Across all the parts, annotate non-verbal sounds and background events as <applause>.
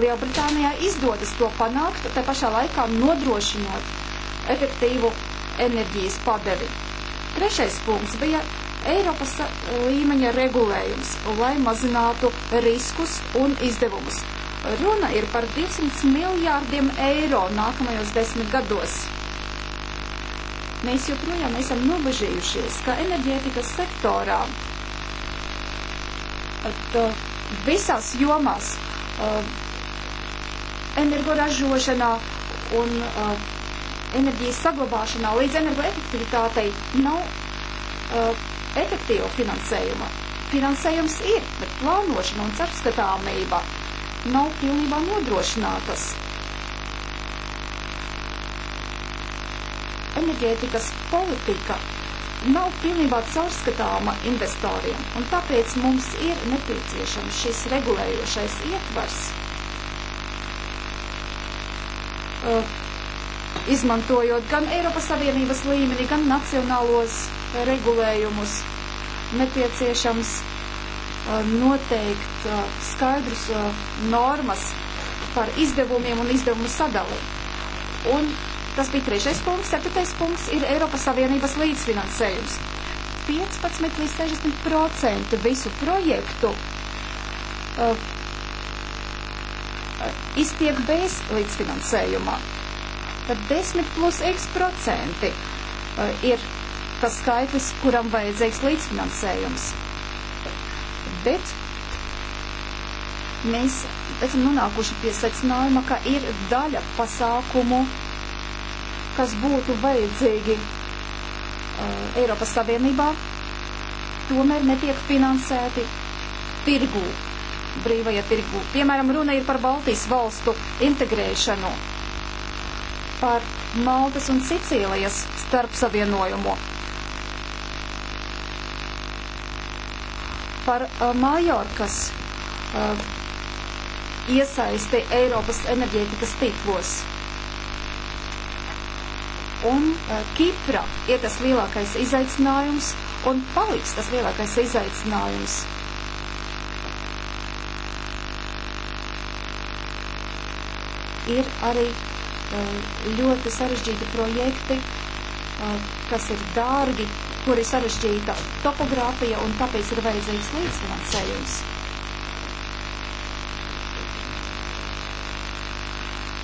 Lielbritānijā izdodas to panākt, tā pašā laikā nodrošinot efektīvu enerģijas padevi. Trešais punkts bija Eiropas eh, līmeņa regulējums, lai mazinātu riskus un izdevumus. Runa ir par 200 miljārdiem eiro nākamajos desmit gados. Mēs joprojām esam nobežījušies, ka enerģētikas sektorā at, eh, visās jomās eh, energoražošanā un uh, enerģijas saglabāšanā līdz energoefektivitātei nav uh, efektīva finansējuma. Finansējums ir, bet plānošana un caurskatāmība nav pilnībā nodrošinātas. Enerģētikas politika nav pilnībā caurskatāma investoriem, un tāpēc mums ir nepieciešams šis regulējošais ietvars, Eh, izmantojot gan Eiropas Savienības līmenī, gan nacionālos regulējumus. Nepieciešams eh, noteikt eh, skaidrus normas par izdevumiem un izdevumu sadali. Un tas bija trešais punkts, ceturtais punkts ir Eiropas Savienības līdzfinansējums. 15 līdz 60% visu projektu Uh, iztiek bez līdzfinansējuma. Tad 10 plus x procenti uh, ir tas skaitlis, kuram vajadzīgs līdzfinansējums. Bet mēs esam nonākuši pie secinājuma, ka ir daļa pasākumu, kas būtu vajadzīgi uh, Eiropas Savienībā, tomēr netiek finansēti tirgū brīvajā tirgu. Piemēram, runa ir par Baltijas valstu integrēšanu, par Maltas un Sicīlijas starpsavienojumu, par uh, Mallorkas uh, iesaisti Eiropas enerģētikas tīklos. Un uh, Kipra ir tas lielākais izaicinājums un paliks tas lielākais izaicinājums. ir arī um, ļoti sarežģīti projekti, um, kas ir dārgi, kur ir sarežģīta topogrāfija un tāpēc ir vajadzīgs līdzfinansējums.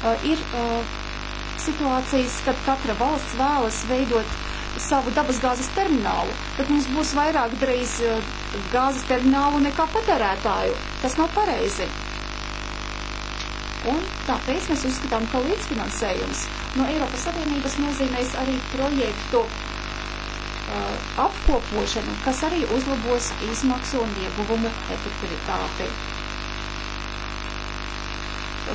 Uh, ir uh, situācijas, kad katra valsts vēlas veidot savu dabasgāzes terminālu, tad mums būs vairāk drīz uh, gāzes terminālu nekā patērētāju. Tas nav pareizi. Uh, Un tāpēc mēs uzskatām, ka līdzfinansējums no Eiropas Savienības nozīmēs arī projektu uh, apkopošanu, kas arī uzlabos izmaksu un ieguvumu efektivitāti.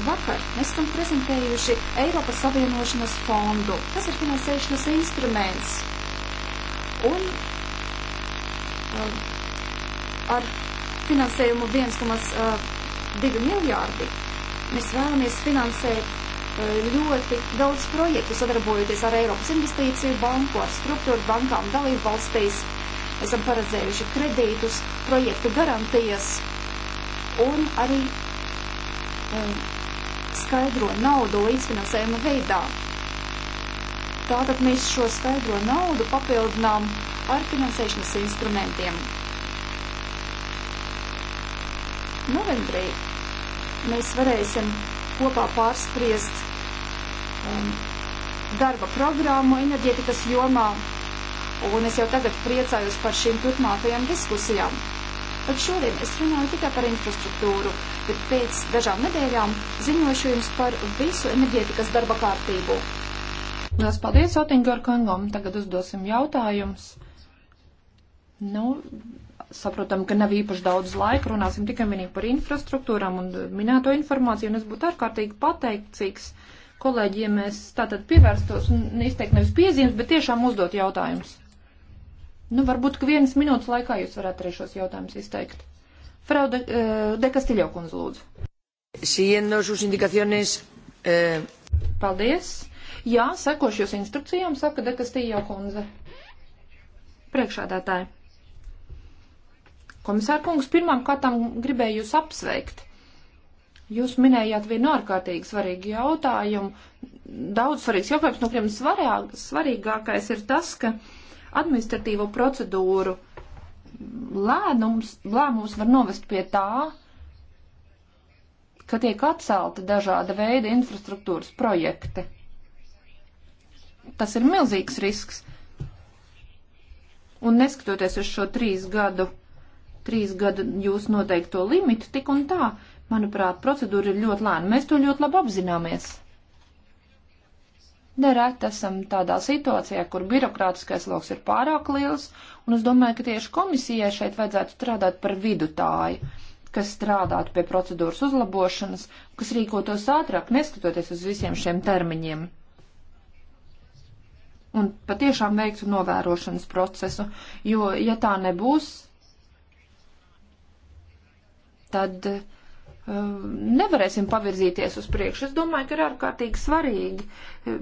Vakar mēs esam prezentējuši Eiropas Savienošanas fondu. Tas ir finansēšanas instruments. Un uh, ar finansējumu 1,2 uh, miljārdi Mēs vēlamies finansēt eh, ļoti daudz projektu sadarbojoties ar Eiropas investīciju banku, ar struktūru bankām dalību valstīs. Esam paredzējuši kredītus, projektu garantijas un arī um, skaidro naudu līdzfinansējuma veidā. Tātad mēs šo skaidro naudu papildinām ar finansēšanas instrumentiem. Novembrī mēs varēsim kopā pārspriest um, darba programmu enerģētikas jomā, un es jau tagad priecājos par šīm turpmākajām diskusijām. Pat šodien es runāju tikai par infrastruktūru, bet pēc dažām nedēļām ziņošu jums par visu enerģētikas darba kārtību. Lielas paldies Otiņgor kungam, tagad uzdosim jautājumus. Nu, saprotam, ka nav īpaši daudz laika, runāsim tikai vienīgi par infrastruktūrām un minēto informāciju, un es būtu ārkārtīgi pateicīgs kolēģiem, ja mēs tātad pievērstos un izteikt nevis piezīmes, bet tiešām uzdot jautājumus. Nu, varbūt, ka vienas minūtes laikā jūs varētu arī šos jautājumus izteikt. Frau de, eh, de Castillo kundze, lūdzu. Siguiendo sus indicaciones. Eh... Paldies. Jā, sekošu jūs instrukcijām, saka de Castillo kundze. Priekšādātāji. Komisārkungs, pirmām kārtām gribēju jūs apsveikt. Jūs minējāt vienu ārkārtīgi svarīgu jautājumu. Daudz svarīgs jautājums, no kuriem svarāk, svarīgākais ir tas, ka administratīvo procedūru lēnums, lēmums var novest pie tā, ka tiek atcelti dažāda veida infrastruktūras projekti. Tas ir milzīgs risks. Un neskatoties uz šo trīs gadu trīs gadu jūs noteikto limitu tik un tā. Manuprāt, procedūra ir ļoti lēna. Mēs to ļoti labi apzināmies. Nereti esam tādā situācijā, kur birokrātiskais lauks ir pārāk liels, un es domāju, ka tieši komisijai šeit vajadzētu strādāt par vidutāju, kas strādātu pie procedūras uzlabošanas, kas rīkotos ātrāk, neskatoties uz visiem šiem termiņiem un patiešām veiktu novērošanas procesu, jo, ja tā nebūs, tad um, nevarēsim pavirzīties uz priekšu. Es domāju, ka ir ārkārtīgi svarīgi um,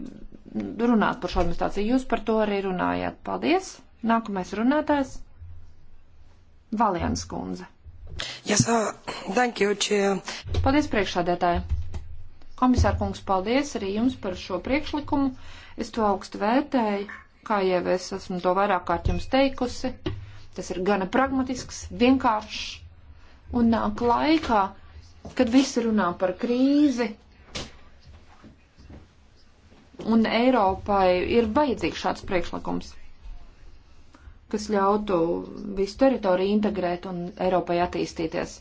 runāt par šo administrāciju. Jūs par to arī runājāt. Paldies! Nākamais runātājs - Valians kundze. Yes, uh, thank you, chair. Paldies priekšādētāji. Komisār kungs, paldies arī jums par šo priekšlikumu. Es to augstu vērtēju, kā jau es esmu to vairāk kārt jums teikusi. Tas ir gana pragmatisks, vienkāršs un nāk laikā, kad visi runā par krīzi, un Eiropai ir vajadzīgs šāds priekšlikums, kas ļautu visu teritoriju integrēt un Eiropai attīstīties.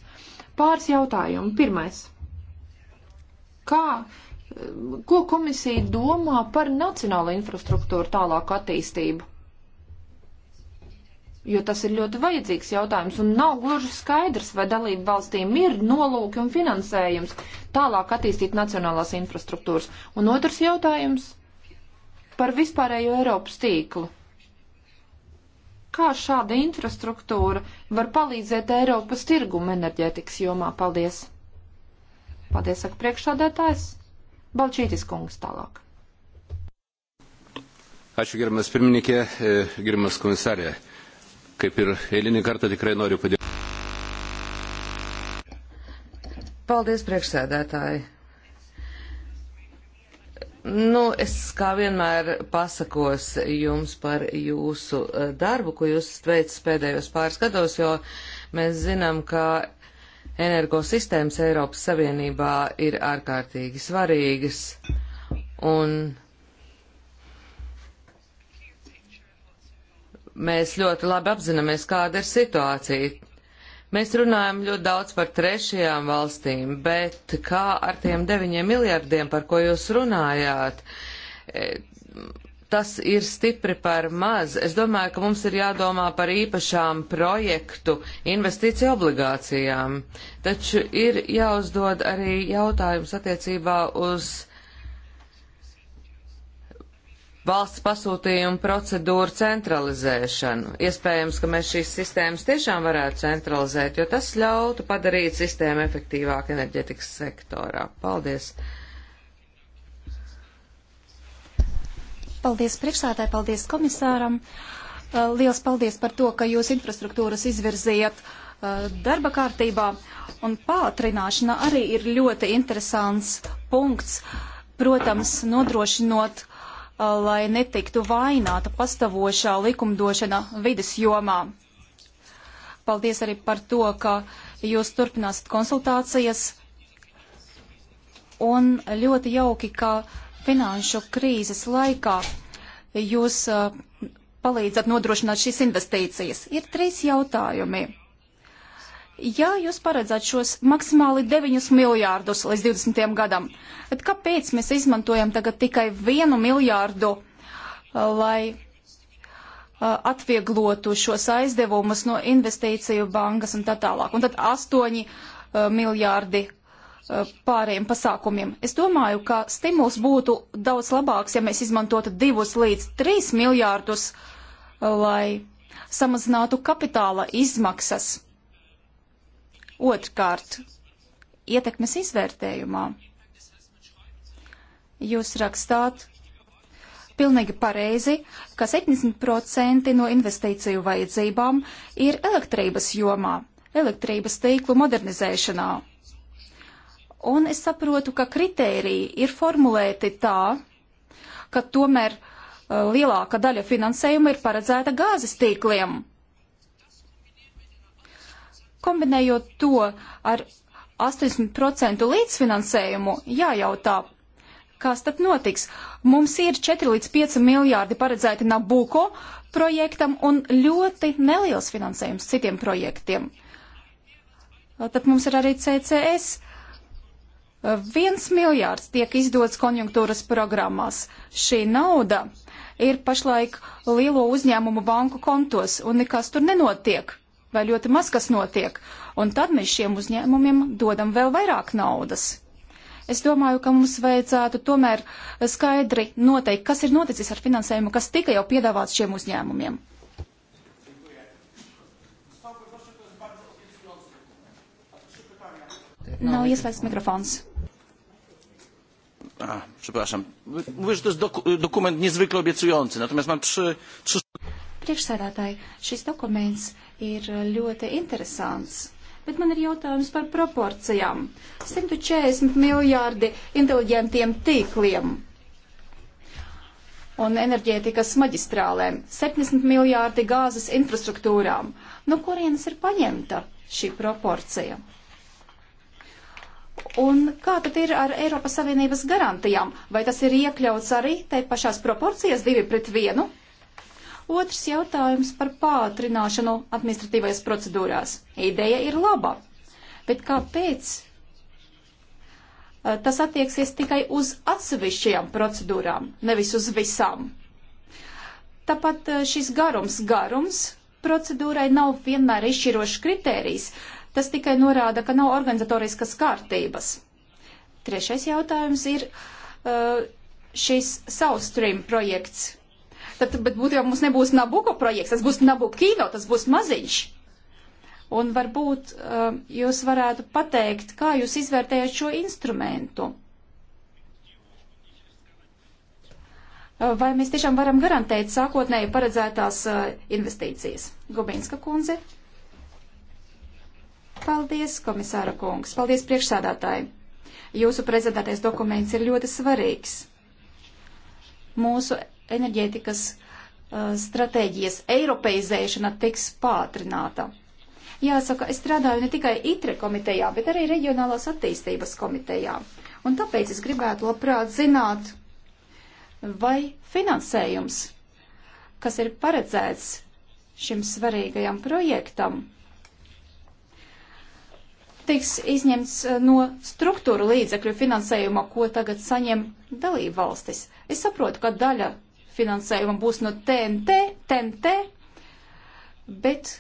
Pāris jautājumu. Pirmais. Kā, ko komisija domā par nacionālo infrastruktūru tālāku attīstību? jo tas ir ļoti vajadzīgs jautājums, un nav gluži skaidrs, vai dalību valstīm ir nolūki un finansējums tālāk attīstīt nacionālās infrastruktūras. Un otrs jautājums par vispārējo Eiropas tīklu. Kā šāda infrastruktūra var palīdzēt Eiropas tirgumu enerģētikas jomā? Paldies! Paldies, saka priekšsādētājs. Balčītis kungs tālāk. Ačiū, gerbiamas pirmininkė, e, gerbiamas komisarė. Kaip ir eilinį kartą tikrai noriu padėkoti. Paldies, priekšsēdētāji. Nu, es kā vienmēr pasakos jums par jūsu eh, darbu, ko jūs veicat pēdējos pāris gados, jo mēs zinām, ka energosistēmas Eiropas Savienībā ir ārkārtīgi svarīgas. Un Mēs ļoti labi apzināmies, kāda ir situācija. Mēs runājam ļoti daudz par trešajām valstīm, bet kā ar tiem deviņiem miljardiem, par ko jūs runājāt, e, tas ir stipri par maz. Es domāju, ka mums ir jādomā par īpašām projektu investīciju obligācijām. Taču ir jāuzdod arī jautājums attiecībā uz valsts pasūtījumu procedūru centralizēšanu. Iespējams, ka mēs šīs sistēmas tiešām varētu centralizēt, jo tas ļautu padarīt sistēmu efektīvāku enerģetikas sektorā. Paldies! Paldies priekšsētāji, paldies komisāram. Eh, liels paldies par to, ka jūs infrastruktūras izvirziet eh, darba kārtībā. Un pātrināšana arī ir ļoti interesants punkts, protams, nodrošinot lai netiktu vaināta pastavošā likumdošana vidas jomā. Paldies arī par to, ka jūs turpināsiet konsultācijas. Un ļoti jauki, ka finanšu krīzes laikā jūs uh, palīdzat nodrošināt šīs investīcijas. Ir trīs jautājumi. Ja jūs paredzat šos maksimāli 9 miljārdus līdz 20. gadam, tad kāpēc mēs izmantojam tagad tikai 1 miljārdu, uh, lai uh, atvieglotu šos aizdevumus no investīciju bankas un tā tālāk, un tad 8 uh, miljārdi pārējiem pasākumiem. Es domāju, ka stimuls būtu daudz labāks, ja mēs izmantotu divus līdz trīs miljārdus, lai samazinātu kapitāla izmaksas Otrkārt, ietekmes izvērtējumā jūs rakstāt pilnīgi pareizi, ka 70% no investīciju vajadzībām ir elektrības jomā, elektrības tīklu modernizēšanā. Un es saprotu, ka kritēriji ir formulēti tā, ka tomēr uh, lielāka daļa finansējuma ir paredzēta gāzes tīkliem. Kombinējot to ar 80% līdzfinansējumu, jājautā, kas tad notiks. Mums ir 4 līdz 5 miljārdi paredzēti Nabuko projektam un ļoti neliels finansējums citiem projektiem. Tad mums ir arī CCS. Viens miljārds tiek izdots konjunktūras programmās. Šī nauda ir pašlaik lielo uzņēmumu banku kontos, un nekas tur nenotiek vai ļoti maz kas notiek, un tad mēs šiem uzņēmumiem dodam vēl vairāk naudas. Es domāju, ka mums vajadzētu tomēr skaidri noteikt, kas ir noticis ar finansējumu, kas tika jau piedāvāts šiem uzņēmumiem. Nav ieslēgts mikrofons. A, przepraszam. Mówię, że to jest doku dokument niezwykle obiecujący, natomiast mam trzy... trzy... Priekšsēdētāji, šis dokuments ir eh, ļoti interesants. Bet man ir jautājums par proporcijām. 140 miljārdi inteliģentiem tīkliem un enerģētikas maģistrālēm, 70 miljārdi gāzes infrastruktūrām. No kurienes ir paņemta šī proporcija? Un kā tad ir ar Eiropas Savienības garantijām? Vai tas ir iekļauts arī te pašās proporcijas divi pret vienu? Otrs jautājums par pātrināšanu administratīvais procedūrās. Ideja ir laba, bet kāpēc eh, tas attieksies tikai uz atsevišķajām procedūrām, nevis uz visām? Tāpat eh, šis garums, garums procedūrai nav vienmēr izšķirošs kritērijs. Tas tikai norāda, ka nav organizatoriskas kārtības. Trešais jautājums ir eh, šis South Stream projekts, tad būtībā mums nebūs Nabuko projekts, tas būs Nabukino, tas būs maziņš. Un varbūt um, jūs varētu pateikt, kā jūs izvērtējat šo instrumentu. Uh, vai mēs tiešām varam garantēt sākotnēji paredzētās uh, investīcijas? Gubinska kundze. Paldies, komisāra kungs. Paldies, priekšsādātāji. Jūsu prezentētais dokuments ir ļoti svarīgs. Mūsu enerģētikas uh, stratēģijas eiropeizēšana tiks pātrināta. Jāsaka, es strādāju ne tikai ITRE komitejā, bet arī reģionālās attīstības komitejā. Un tāpēc es gribētu labprāt zināt, vai finansējums, kas ir paredzēts šim svarīgajam projektam, tiks izņemts uh, no struktūru līdzekļu finansējuma, ko tagad saņem dalību valstis. Es saprotu, ka daļa finansējuma būs no TNT, TNT bet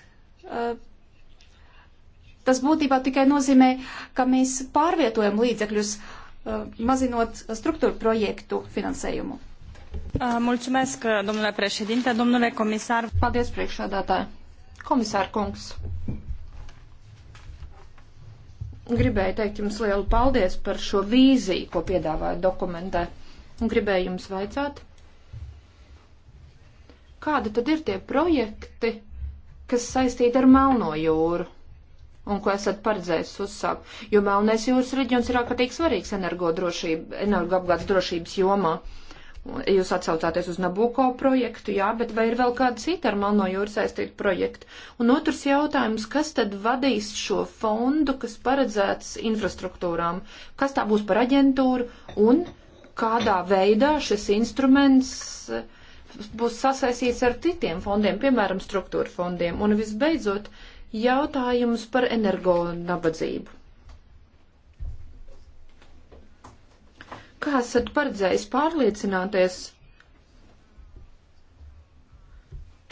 uh, tas būtībā tikai nozīmē, ka mēs pārvietojam līdzekļus, uh, mazinot struktūru projektu finansējumu. Eh, mulțumesc, domnule președinte, domnule comisar. Paldies, priekšādātāji. Komisār kungs. Gribēju teikt jums lielu paldies par šo vīziju, ko piedāvāja dokumentē. Un gribēju jums vaicāt, kādi tad ir tie projekti, kas saistīti ar Melno jūru? un ko esat paredzējis uzsākt, jo Melnais jūras reģions ir ārkārtīgi svarīgs energoapgādes drošības jomā. Jūs atsaucāties uz Nabuko projektu, jā, bet vai ir vēl kāda cita ar Melno jūru saistīta projekta? Un otrs jautājums, kas tad vadīs šo fondu, kas paredzēts infrastruktūrām? Kas tā būs par aģentūru un kādā veidā šis instruments uh, būs sasaistīts ar citiem fondiem, piemēram, struktūra fondiem. Un visbeidzot, jautājums par energo nabadzību. Kā esat paredzējis pārliecināties,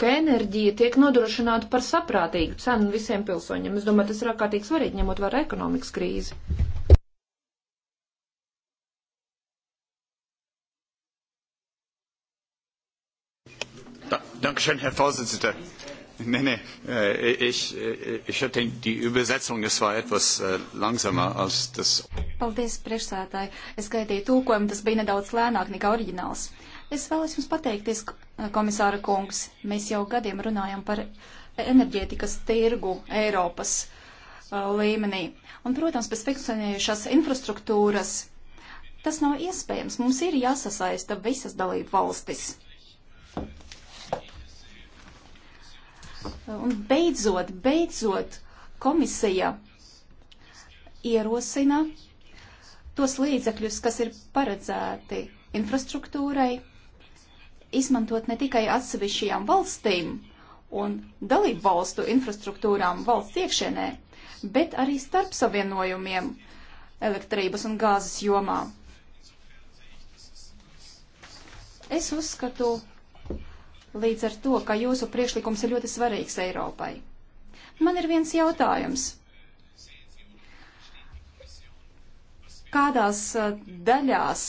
ka enerģija tiek nodrošināta par saprātīgu cenu visiem pilsoņiem? Es domāju, tas ir ārkārtīgi svarīgi, ņemot vērā ekonomikas krīzi. Dankeschön, Herr Vorsitzender. Nein, nein, äh, ich, äh, ich hatte die Übersetzung, es war etwas äh, langsamer als das. Paldies, priekšsētāji. Es gaidīju tūkojumu, tas bija nedaudz lēnāk nekā oriģināls. Es vēlos jums pateikties, komisāra kungs, mēs jau gadiem runājam par enerģētikas tirgu Eiropas līmenī. Un, protams, bez funkcionējušās infrastruktūras tas nav iespējams. Mums ir jāsasaista visas dalību valstis. Un beidzot, beidzot, komisija ierosina tos līdzekļus, kas ir paredzēti infrastruktūrai, izmantot ne tikai atsevišķajām valstīm un dalību valstu infrastruktūrām valsts iekšienē, bet arī starp savienojumiem elektrības un gāzes jomā. Es uzskatu, līdz ar to, ka jūsu priekšlikums ir ļoti svarīgs Eiropai. Man ir viens jautājums. Kādās daļās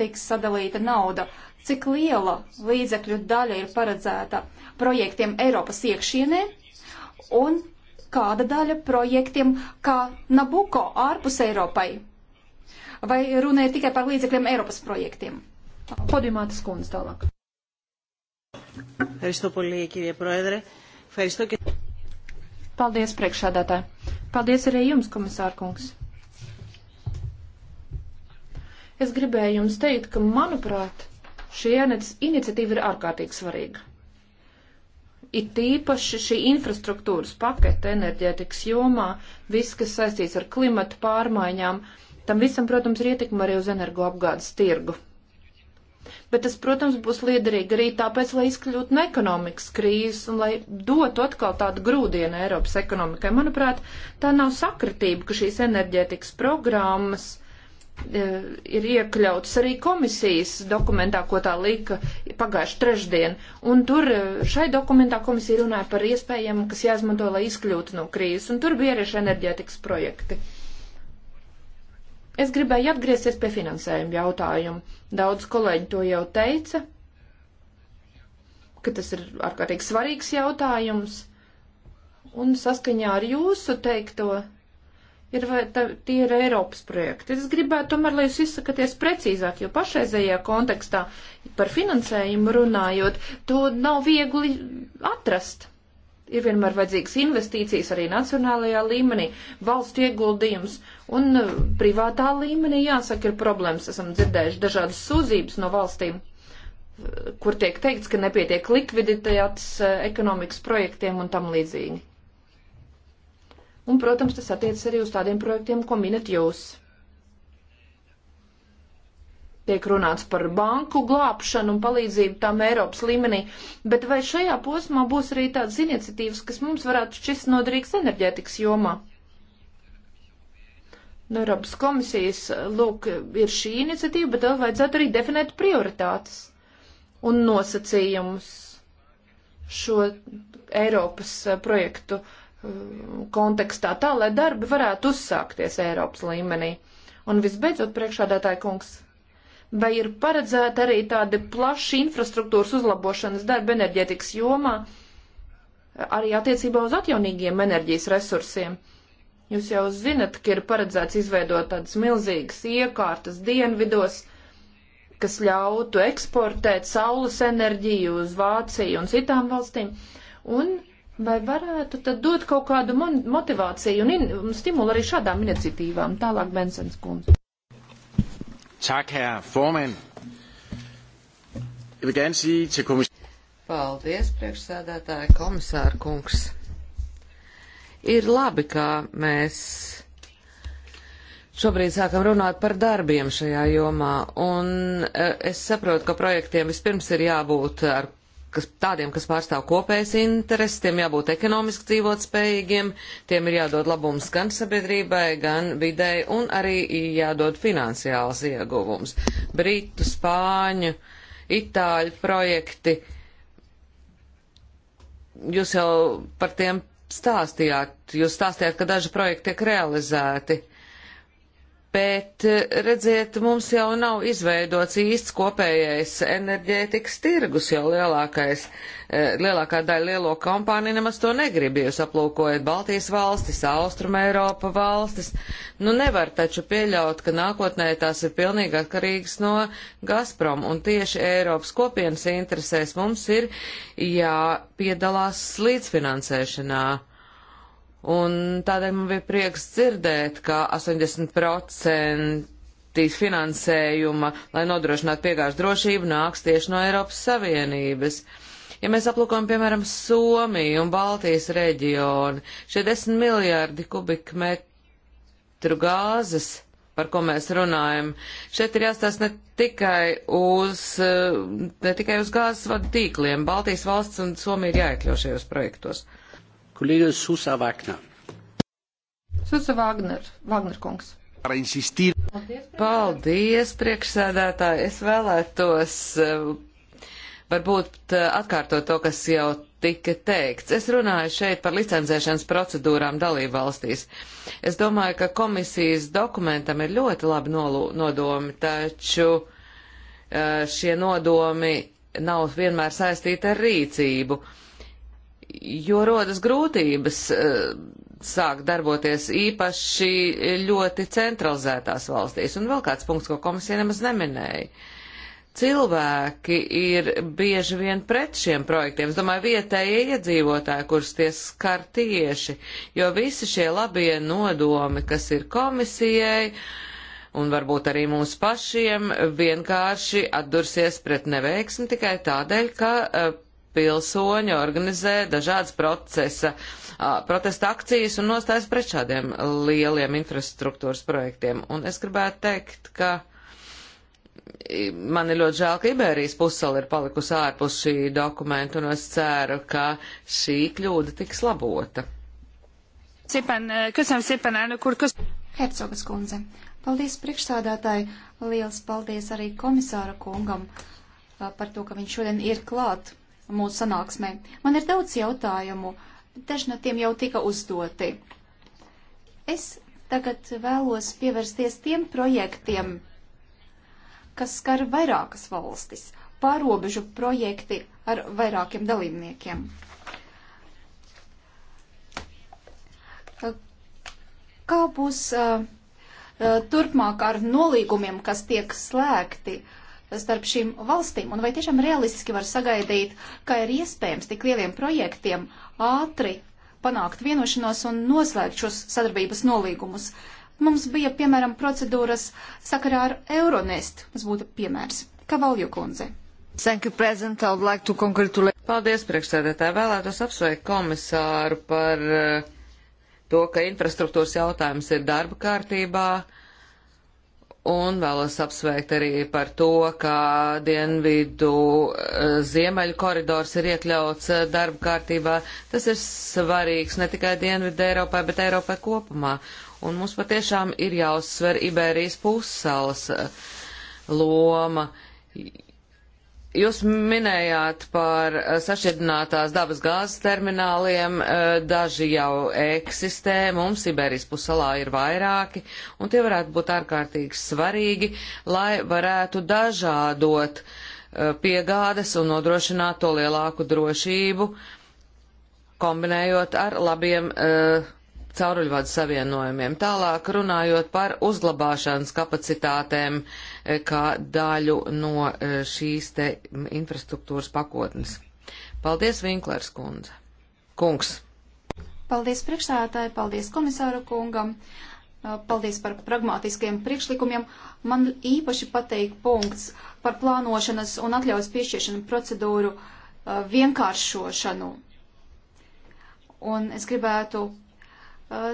tiks sadalīta nauda? Cik liela līdzekļu daļa ir paredzēta projektiem Eiropas iekšienē? Un kāda daļa projektiem kā Nabuko ārpus Eiropai? Vai runāja tikai par līdzekļiem Eiropas projektiem? Podimātas kundze tālāk. Ευχαριστώ πολύ, κύριε Πρόεδρε. Ευχαριστώ και... Paldies, priekšādātāji. Paldies arī jums, komisārkungs. Es gribēju jums teikt, ka, manuprāt, šī iniciatīva ir ārkārtīgi svarīga. It tīpaši šī infrastruktūras pakete enerģētikas jomā, viss, kas saistīts ar klimatu pārmaiņām, tam visam, protams, ir ietekma arī uz energoapgādes tirgu bet tas, protams, būs liederīgi arī tāpēc, lai izkļūtu no ekonomikas krīzes un lai dotu atkal tādu grūdienu Eiropas ekonomikai. Manuprāt, tā nav sakritība, ka šīs enerģētikas programmas e, ir iekļautas arī komisijas dokumentā, ko tā lika pagājuši trešdien. Un tur e, šai dokumentā komisija runāja par iespējām, kas jāizmanto, lai izkļūtu no krīzes. Un tur bija arī enerģētikas projekti. Es gribēju atgriezties pie finansējuma jautājuma. Daudz kolēģi to jau teica, ka tas ir ārkārtīgi svarīgs jautājums. Un saskaņā ar jūsu teikto, ir vai tā, tie ir Eiropas projekti. Es gribētu tomēr, lai jūs izsakaties precīzāk, jo pašreizējā kontekstā par finansējumu runājot, to nav viegli atrast ir vienmēr vajadzīgas investīcijas arī nacionālajā līmenī, valsts ieguldījums un uh, privātā līmenī, jāsaka, ir problēmas. Esam dzirdējuši dažādas sūdzības no valstīm, uh, kur tiek teikts, ka nepietiek likviditātes uh, ekonomikas projektiem un tam līdzīgi. Un, protams, tas attiecas arī uz tādiem projektiem, ko minat jūs tiek runāts par banku glābšanu un palīdzību tam Eiropas līmenī, bet vai šajā posmā būs arī tādas iniciatīvas, kas mums varētu šķist noderīgs enerģētikas jomā? No nu, Eiropas komisijas, lūk, ir šī iniciatīva, bet vēl vajadzētu arī definēt prioritātes un nosacījumus šo Eiropas projektu uh, kontekstā tā, lai darbi varētu uzsākties Eiropas līmenī. Un visbeidzot, priekšādātāja kungs, Vai ir paredzēta arī tāda plaša infrastruktūras uzlabošanas darba enerģētikas jomā, arī attiecībā uz atjaunīgiem enerģijas resursiem? Jūs jau zinat, ka ir paredzēts izveidot tādas milzīgas iekārtas dienvidos, kas ļautu eksportēt saules enerģiju uz Vāciju un citām valstīm. Un Vai varētu tad dot kaut kādu motivāciju un, un stimulu arī šādām iniciatīvām? Tālāk Bensens kundze. Tak, herr formand. Jeg vil gerne sige til kommissionen. Paldies, priekšsēdētāja komisāra kungs. Ir labi, ka mēs šobrīd sākam runāt par darbiem šajā jomā, un eh, es saprotu, ka projektiem vispirms ir jābūt ar kas, tādiem, kas pārstāv kopējas intereses, tiem jābūt ekonomiski dzīvot spējīgiem, tiem ir jādod labums gan sabiedrībai, gan videi, un arī jādod finansiāls ieguvums. Britu, spāņu, itāļu projekti, jūs jau par tiem stāstījāt, jūs stāstījāt, ka daži projekti tiek realizēti. Bet, redziet, mums jau nav izveidots īsts kopējais enerģētikas tirgus, jo lielākais, eh, lielākā daļa lielo kompāniju nemaz to negrib, jūs aplūkojat Baltijas valstis, Austrum Eiropa valstis. Nu, nevar taču pieļaut, ka nākotnē tās ir pilnīgi atkarīgas no Gazprom, un tieši Eiropas kopienas interesēs mums ir jāpiedalās līdzfinansēšanā. Un tādēļ man bija prieks dzirdēt, ka 80% finansējuma, lai nodrošinātu piegāžu drošību, nāks tieši no Eiropas Savienības. Ja mēs aplūkojam, piemēram, Somiju un Baltijas reģionu, šie 10 miljārdi kubikmetru gāzes par ko mēs runājam. Šeit ir jāstāsta ne tikai uz, eh, ne tikai uz gāzes vadu tīkliem. Baltijas valsts un Somija ir jāiekļaušajos projektos. Uh, Kolēģis Susa Vagner. Susa Vagner, Vagner kungs. Paldies, priekšsēdētāji. Es vēlētos eh, varbūt eh, atkārtot to, kas jau tika teikts. Es runāju šeit par licencēšanas procedūrām dalību valstīs. Es domāju, ka komisijas dokumentam ir ļoti labi nodomi, taču eh, šie nodomi nav vienmēr saistīti ar rīcību. Uh, jo rodas grūtības eh, sākt darboties īpaši ļoti centralizētās valstīs. Un vēl kāds punkts, ko komisija nemaz neminēja. Cilvēki ir bieži vien pret šiem projektiem. Es domāju, vietējie iedzīvotāji, kurus tie skar tieši, jo visi šie labie nodomi, kas ir komisijai, un varbūt arī mums pašiem, vienkārši atdursies pret neveiksmi tikai tādēļ, ka eh, pilsoņi organizē dažādas procesa, protesta akcijas un nostājas pret šādiem lieliem infrastruktūras projektiem. Un es gribētu teikt, ka man ir ļoti žēl, ka Iberijas pussala ir palikusi ārpus šī dokumenta, un es ceru, ka šī kļūda tiks labota. Cipen, e, köszönöm szépen, elnök úr! Hercogas kundze, paldies priekšsādātāji, liels paldies arī komisāra kungam par to, ka viņš šodien ir klāt mūsu sanāksmē. Man ir daudz jautājumu, daži no tiem jau tika uzdoti. Es tagad vēlos pievērsties tiem projektiem, kas skar vairākas valstis, pārobežu projekti ar vairākiem dalībniekiem. Kā būs uh, uh turpmāk ar nolīgumiem, kas tiek slēgti? Uh, starp šīm valstīm, un vai tiešām realistiski var sagaidīt, ka ir iespējams tik lieliem projektiem ātri panākt vienošanos un noslēgt šos sadarbības nolīgumus. Mums bija, piemēram, procedūras sakarā ar Euronest. Tas būtu piemērs. Kavalju kundze. Thank you, President. I would like to congratulate. Paldies, priekšsēdētāji. Vēlētos apsveikt komisāru par eh, to, ka infrastruktūras jautājums ir darba kārtībā Un vēlos apsveikt arī par to, ka dienvidu eh, ziemeļu koridors ir iekļauts eh, darba kārtībā. Tas ir svarīgs ne tikai dienvidu Eiropai, bet Eiropai kopumā. Un mums patiešām ir jāuzsver Iberijas pussalas eh, loma, Jūs minējāt par eh, sašķidrinātās dabas gāzes termināliem, eh, daži jau eksistē, mums Iberijas pusalā ir vairāki, un tie varētu būt ārkārtīgi svarīgi, lai varētu dažādot eh, piegādes un nodrošināt to lielāku drošību, kombinējot ar labiem uh, cauruļvadu savienojumiem. Tālāk runājot par uzglabāšanas kapacitātēm. Uh, kā daļu no e, šīs te infrastruktūras pakotnes. Paldies, Vinklers kundze. Kungs. Paldies priekšsētāji, paldies komisāru kungam, e, paldies par pragmātiskiem priekšlikumiem. Man īpaši pateik punkts par plānošanas un atļaujas piešķiešanu procedūru e, vienkāršošanu. Un es gribētu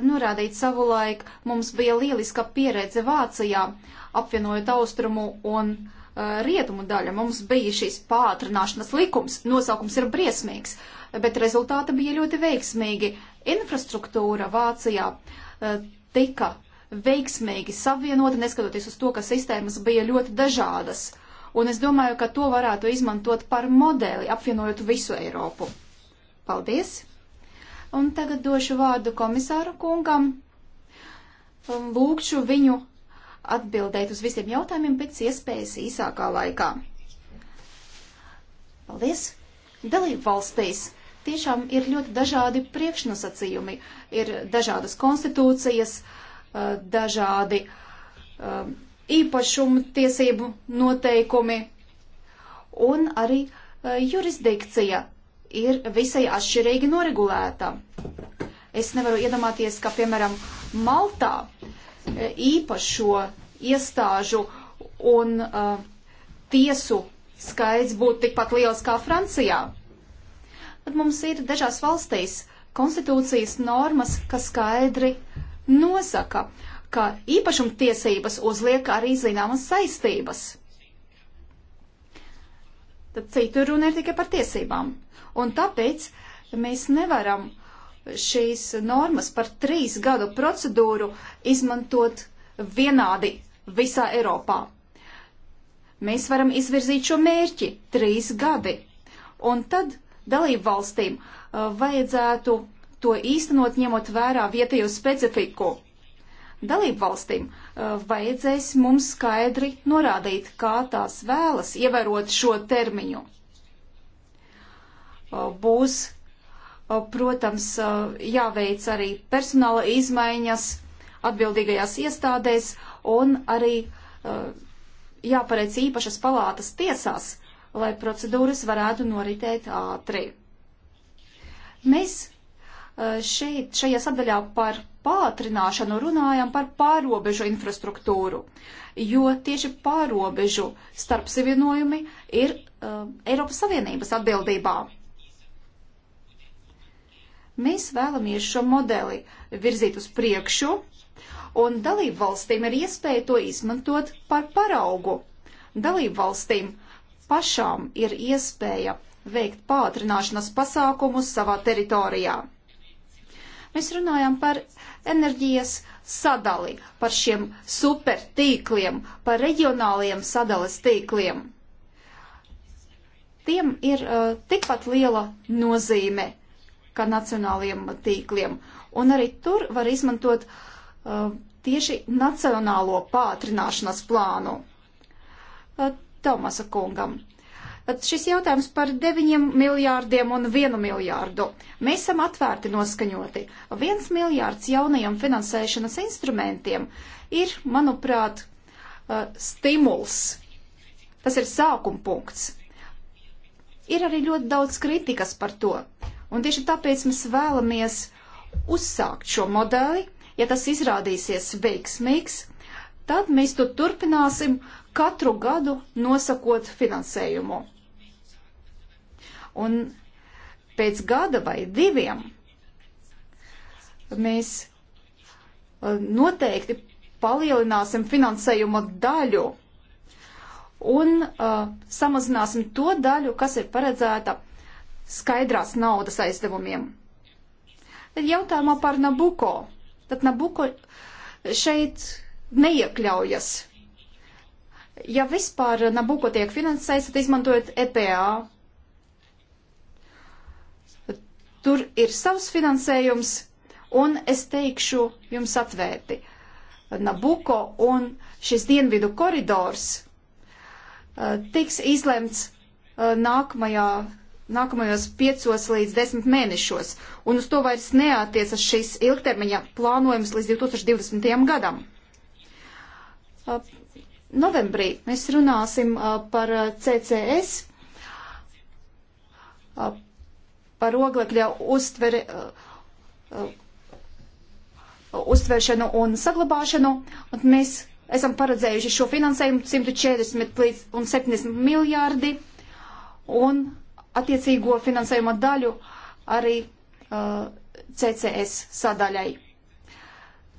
norādīt savulaik, mums bija lieliska pieredze Vācijā. Uh, apvienojot austrumu un uh, rietumu daļu. Mums bija šīs pātrināšanas likums, nosaukums ir briesmīgs, bet rezultāti bija ļoti veiksmīgi. Infrastruktūra Vācijā uh, tika veiksmīgi savienota, neskatoties uz to, ka sistēmas bija ļoti dažādas. Un es domāju, ka to varētu izmantot par modeli, apvienojot visu Eiropu. Paldies! Un tagad došu vārdu komisāru kungam. Um, Lūkšu viņu atbildēt uz visiem jautājumiem pēc iespējas īsākā laikā. Paldies! Dalību valstīs tiešām ir ļoti dažādi priekšnosacījumi, ir dažādas konstitūcijas, dažādi īpašumu tiesību noteikumi un arī jurisdikcija ir visai atšķirīgi noregulēta. Es nevaru iedomāties, ka, piemēram, Maltā uh, Eh, īpašo iestāžu un uh, tiesu skaits būtu tikpat liels kā Francijā. Tad mums ir dažās valstīs konstitūcijas normas, kas skaidri nosaka, ka īpašumtiesības uzliek arī zināmas saistības. Tad citur runa ir tikai par tiesībām. Un tāpēc mēs nevaram uh, šīs normas par trīs gadu procedūru izmantot vienādi visā Eiropā. Mēs varam izvirzīt šo mērķi - trīs gadi, un tad dalību valstīm uh, vajadzētu to īstenot, ņemot vērā vietējo specifiku. Dalību valstīm uh, vajadzēs mums skaidri norādīt, kā tās vēlas ievērot šo termiņu. Uh, būs Protams, jāveic arī personāla izmaiņas atbildīgajās iestādēs un arī jāpareic īpašas palātas tiesās, lai procedūras varētu noritēt ātri. Mēs šeit, šajā sadaļā par pātrināšanu runājam par pārobežu infrastruktūru, jo tieši pārobežu starpsavienojumi ir uh, Eiropas Savienības atbildībā. Mēs vēlamies šo modeli virzīt uz priekšu, un dalību valstīm ir iespēja to izmantot par paraugu. Dalību valstīm pašām ir iespēja veikt pātrināšanas pasākumus savā teritorijā. Mēs runājam par enerģijas sadali, par šiem super tīkliem, par reģionāliem sadales tīkliem. Tiem ir uh, tikpat liela nozīme kā nacionāliem tīkliem. Un arī tur var izmantot uh, tieši nacionālo pātrināšanas plānu. Uh, Tomasa kungam. Uh, šis jautājums par 9 miljārdiem un 1 miljārdu. Mēs esam atvērti noskaņoti. 1 miljārds jaunajiem finansēšanas instrumentiem ir, manuprāt, uh, stimuls. Tas ir sākuma punkts. Ir arī ļoti daudz kritikas par to. Uh, Un tieši tāpēc mēs vēlamies uzsākt šo modeli. Ja tas izrādīsies veiksmīgs, tad mēs to turpināsim katru gadu nosakot finansējumu. Un pēc gada vai diviem mēs e, noteikti palielināsim finansējuma daļu un uh, samazināsim to daļu, kas ir paredzēta skaidrās naudas aizdevumiem. Tad jautājumā par Nabuko. Tad Nabuko šeit neiekļaujas. Ja vispār Nabuko tiek finansēts, tad izmantojot EPA. Tur ir savs finansējums, un es teikšu jums atvērti. Nabuko un šis dienvidu koridors eh, tiks izlemts eh, nākamajā nākamajos piecos līdz desmit mēnešos, un uz to vairs neatiecas šīs ilgtermiņa plānojums līdz 2020. gadam. Uh, novembrī mēs runāsim uh, par uh, CCS, par oglekļa uztveri, uztveršanu un saglabāšanu, un mēs esam paredzējuši šo finansējumu 140 līdz 70 miljārdi, un attiecīgo finansējuma daļu arī uh, CCS sadaļai.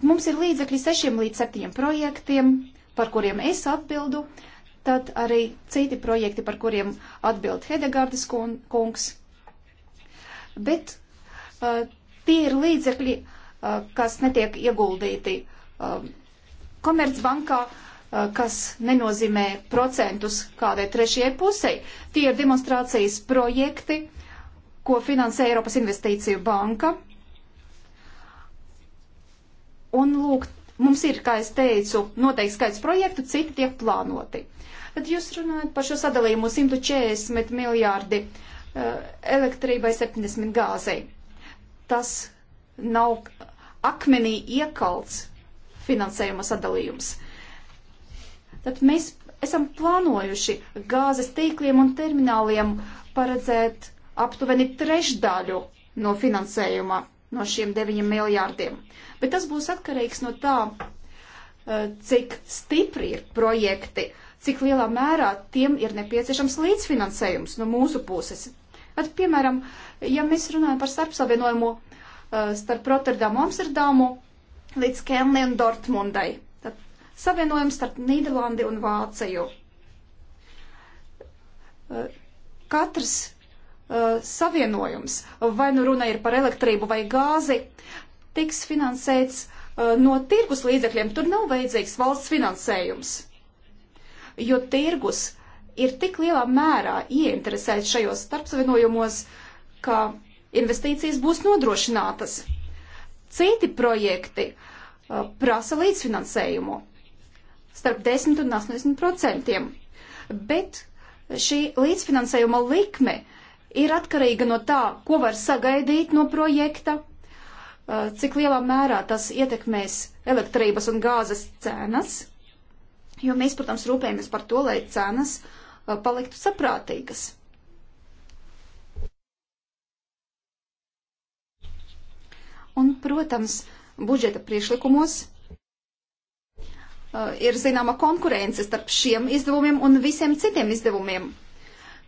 Mums ir līdzekļi sešiem līdz septiņiem projektiem, par kuriem es atbildu, tad arī citi projekti, par kuriem atbild Hedegārdas kungs. Bet uh, tie ir līdzekļi, uh, kas netiek ieguldīti uh, Komercbankā, uh, Uh, kas nenozīmē procentus kādai trešajai pusei. Tie ir demonstrācijas projekti, ko finansē Eiropas Investīciju banka. Un lūk, mums ir, kā es teicu, noteikti skaits projektu, citi tiek plānoti. Tad jūs runājat par šo sadalījumu 140 miljārdi uh, elektrībai 70 gāzei. Tas nav akmenī iekalts finansējuma sadalījums Tad mēs esam plānojuši gāzes tīkliem un termināliem paredzēt aptuveni trešdaļu no finansējuma no šiem 9 miljārdiem. Bet tas būs atkarīgs no tā, eh, cik stipri ir projekti, cik lielā mērā tiem ir nepieciešams līdzfinansējums no mūsu puses. At, piemēram, ja mēs runājam par starpsavienojumu eh, starp Rotterdamu, Amsterdamu līdz Kelnei un Dortmundai savienojums starp Nīderlandi un Vāciju. Eh, katrs eh, savienojums, vai nu runa ir par elektrību vai gāzi, tiks finansēts eh, no tirgus līdzekļiem. Tur nav vajadzīgs valsts finansējums, jo tirgus ir tik lielā mērā ieinteresēts šajos starpsavienojumos, ka investīcijas būs nodrošinātas. Citi projekti prasa līdzfinansējumu starp 10 un 80 procentiem. Bet šī līdzfinansējuma likme ir atkarīga no tā, ko var sagaidīt no projekta, eh, cik lielā mērā tas ietekmēs elektrības un gāzes cenas, jo mēs, protams, rūpējamies par to, lai cenas eh, paliktu saprātīgas. Un, protams, budžeta priešlikumos Eh, ir zināma konkurence starp šiem izdevumiem un visiem citiem izdevumiem.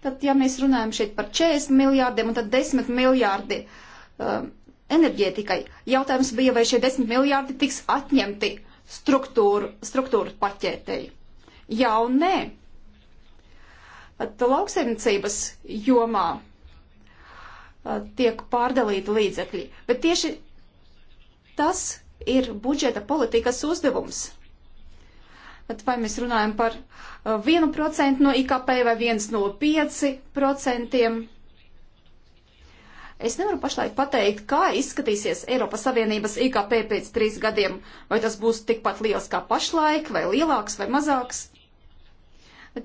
Tad, ja mēs runājam šeit par 40 miljārdiem un tad 10 miljārdi um, enerģētikai, jautājums bija, vai šie 10 miljārdi tiks atņemti struktūru, struktūru paķētei. Jā un nē. Tad lauksaimniecības jomā eh, tiek pārdalīti līdzekļi, bet tieši tas ir budžeta politikas uzdevums Bet vai mēs runājam par 1% uh, no IKP vai 1 no 5%? Es nevaru pašlaik pateikt, kā izskatīsies Eiropas Savienības IKP pēc trīs gadiem. Vai tas būs tikpat liels kā pašlaik, vai lielāks, vai mazāks.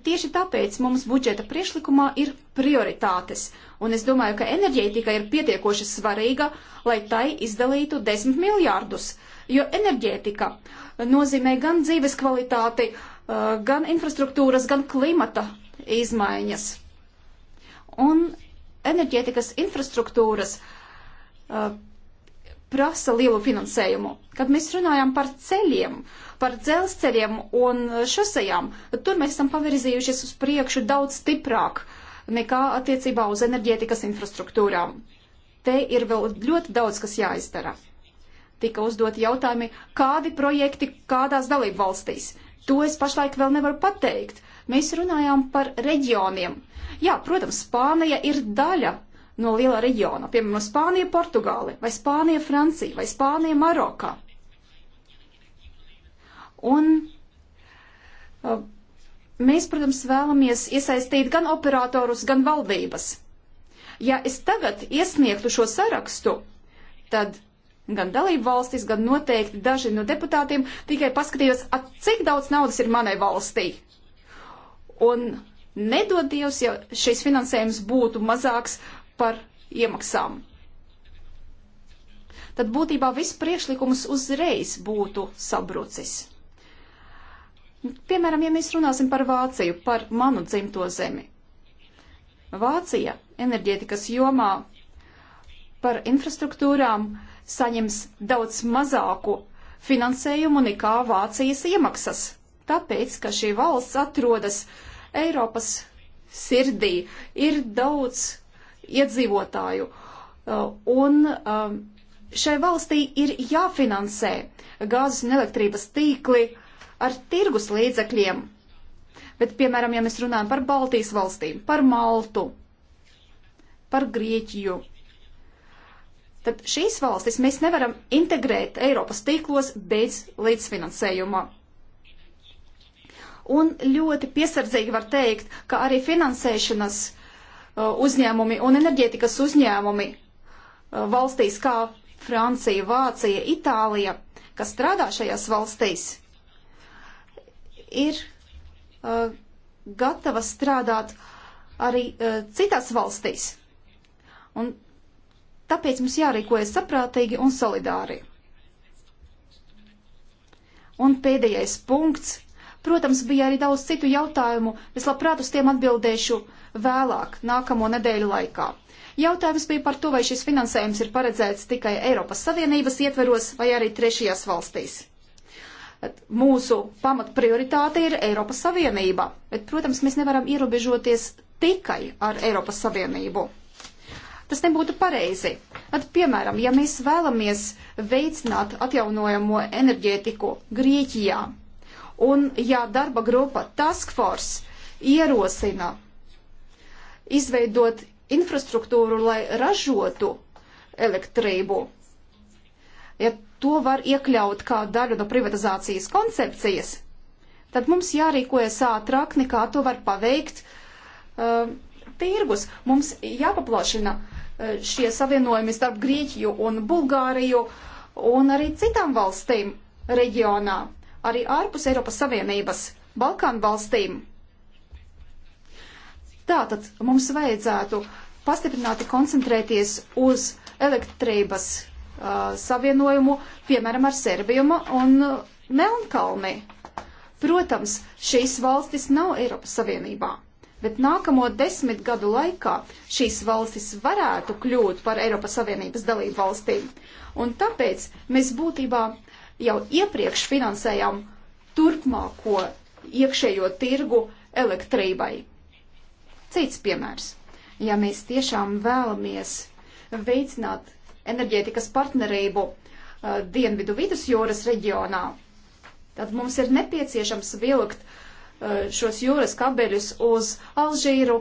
Tieši tāpēc mums budžeta priešlikumā ir prioritātes, un es domāju, ka enerģētika ir pietiekoši svarīga, lai tai izdalītu 10 miljārdus, jo enerģētika nozīmē gan dzīves kvalitāti, gan infrastruktūras, gan klimata izmaiņas. Un enerģētikas infrastruktūras prasa lielu finansējumu. Kad mēs runājam par ceļiem, par dzelzceļiem un šosejām, tur mēs esam pavirzījušies uz priekšu daudz stiprāk nekā attiecībā uz enerģētikas infrastruktūrām. Te ir vēl ļoti daudz, kas jāizdara tika uzdoti jautājumi, kādi projekti kādās dalību valstīs. To es pašlaik vēl nevaru pateikt. Mēs runājām par reģioniem. Jā, protams, Spānija ir daļa no liela reģiona, piemēram, no Spānija Portugāle, vai Spānija Francija, vai Spānija Marokā. Un uh, mēs, protams, vēlamies iesaistīt gan operatorus, gan valdības. Ja es tagad iesniegtu šo sarakstu, tad gan dalību valstis, gan noteikti daži no deputātiem tikai paskatījos, cik daudz naudas ir manai valstī. Un nedod Dievs, ja šis finansējums būtu mazāks par iemaksām. Tad būtībā viss priekšlikums uzreiz būtu sabrucis. Piemēram, ja mēs runāsim par Vāciju, par manu dzimto zemi. Vācija enerģētikas jomā par infrastruktūrām uh, saņems daudz mazāku finansējumu nekā Vācijas iemaksas, tāpēc, ka šī valsts atrodas Eiropas sirdī, ir daudz iedzīvotāju, uh, un uh, šai valstī ir jāfinansē gāzes un elektrības tīkli ar tirgus līdzekļiem. Bet, piemēram, ja mēs runājam par Baltijas valstīm, par Maltu, par Grieķiju, tad šīs valstis mēs nevaram integrēt Eiropas tīklos bez līdzfinansējuma. Un ļoti piesardzīgi var teikt, ka arī finansēšanas uh, uzņēmumi un enerģētikas uzņēmumi uh, valstīs kā Francija, Vācija, Itālija, kas strādā šajās valstīs, ir uh, gatava strādāt arī uh, citās valstīs. Un Tāpēc mums jārīkojas saprātīgi un solidāri. Un pēdējais punkts. Protams, bija arī daudz citu jautājumu. Es labprāt uz tiem atbildēšu vēlāk, nākamo nedēļu laikā. Jautājums bija par to, vai šis finansējums ir paredzēts tikai Eiropas Savienības ietveros vai arī trešajās valstīs. Mūsu pamatprioritāte ir Eiropas Savienība, bet, protams, mēs nevaram ierobežoties tikai ar Eiropas Savienību. Tas nebūtu pareizi. At, piemēram, ja mēs vēlamies veicināt atjaunojamo enerģētiku Grieķijā, un ja darba grupa Task Force ierosina izveidot infrastruktūru, lai ražotu elektrību, ja to var iekļaut kā daļu no privatizācijas koncepcijas, tad mums jārīkojas ātrāk nekā to var paveikt uh, tirgus. Mums jāpaplašina Eh, šie savienojumi starp Grieķiju un Bulgāriju un arī citām valstīm reģionā, arī ārpus Eiropas Savienības, Balkānu valstīm. Tātad mums vajadzētu pastiprināti koncentrēties uz elektrības uh, savienojumu, piemēram, ar Serbiju un Melnkalni. Protams, šīs valstis nav Eiropas Savienībā bet nākamo desmit gadu laikā šīs valstis varētu kļūt par Eiropas Savienības dalību valstīm. Un tāpēc mēs būtībā jau iepriekš finansējām turpmāko iekšējo tirgu elektrībai. Cits piemērs. Ja mēs tiešām vēlamies veicināt enerģētikas partnerību uh, Dienvidu vidusjūras reģionā, tad mums ir nepieciešams vilkt uh, Eh, šos jūras kabeļus uz Alžīru,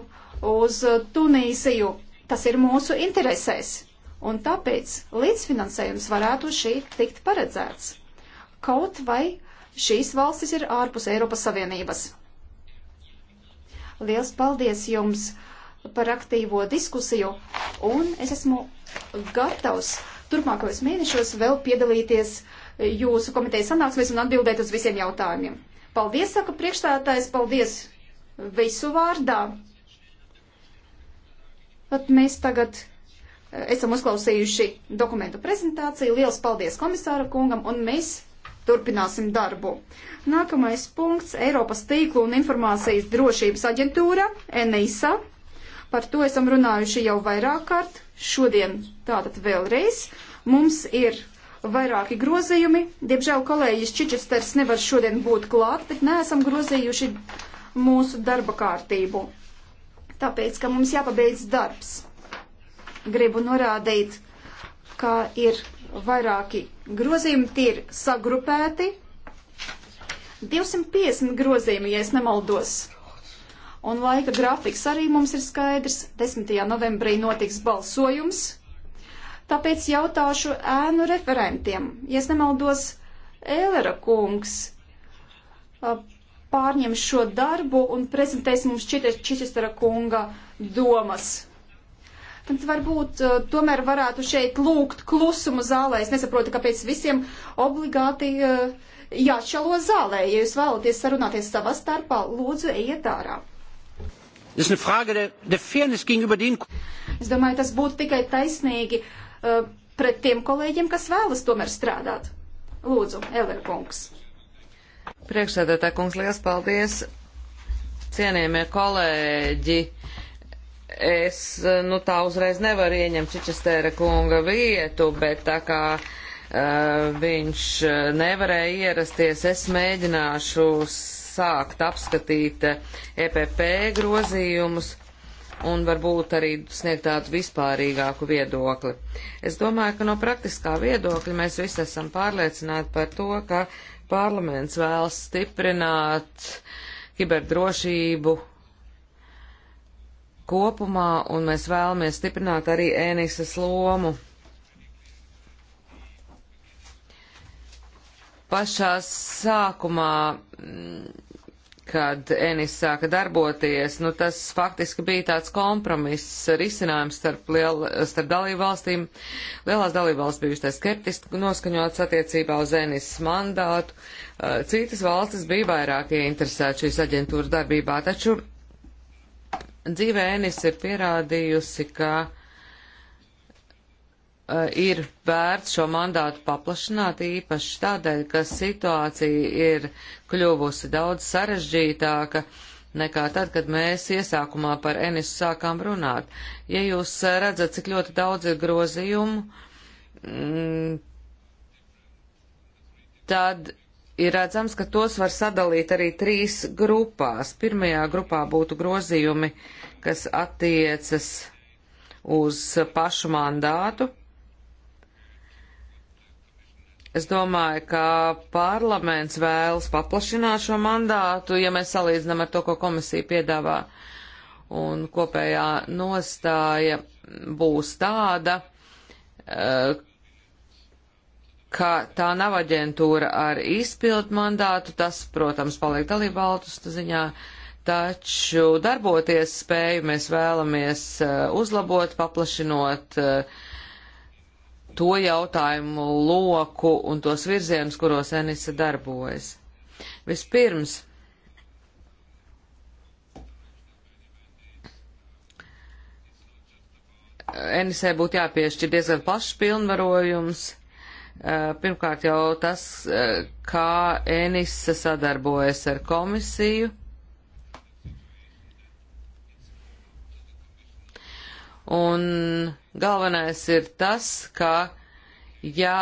uz eh, Tunīsiju. Tas ir mūsu interesēs. Un tāpēc līdzfinansējums varētu šeit tikt paredzēts. Kaut vai šīs valstis ir ārpus Eiropas Savienības. Liels paldies jums par aktīvo diskusiju, un es esmu gatavs turpmākajos mēnešos vēl piedalīties jūsu komitejas sanāksmēs un atbildēt uz visiem jautājumiem. Paldies, saka priekšstādātājs, paldies visu vārdā. Pat mēs tagad eh, esam uzklausījuši dokumentu prezentāciju. Liels paldies komisāra kungam un mēs turpināsim darbu. Nākamais punkts - Eiropas tīklu un informācijas drošības aģentūra ENISA. Par to esam runājuši jau vairāk kārt. Šodien tātad vēlreiz mums ir vairāki grozījumi. Diemžēl kolēģis Čičesters nevar šodien būt klāt, bet neesam grozījuši mūsu darba kārtību. Tāpēc, ka mums jāpabeidz darbs. Gribu norādīt, ka ir vairāki grozījumi, tie ir sagrupēti. 250 grozījumi, ja es nemaldos. Un laika grafiks arī mums ir skaidrs. 10. novembrī notiks balsojums Tāpēc jautāšu ēnu referentiem. Ja es nemaldos, Ēlera kungs pārņem šo darbu un prezentēs mums Čitistara kunga domas. Tad varbūt tomēr varētu šeit lūgt klusumu zālē. Es nesaprotu, kāpēc visiem obligāti jāšalo zālē. Ja jūs vēlaties sarunāties savā starpā, lūdzu, ejiet ārā. Es domāju, tas būtu tikai taisnīgi Uh, pret tiem kolēģiem, kas vēlas tomēr strādāt. Lūdzu, Elere kungs. Priekšsēdētā kungs, liels paldies. Cienījamie kolēģi, es nu tā uzreiz nevaru ieņemt Čičestēra kunga vietu, bet tā kā uh, viņš uh, nevarēja ierasties, es mēģināšu sākt apskatīt uh, EPP grozījumus un varbūt arī sniegt tādu vispārīgāku viedokli. Es domāju, ka no praktiskā viedokļa mēs visi esam pārliecināti par to, ka parlaments vēlas stiprināt kiberdrošību kopumā, un mēs vēlamies stiprināt arī ēnisas lomu. Pašā sākumā mm, kad Enis sāka darboties, nu tas faktiski bija tāds kompromiss risinājums starp, liel, starp dalībvalstīm. Lielās dalībvalsts bija tā skeptiski noskaņots attiecībā uz Enis mandātu. Uh, citas valstis bija vairāk ieinteresēti šīs aģentūras darbībā, taču dzīvē Enis ir pierādījusi, ka uh, Eh, ir vērts šo mandātu paplašināt īpaši tādēļ, ka situācija ir kļuvusi daudz sarežģītāka nekā tad, kad mēs iesākumā par Enisu sākām runāt. Ja jūs eh, redzat, cik ļoti daudz ir grozījumu, mm, tad ir redzams, ka tos var sadalīt arī trīs grupās. Pirmajā grupā būtu grozījumi, kas attiecas uz pašu mandātu, Es domāju, ka parlaments vēlas paplašināt šo mandātu, ja mēs salīdzinām ar to, ko komisija piedāvā. Un kopējā nostāja būs tāda, eh, ka tā nav aģentūra ar izpildu mandātu, tas, protams, paliek dalību valstu ziņā, taču darboties spēju mēs vēlamies eh, uzlabot, paplašinot uh, to jautājumu loku un tos virzienus, kuros Enisa darbojas. Vispirms, Enisē būtu jāpiešķir diezgan plašs pilnvarojums. Eh, pirmkārt jau tas, eh, kā Enisa sadarbojas ar komisiju Un galvenais ir tas, ka, ja,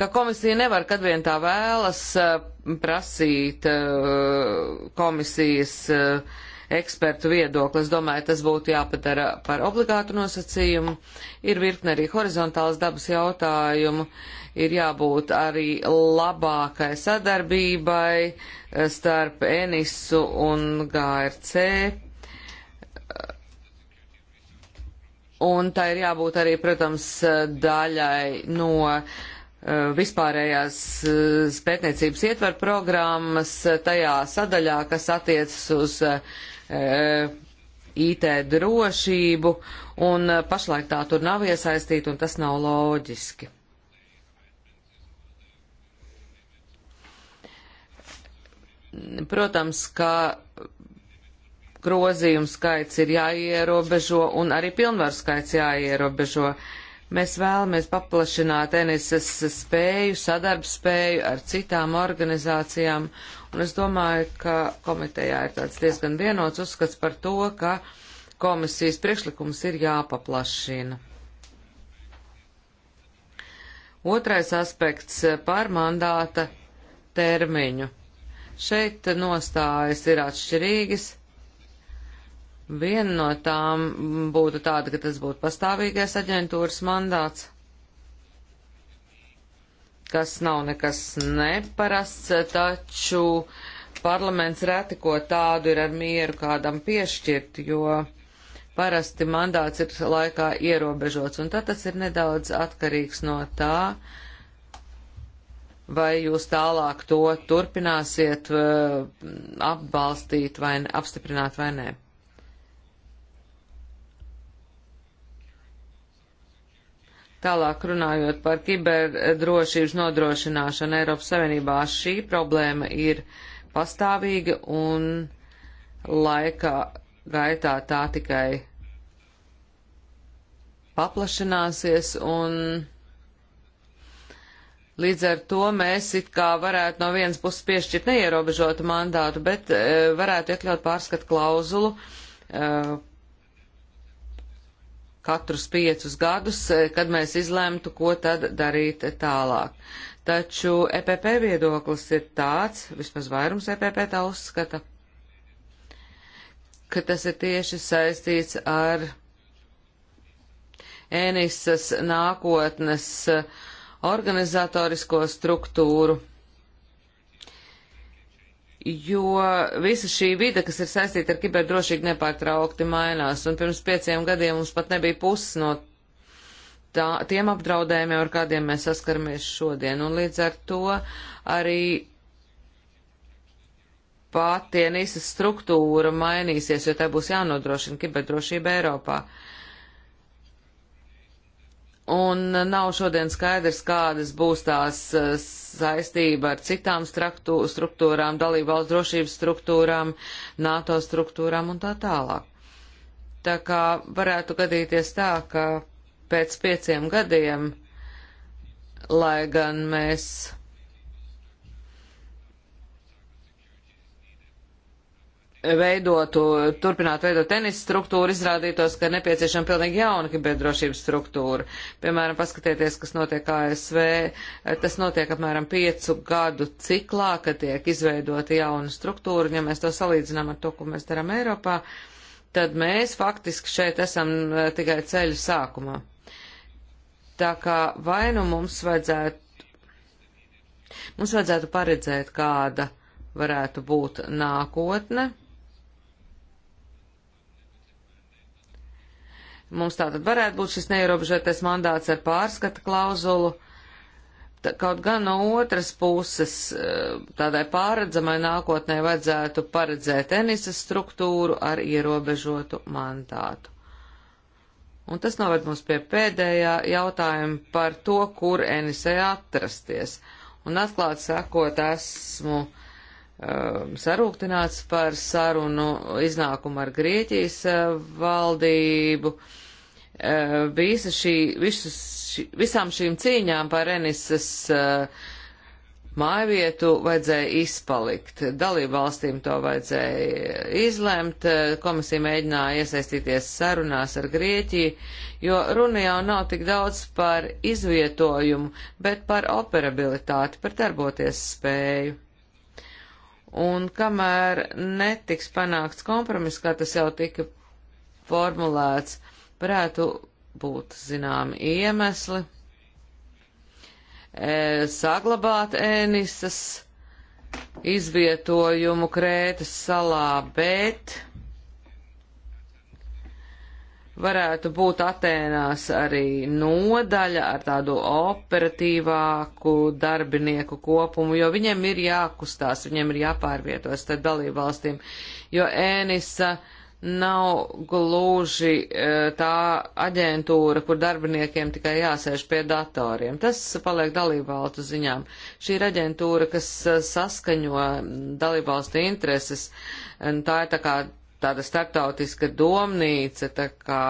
ka komisija nevar, kad vien tā vēlas, eh, prasīt eh, komisijas eh, ekspertu viedokli. Es domāju, tas būtu jāpadara par obligātu nosacījumu. Ir virkne arī horizontāls dabas jautājumu. Ir jābūt arī labākai sadarbībai starp Enisu un GRC un tā ir jābūt arī, protams, daļai no eh, vispārējās eh, pētniecības ietver programmas eh, tajā sadaļā, kas attiecas uz IT drošību, un pašlaik tā tur nav iesaistīta, un tas nav loģiski. Protams, ka grozījumu skaits ir jāierobežo un arī pilnvaru skaits jāierobežo. Mēs vēlamies paplašināt NSS spēju, sadarbspēju ar citām organizācijām, un es domāju, ka komitejā ir tāds diezgan vienots uzskats par to, ka komisijas priekšlikums ir jāpaplašina. Otrais aspekts par mandāta termiņu. Šeit nostājas ir atšķirīgas. Viena no tām būtu tāda, ka tas būtu pastāvīgais aģentūras mandāts, kas nav nekas neparasts, taču parlaments reti ko tādu ir ar mieru kādam piešķirt, jo parasti mandāts ir laikā ierobežots, un tad tas ir nedaudz atkarīgs no tā, vai jūs tālāk to turpināsiet eh, apbalstīt vai apstiprināt vai nē. Tālāk runājot par kiberdrošības nodrošināšanu Eiropas Savienībā, šī problēma ir pastāvīga un laika gaitā tā tikai paplašināsies un līdz ar to mēs it kā varētu no vienas puses piešķirt neierobežotu mandātu, bet e, varētu iekļaut pārskatu klauzulu e, katrus piecus gadus, e, kad mēs izlemtu, ko tad darīt tālāk. Taču EPP viedoklis ir tāds, vismaz vairums EPP tā uzskata, ka tas ir tieši saistīts ar Enisas nākotnes e, organizatorisko struktūru jo visa šī vide, kas ir saistīta ar kiberdrošību, nepārtraukti mainās. Un pirms pieciem gadiem mums pat nebija puses no tā, tiem apdraudējumiem, ar kādiem mēs saskaramies šodien. Un līdz ar to arī pātienīsas struktūra mainīsies, jo tā būs jānodrošina kiberdrošība Eiropā. Uh, Un nav šodien skaidrs, kādas būs tās eh, saistība ar citām struktūrām, dalībvalsts drošības struktūrām, NATO struktūrām un tā tālāk. Tā kā varētu gadīties tā, ka pēc pieciem gadiem, lai gan mēs veidotu, turpinātu veidot tenis struktūru, izrādītos, ka nepieciešama pilnīgi jauna kiberdrošības struktūra. Piemēram, paskatieties, kas notiek ASV. Tas notiek apmēram piecu gadu ciklā, kad tiek izveidota jauna struktūra. Ja mēs to salīdzinām ar to, ko mēs darām Eiropā, tad mēs faktiski šeit esam e, tikai ceļa sākumā. Tā kā vai nu mums vajadzētu, mums vajadzētu paredzēt kāda varētu būt nākotne Mums tātad varētu būt šis neierobežotais mandāts ar pārskata klauzulu. Kaut gan no otras puses eh, tādai pāredzamai nākotnē vajadzētu paredzēt tenisas struktūru ar ierobežotu mandātu. Un tas noved mums pie pēdējā jautājuma par to, kur NSA atrasties. Un atklāt sakot, esmu uh, Um, sarūktināts par sarunu iznākumu ar Grieķijas uh, valdību. Uh, visa šī, visus, šī, visām šīm cīņām par Enisas uh, mājvietu vajadzēja izpalikt. Dalību valstīm to vajadzēja izlemt. Komisija mēģināja iesaistīties sarunās ar Grieķiju, jo runa jau nav tik daudz par izvietojumu, bet par operabilitāti, par darboties spēju. Un kamēr netiks panākts kompromiss, kā tas jau tika formulēts, varētu būt zināmi iemesli e, saglabāt ēnisas izvietojumu Krētas salā, bet varētu būt Atēnās arī nodaļa ar tādu operatīvāku darbinieku kopumu, jo viņiem ir jākustās, viņiem ir jāpārvietos starp dalību valstīm, jo ēnisa nav gluži e, tā aģentūra, kur darbiniekiem tikai jāsēž pie datoriem. Tas paliek dalībvalstu ziņām. Šī ir aģentūra, kas e, saskaņo dalībvalstu intereses. Tā ir tā kā tāda starptautiska domnīca, tā kā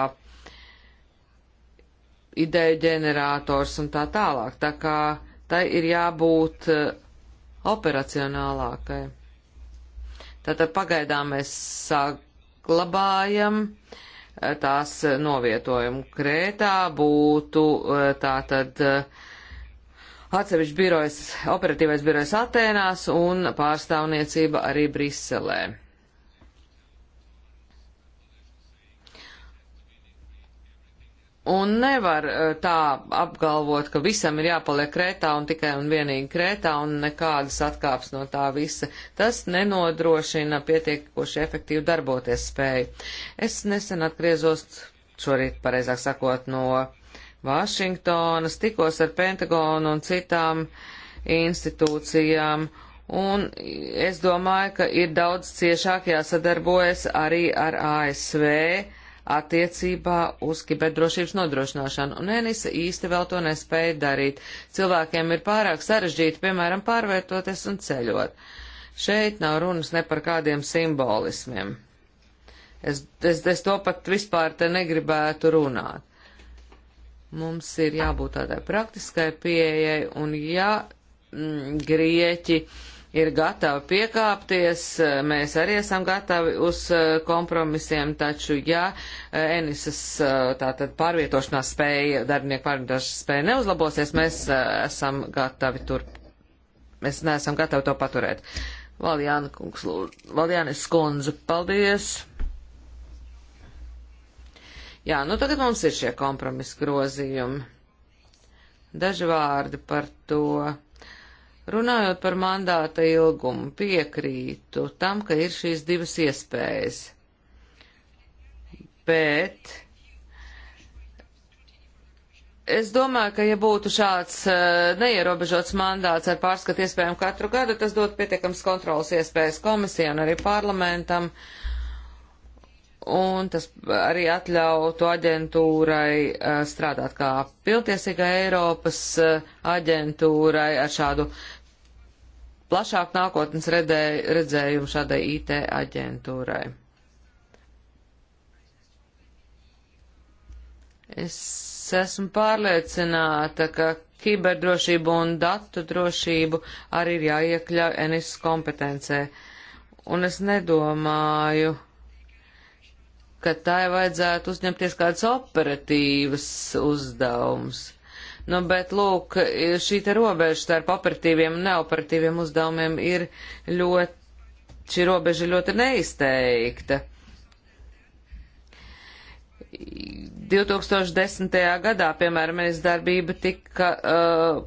ideju ģenerators un tā tālāk. Tā kā tai ir jābūt eh, operacionālākai. Tātad pagaidām mēs saglabājam eh, tās novietojumu Krētā, būtu eh, tātad atsevišķi birojas, operatīvais birojas Atēnās un pārstāvniecība arī Briselē. Un nevar eh, tā apgalvot, ka visam ir jāpaliek krētā un tikai un vienīgi krētā un nekādas atkāps no tā visa. Tas nenodrošina pietiekoši efektīvi darboties spēju. Es nesen atgriezos, šorīt pareizāk sakot, no Vašingtonas, tikos ar Pentagonu un citām institūcijām. Un es domāju, ka ir daudz ciešāk jāsadarbojas arī ar ASV attiecībā uz kiberdrošības nodrošināšanu, un Enisa īsti vēl to nespēja darīt. Cilvēkiem ir pārāk sarežģīti, piemēram, pārvietoties un ceļot. Šeit nav runas ne par kādiem simbolismiem. Es, es, es to pat vispār te negribētu runāt. Mums ir jābūt tādai praktiskai pieejai, un ja mm, grieķi uh, ir gatavi piekāpties, mēs arī esam gatavi uz eh, kompromisiem, taču ja eh, Enisas eh, tātad pārvietošanās spēja, darbinieku pārvietošanās spēja neuzlabosies, mēs esam gatavi tur, mēs neesam gatavi to paturēt. Valjāna kungs, Valjānis kundze, paldies! Jā, nu tagad mums ir šie kompromisa grozījumi. Daži vārdi par to, Runājot par mandāta ilgumu, piekrītu tam, ka ir šīs divas iespējas. Bet es domāju, ka ja būtu šāds eh, neierobežots mandāts ar pārskatu iespējām katru gadu, tas dot pietiekams kontrolas iespējas komisijai un arī parlamentam. Uh, un tas arī atļautu aģentūrai eh, strādāt kā piltiesīgai Eiropas eh, aģentūrai ar šādu plašāku nākotnes redzējumu šādai IT aģentūrai. Es esmu pārliecināta, ka kiberdrošību un datu drošību arī ir jāiekļauj NIS kompetencē. Un es nedomāju, ka tai vajadzētu uzņemties kāds operatīvs uzdevums. Nu, bet, lūk, šī te robeža starp operatīviem un neoperatīviem uzdevumiem ir ļoti, šī robeža ir ļoti neizteikta. 2010. gadā, piemēram, es darbība tika uh,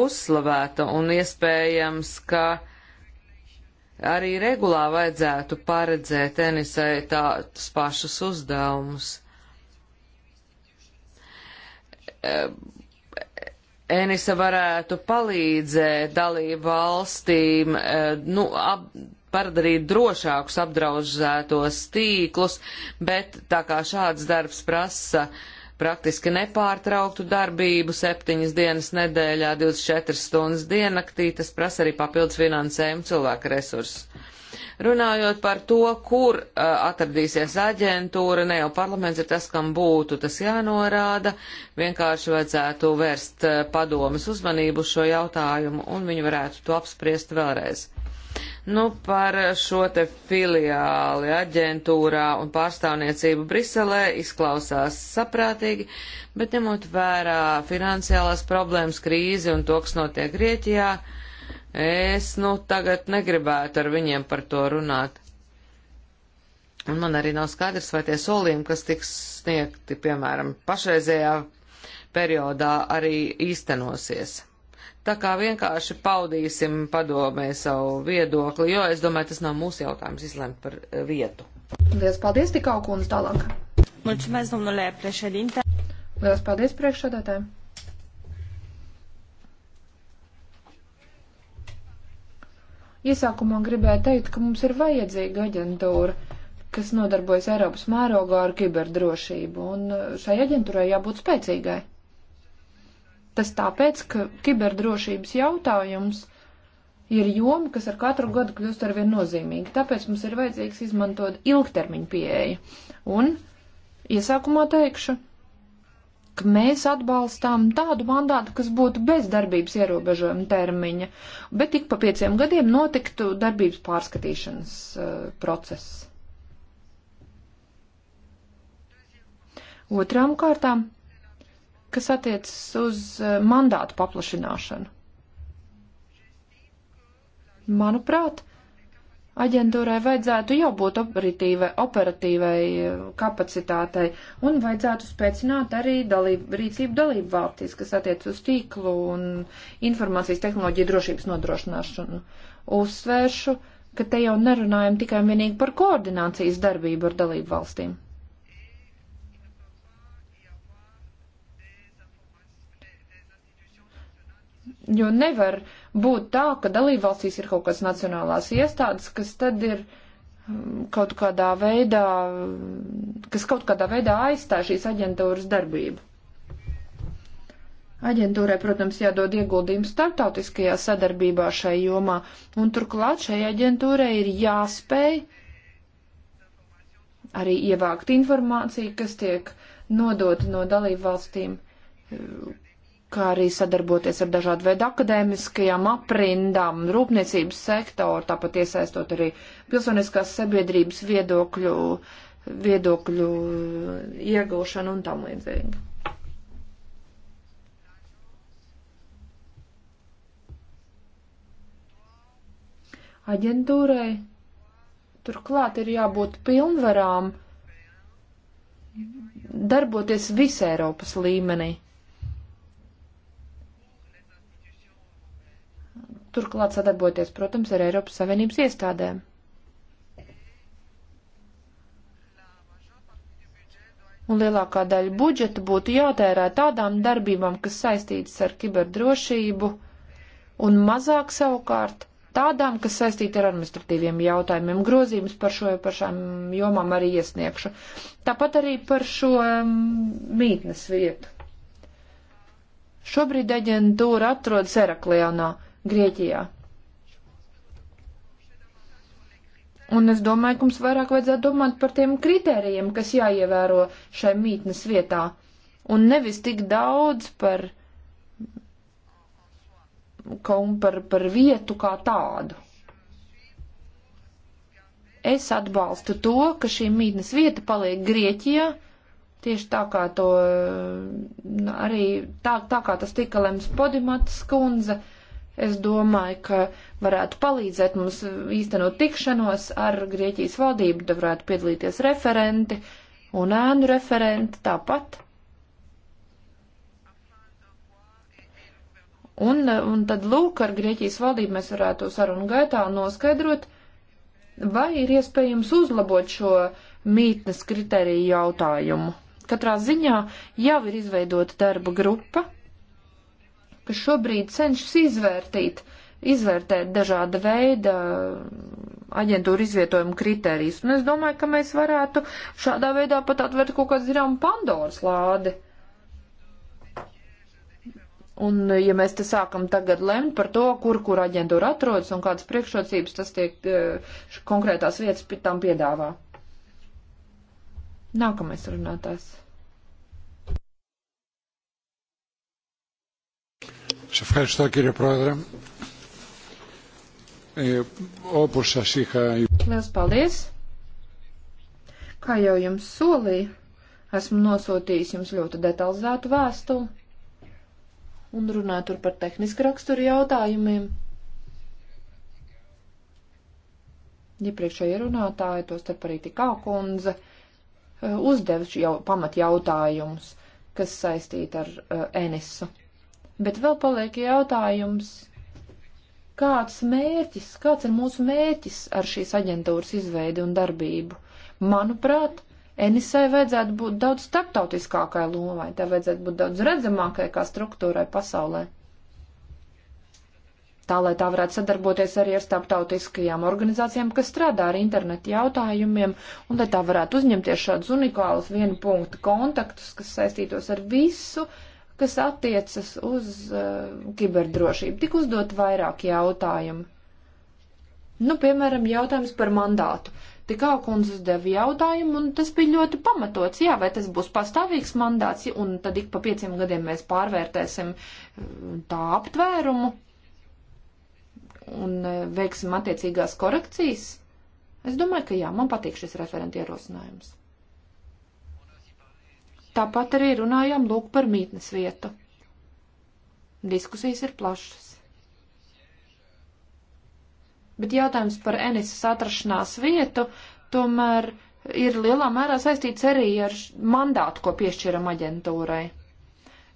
uzslavēta un iespējams, ka uh, arī regulā vajadzētu paredzēt Enisai tādus pašus uzdevumus. Enisa varētu palīdzēt dalību valstīm, e, nu, ap, paradarīt drošākus apdraudzētos tīklus, bet tā kā šāds darbs prasa uh, praktiski nepārtrauktu darbību septiņas dienas nedēļā, 24 stundas diennaktī, tas prasa arī papildus finansējumu cilvēku resursus. Runājot par to, kur uh, atradīsies aģentūra, ne jau parlaments ir tas, kam būtu tas jānorāda, vienkārši vajadzētu vērst uh, padomas uzmanību uz šo jautājumu un viņi varētu to apspriest vēlreiz. Nu, par šo te filiāli aģentūrā un pārstāvniecību Briselē izklausās saprātīgi, bet ņemot vērā finansiālās problēmas, krīzi un to, kas notiek Grieķijā, es, nu, tagad negribētu ar viņiem par to runāt. Un man arī nav skaidrs, vai tie solījumi, kas tiks sniegti, piemēram, pašreizējā periodā, arī īstenosies. Tā kā vienkārši paudīsim padomē savu viedokli, jo es domāju, tas nav mūsu jautājums izlemt par eh, vietu. Lielas paldies, tik augu un tālāk. Mulțumesc, domnule președinte. Lielas paldies priekšsēdētājiem. Iesākumā gribēju teikt, ka mums ir vajadzīga aģentūra, kas nodarbojas Eiropas mērogā ar kiberdrošību, un šai aģentūrai jābūt spēcīgai. Tas tāpēc, ka kiberdrošības jautājums ir joma, kas ar katru gadu kļūst arvien nozīmīgi. Tāpēc mums ir vajadzīgs izmantot ilgtermiņu pieeju. Un iesākumā teikšu, ka mēs atbalstām tādu mandātu, kas būtu bez darbības ierobežojuma termiņa, bet tik pa pieciem gadiem notiktu darbības pārskatīšanas uh, process. Otrām kārtām kas attiecas uz eh, mandātu paplašināšanu. Manuprāt, aģentūrai vajadzētu jau būt operatīvai, operatīvai eh, kapacitātei un vajadzētu spēcināt arī dalību, rīcību dalību valstīs, kas attiec uz tīklu un informācijas tehnoloģiju drošības nodrošināšanu. Uzsvēršu, ka te jau nerunājam tikai un vienīgi par koordinācijas darbību ar dalību valstīm. Jo nevar būt tā, ka dalībvalstīs ir kaut kas nacionālās iestādes, kas tad ir mm, kaut kādā veidā, kas kaut kādā veidā aizstāj šīs aģentūras darbību. Aģentūrai, protams, jādod ieguldījums starptautiskajā sadarbībā šai jomā, un turklāt šai aģentūrai ir jāspēj arī ievākt informāciju, kas tiek nodota no dalību valstīm, kā arī sadarboties ar dažādu veidu akadēmiskajām aprindām, rūpniecības sektoru, tāpat iesaistot arī pilsoniskās sabiedrības viedokļu, viedokļu iegūšanu un tam līdzīgi. Aģentūrai turklāt ir jābūt pilnvarām darboties visā Eiropas līmenī turklāt sadarboties, protams, ar Eiropas Savienības iestādēm. Un lielākā daļa budžeta būtu jātērē tādām darbībām, kas saistītas ar kiberdrošību, un mazāk savukārt tādām, kas saistīti ar administratīviem jautājumiem. Grozījums par šo par šām jomām arī iesniegšu. Tāpat arī par šo um, mītnes vietu. Šobrīd aģentūra atrodas Eraklionā. Grieķijā. Un es domāju, ka mums vairāk vajadzētu domāt par tiem kritērijiem, kas jāievēro šai mītnes vietā. Un nevis tik daudz par, par, par vietu kā tādu. Es atbalstu to, ka šī mītnes vieta paliek Grieķijā, tieši tā kā to nu, arī tā, tā kā tas tika lems Podimatas kundze Es domāju, ka varētu palīdzēt mums īstenot tikšanos ar Grieķijas valdību, tad varētu piedalīties referenti un ēnu referenti tāpat. Un, un tad lūk, ar Grieķijas valdību mēs varētu sarunu gaitā noskaidrot, vai ir iespējams uzlabot šo mītnes kritēriju jautājumu. Katrā ziņā jau ir izveidota darba grupa, kas šobrīd cenšas izvērtīt, izvērtēt dažāda veida aģentūra izvietojuma kritērijas. Un es domāju, ka mēs varētu šādā veidā pat atvērt kaut kādu zinām Pandoras lādi. Un, ja mēs te sākam tagad lemt par to, kur, kur aģentūra atrodas un kādas priekšrocības tas tiek e, konkrētās vietas tam piedāvā. Nākamais runātājs. Σε ευχαριστώ κύριε Πρόεδρε. Ε, όπως σας είχα... Liels paldies! Kā jau jums solīju, esmu nosūtījis jums ļoti detalizētu vēstuli un runāju tur par tehnisku raksturu jautājumiem. Iepriekšējie ja runātāji, to starp arī tikā kundze, eh, uzdevuši jau pamat jautājumus, kas saistīti ar uh, Enisu. Bet vēl paliek jautājums, kāds mērķis, kāds ir mūsu mērķis ar šīs aģentūras izveidi un darbību. Manuprāt, Enisai vajadzētu būt daudz starptautiskākai lomai, tā vajadzētu būt daudz redzamākai kā struktūrai pasaulē. Tā, lai tā varētu sadarboties arī ar starptautiskajām organizācijām, kas strādā ar internetu jautājumiem, un lai tā varētu uzņemties šādus unikālus vienu punktu kontaktus, kas saistītos ar visu uh, kas attiecas uz uh, kiberdrošību. Tik uzdot vairāk jautājumu. Nu, piemēram, jautājums par mandātu. Tikā kundze uzdeva jautājumu, un tas bija ļoti pamatots. Jā, vai tas būs pastāvīgs mandāts, un tad ik pa pieciem gadiem mēs pārvērtēsim eh, tā aptvērumu un eh, veiksim attiecīgās korekcijas. Es domāju, ka jā, man patīk šis referenta ierosinājums. Tāpat arī runājām lūk par mītnes vietu. Diskusijas ir plašas. Bet jautājums par Enisas atrašanās vietu tomēr ir lielā mērā saistīts arī ar mandātu, ko piešķiram aģentūrai.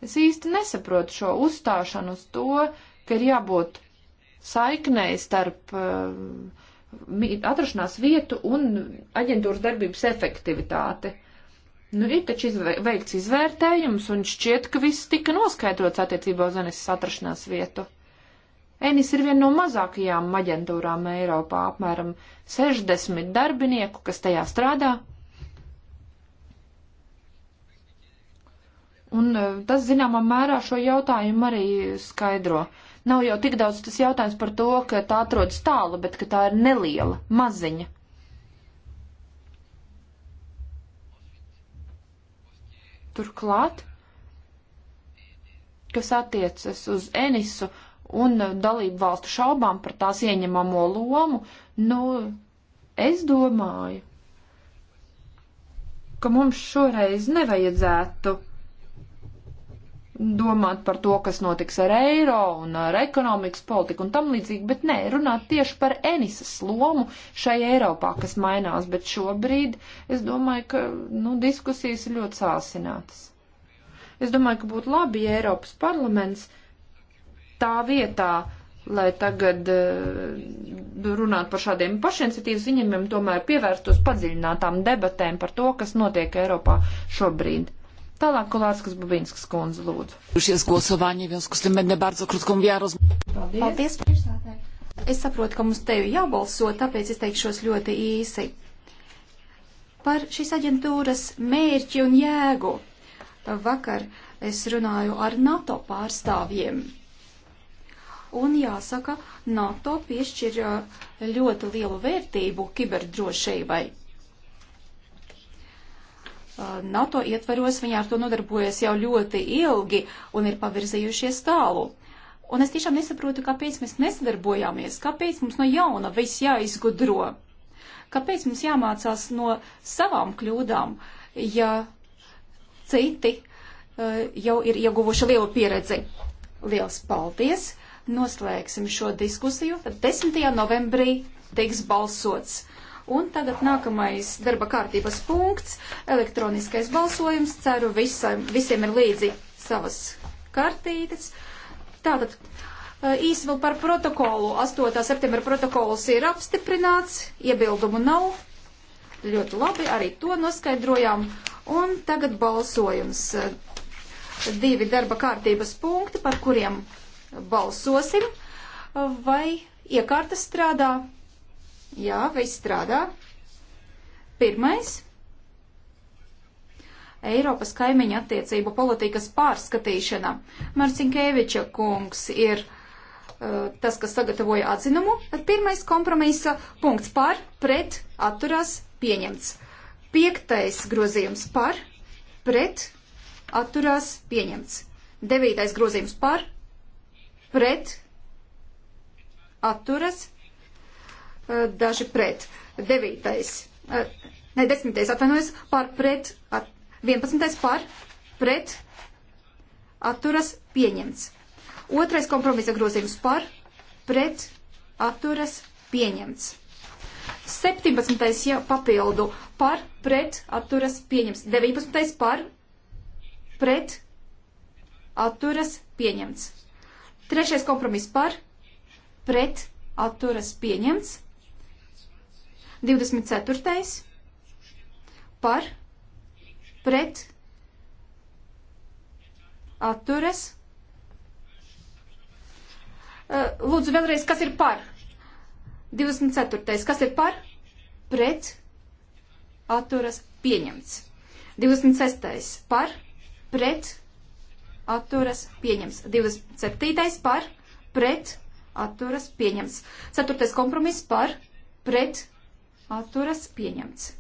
Es īsti nesaprotu šo uzstāšanu uz to, ka ir jābūt saiknei starp uh, atrašanās vietu un aģentūras darbības efektivitāti. Uh, Nu, ir taču izve veikts izvērtējums, un šķiet, ka viss tika noskaidrots attiecībā uz Enises atrašanās vietu. Enis ir viena no mazākajām aģentūrām Eiropā, apmēram 60 darbinieku, kas tajā strādā. Un eh, tas, zināmā mērā, šo jautājumu arī skaidro. Nav jau tik daudz tas jautājums par to, ka tā atrodas tālu, bet ka tā ir neliela, maziņa Turklāt, kas attiecas uz Enisu un dalību valstu šaubām par tās ieņemamo lomu, nu, es domāju, ka mums šoreiz nevajadzētu domāt par to, kas notiks ar eiro un ar ekonomikas politiku un tam līdzīgi, bet nē, runāt tieši par Enisas lomu šai Eiropā, kas mainās, bet šobrīd es domāju, ka nu, diskusijas ir ļoti sāsinātas. Es domāju, ka būtu labi, ja Eiropas parlaments tā vietā, lai tagad eh, runātu par šādiem pašiniciatīvas ziņojumiem, tomēr pievērstos padziļinātām debatēm par to, kas notiek Eiropā šobrīd. Tālāk Kolārskas Bubinskas kundze lūdzu. Paldies, priekšsādātāji. Es saprotu, ka mums tevi jābalso, tāpēc izteikšos ļoti īsi. Par šīs aģentūras mērķi un jēgu. Vakar es runāju ar NATO pārstāvjiem. Un jāsaka, NATO piešķir uh, ļoti lielu vērtību kiberdrošībai. Uh, NATO ietvaros viņi ar to nodarbojas jau ļoti ilgi un ir pavirzījušies tālu. Un es tiešām nesaprotu, kāpēc mēs nesadarbojāmies, kāpēc mums no jauna viss jāizgudro, kāpēc mums jāmācās no savām kļūdām, ja citi uh, jau ir ieguvuši lielu pieredzi. Liels paldies! Noslēgsim šo diskusiju. 10. novembrī tiks balsots. Un tagad nākamais darba kārtības punkts - elektroniskais balsojums. Ceru, visam, visiem ir līdzi savas kartītes. Tātad eh, īsi vēl par protokolu. 8. septembra protokols ir apstiprināts, iebildumu nav. Ļoti labi, arī to noskaidrojām. Un tagad balsojums. Eh, divi darba kārtības punkti, par kuriem balsosim, vai iekārta strādā Jā, viss strādā. Pirmais. Eiropas kaimiņu attiecību politikas pārskatīšana. Marcinkēviča kungs ir uh, tas, kas sagatavoja atzinumu. Pirmais kompromisa punkts par, pret, atturās, pieņemts. Piektais grozījums par, pret, atturās, pieņemts. Devītais grozījums par, pret, atturas, Eh, daži pret. Devītais, eh, ne, desmitais atvainojas par pret, at, vienpadsmitais par pret atturas pieņemts. Otrais kompromisa grozījums par pret atturas pieņemts. 17. Ja, papildu par pret atturas pieņemts. 19. par pret atturas pieņemts. Trešais kompromiss par pret atturas pieņemts. 24. par pret atturas. Eh, lūdzu, vēlreiz, kas ir par? 24. kas ir par? Pret atturas pieņemts. 26. par pret atturas pieņems. 27. par pret atturas pieņems. 4. kompromiss par pret atturas pieņemts.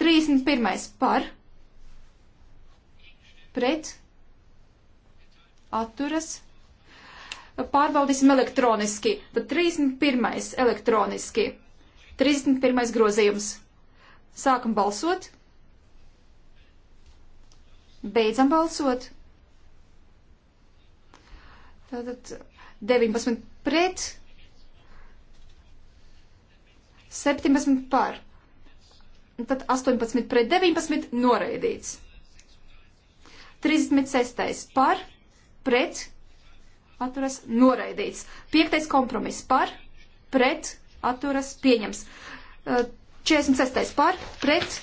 31. par, pret, atturas. Pārbaudīsim elektroniski, tad 31. elektroniski. 31. grozījums. Sākam balsot. Beidzam balsot. Tātad 19 pret 17 par. Tad 18 pret 19 noraidīts. 36 par, pret, atturas noraidīts. 5. kompromiss par, pret, atturas pieņems. 46. par, pret,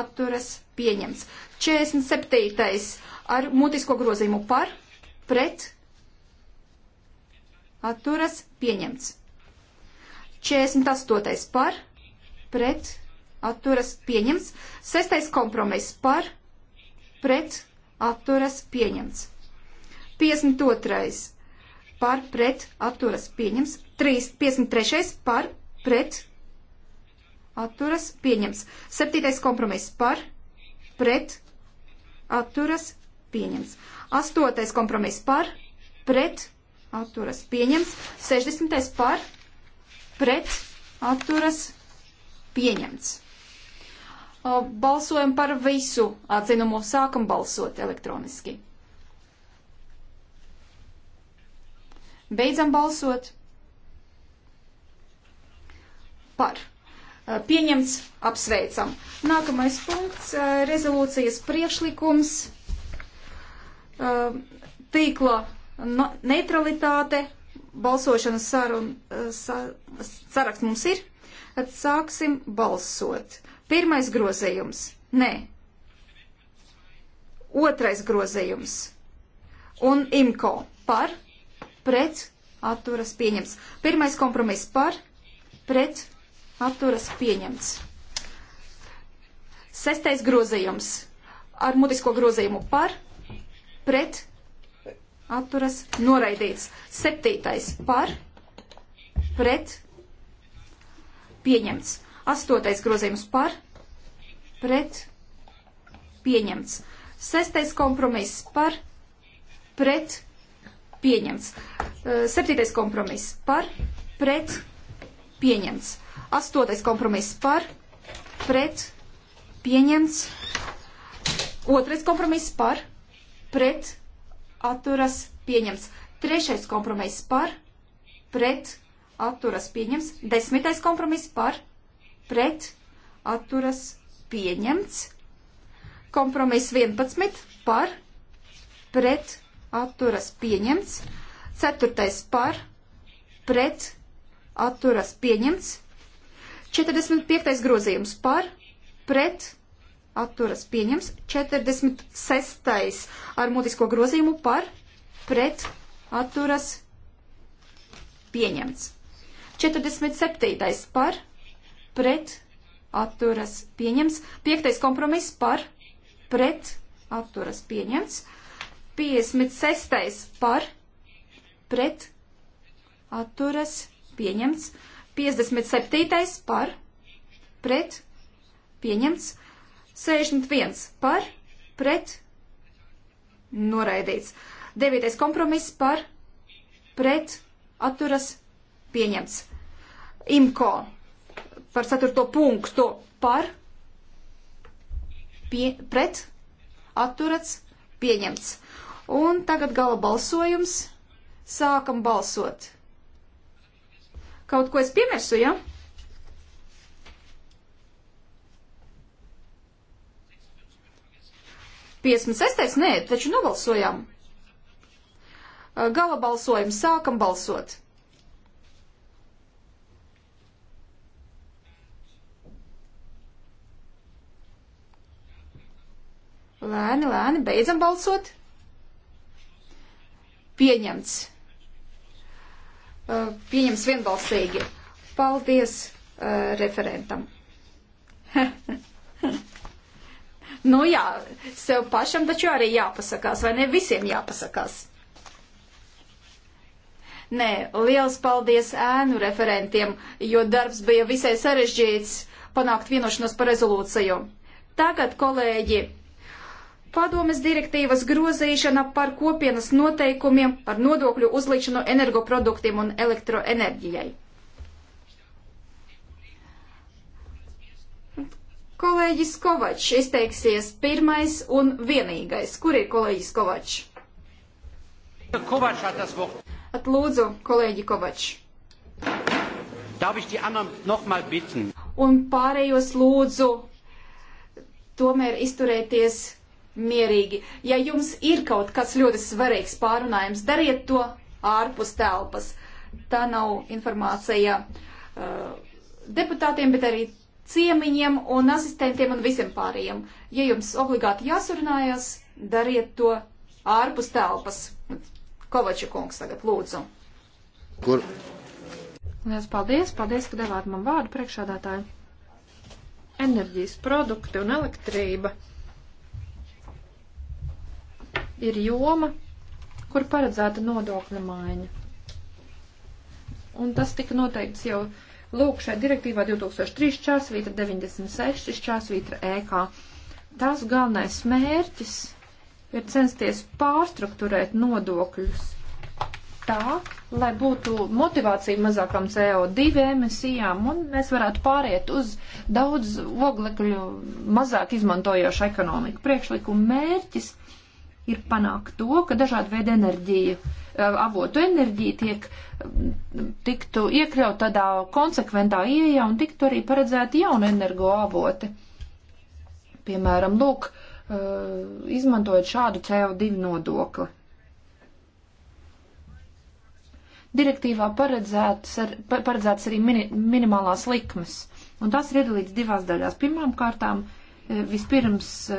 atturas pieņems. 47. ar mutisko grozījumu par, pret, atturas pieņemts. 48. par, pret, atturas pieņemts. 6. kompromiss par, pret, atturas pieņemts. 52. par, pret, atturas pieņemts. 3, 53. par, pret, atturas pieņemts. 7. kompromiss par, pret, atturas pieņemts. 8. kompromiss par, pret, atturas pieņemts. 60. par, pret, pret atturas pieņemts. Balsojam par visu atzinumu, sākam balsot elektroniski. Beidzam balsot par. Pieņemts, apsveicam. Nākamais punkts - rezolūcijas priekšlikums, tīkla neutralitāte balsošanas saruna, eh, sa, saraksts mums ir, tad sāksim balsot. Pirmais grozējums. Nē. Otrais grozējums. Un imko par, pret, atturas pieņemts. Pirmais kompromiss par, pret, atturas pieņemts. Sestais grozējums. Ar mutisko grozējumu par, pret, atturas noraidīts. Septītais par, pret, pieņemts. Astotais grozījums par, pret, pieņemts. Sestais kompromiss par, pret, pieņemts. Eh, septītais kompromiss par, pret, pieņemts. Astotais kompromiss par, pret, pieņemts. Otrais kompromiss par, pret, pieņemts atturas pieņems. Trešais kompromiss par, pret, atturas pieņems. Desmitais kompromiss par, pret, atturas pieņemts. Kompromiss 11 par, pret, atturas pieņemts. Ceturtais par, pret, atturas pieņemts. 45. grozījums par, pret, atturas pieņems. 46. ar mutisko grozījumu par pret atturas pieņemts. 47. par pret atturas pieņems. 5. kompromiss par pret atturas pieņemts. 56. par pret atturas pieņemts. 57. par pret pieņemts. 61 par, pret, noraidīts. 9. kompromiss par, pret, atturas, pieņemts. IMCO par 4. punktu par, pie, pret, atturats, pieņemts. Un tagad gala balsojums. Sākam balsot. Kaut ko es piemirsu, ja? 56. Nē, taču nobalsojām. Gala balsojums. Sākam balsot. Lēni, lēni, beidzam balsot. Pieņemts. Pieņems vienbalsīgi. Paldies uh, referentam. <laughs> Nu jā, sev pašam taču arī jāpasakās, vai ne visiem jāpasakās? Nē, liels paldies ēnu referentiem, jo darbs bija visai sarežģīts panākt vienošanos par rezolūciju. Tagad, kolēģi, padomes direktīvas grozīšana par kopienas noteikumiem par nodokļu uzlikšanu energoproduktiem un elektroenerģijai. Kolēģis Kovačs izteiksies pirmais un vienīgais. Kur ir kolēģis Kovačs? Atlūdzu, kolēģi Kovačs. Un pārējos lūdzu tomēr izturēties mierīgi. Ja jums ir kaut kas ļoti svarīgs pārunājums, dariet to ārpus telpas. Tā nav informācija uh, deputātiem, bet arī ciemiņiem un asistentiem un visiem pārējiem. Ja jums obligāti jāsarunājas, dariet to ārpus telpas. Kovača kungs tagad lūdzu. Kur? Lielas paldies, paldies, ka devāt man vārdu priekšādātāju. Enerģijas produkti un elektrība ir joma, kur paredzēta nodokļa maiņa. Un tas tika noteikts jau Lūk, šai direktīvā 2003 čāsvītra 96 čāsvītra EK. Tās galvenais mērķis ir censties pārstruktūrēt nodokļus tā, lai būtu motivācija mazākam CO2 emisijām un mēs varētu pāriet uz daudz oglekļu mazāk izmantojošu ekonomiku. Priekšlikuma mērķis ir panākt to, ka dažādi veidi enerģija Eh, avotu enerģija tiek eh, tiktu iekļaut tādā konsekventā ieejā un tiktu arī paredzēti jauni energo avoti. Piemēram, lūk, eh, izmantojot šādu CO2 nodokli. Direktīvā paredzētas, ar, paredzētas arī mini, minimālās likmes, un tās ir iedalīts divās daļās. Pirmām kārtām uh, Vispirms eh,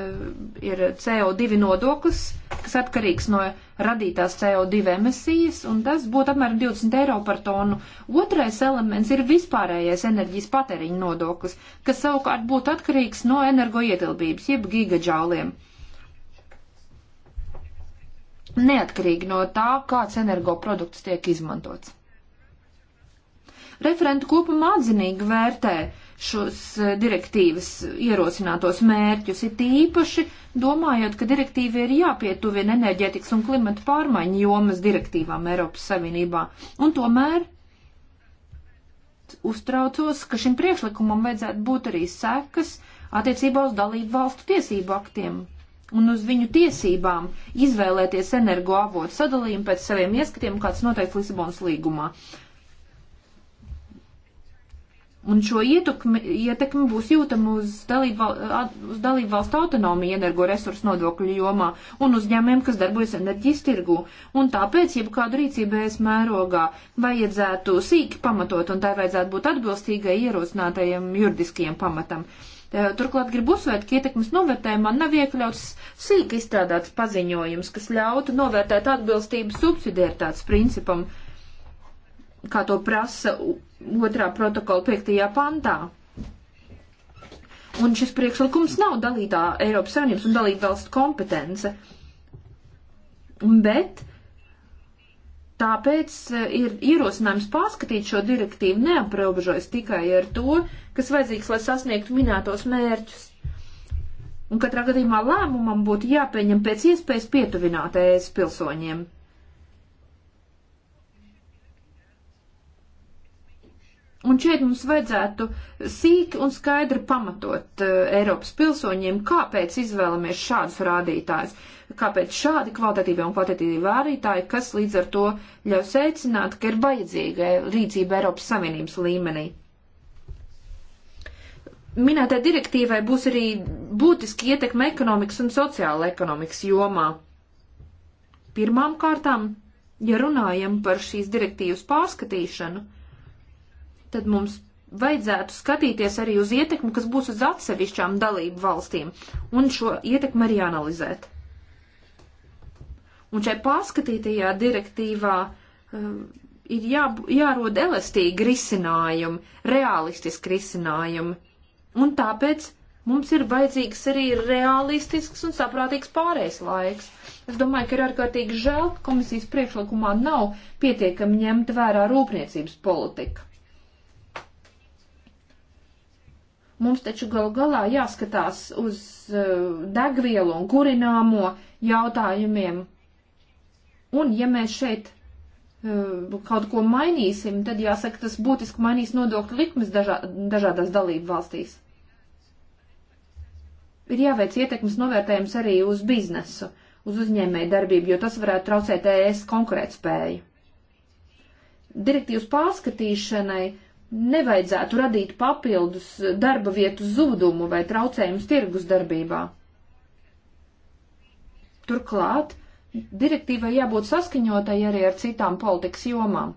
ir CO2 nodoklis, kas atkarīgs no radītās CO2 emisijas, un tas būtu apmēram 20 eiro par tonu. Otrais elements ir vispārējais enerģijas patēriņa nodoklis, kas savukārt būtu atkarīgs no energoietilpības, jeb gigaģauliem. Neatkarīgi no tā, kāds energoprodukts tiek izmantots. Referenti kopumā atzinīgi vērtē uh, šos eh, direktīvas ierosinātos mērķus, it īpaši domājot, ka direktīva ir jāpietuvina enerģētikas un klimata pārmaiņu jomas direktīvām Eiropas Savienībā. Un tomēr uztraucos, ka šim priekšlikumam vajadzētu būt arī sekas attiecībā uz dalību valstu tiesību aktiem un uz viņu tiesībām izvēlēties energoavotu sadalījumu pēc saviem ieskatiem, kāds noteikts Lisabonas līgumā. Un šo ietekmi, ietekmi būs jūtama uz dalību dalīb valstu autonomiju energoresursu nodokļu jomā un uzņēmiem, kas darbojas enerģijas tirgū. Un tāpēc, ja kādu rīcību es mērogā vajadzētu sīki pamatot, un tā vajadzētu būt atbilstīgai ierosinātajiem juridiskajiem pamatam. E, turklāt gribu uzsvērt, ka ietekmes novērtējumā nav iekļauts sīk izstrādāts paziņojums, kas ļautu novērtēt atbilstību subsidiaritātes principam, kā to prasa otrā protokola piektajā pantā. Un šis priekšlikums nav dalītā Eiropas Savienības un dalīta valsts kompetence. Bet tāpēc e, ir ierosinājums pārskatīt šo direktīvu neaprobežojas tikai ar to, kas vajadzīgs, lai sasniegtu minētos mērķus. Un katrā gadījumā lēmumam būtu jāpieņem pēc iespējas pietuvinātais pilsoņiem. Un šeit mums vajadzētu sīk un skaidri pamatot uh, Eiropas pilsoņiem, kāpēc izvēlamies šādus rādītājus, kāpēc šādi kvalitatīvie un kvalitatīvie rādītāji, kas līdz ar to ļauj secināt, ka ir vajadzīga rīcība Eiropas Savienības līmenī minētā direktīvai būs arī būtiski ietekme ekonomikas un sociāla ekonomikas jomā. Pirmām kārtām, ja runājam par šīs direktīvas pārskatīšanu, tad mums vajadzētu skatīties arī uz ietekmi, kas būs uz atsevišķām dalību valstīm, un šo ietekmi arī analizēt. Un šai pārskatītajā direktīvā um, ir jā, jārod elastīgi risinājumi, realistiski risinājumi, un tāpēc mums ir vajadzīgs arī realistisks un saprātīgs pārējais laiks. Es domāju, ka ir ārkārtīgi žēl, ka komisijas priekšlikumā nav pietiekami ņemta vērā rūpniecības politika. Mums taču galu galā jāskatās uz eh, degvielu un kurināmo jautājumiem. Un ja mēs šeit eh, kaut ko mainīsim, tad jāsaka, tas būtiski mainīs nodokļu likmes dažā, dažādās dalību valstīs. Ir jāveic ietekmes novērtējums arī uz biznesu, uz uzņēmēju darbību, jo tas varētu traucēt ES konkurētspēju. Direktīvas pārskatīšanai nevajadzētu radīt papildus darba vietu zudumu vai traucējumus tirgus darbībā. Turklāt direktīvai jābūt saskaņotai arī ar citām politikas jomām.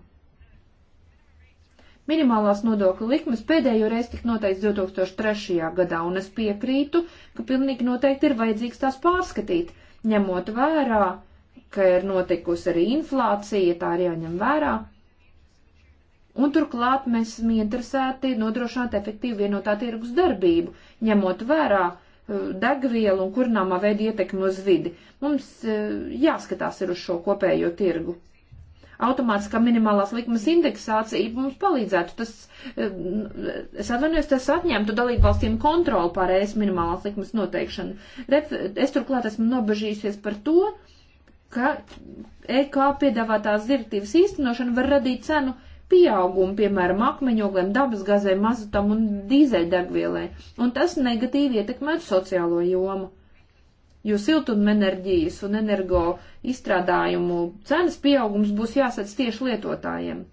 Minimālās nodokļu likmes pēdējo reizi tika noteikts 2003. gadā, un es piekrītu, ka pilnīgi noteikti ir vajadzīgs tās pārskatīt, ņemot vērā, ka ir notikusi arī inflācija, tā ir jāņem vērā. Un turklāt mēs esam interesēti nodrošināt efektīvu vienotā tirgus darbību, ņemot vērā eh, degvielu un kurināmā veida ietekmi uz vidi. Mums eh, jāskatās ir uz šo kopējo tirgu. Automātiskā minimālās likmes indeksācija mums palīdzētu. Tas, eh, es atvainojos, tas atņemtu dalību valstīm kontroli pār ES minimālās likmes noteikšanu. Es turklāt esmu nobežījusies par to, ka EK piedāvātās direktīvas īstenošana var radīt cenu pieaugumu, piemēram, akmeņogliem, dabasgazēm, mazutam un dīzeļdegvielai, un tas negatīvi ietekmētu sociālo jomu. Jo siltumenerģijas un energo izstrādājumu cenas pieaugums būs jāsadz tieši lietotājiem.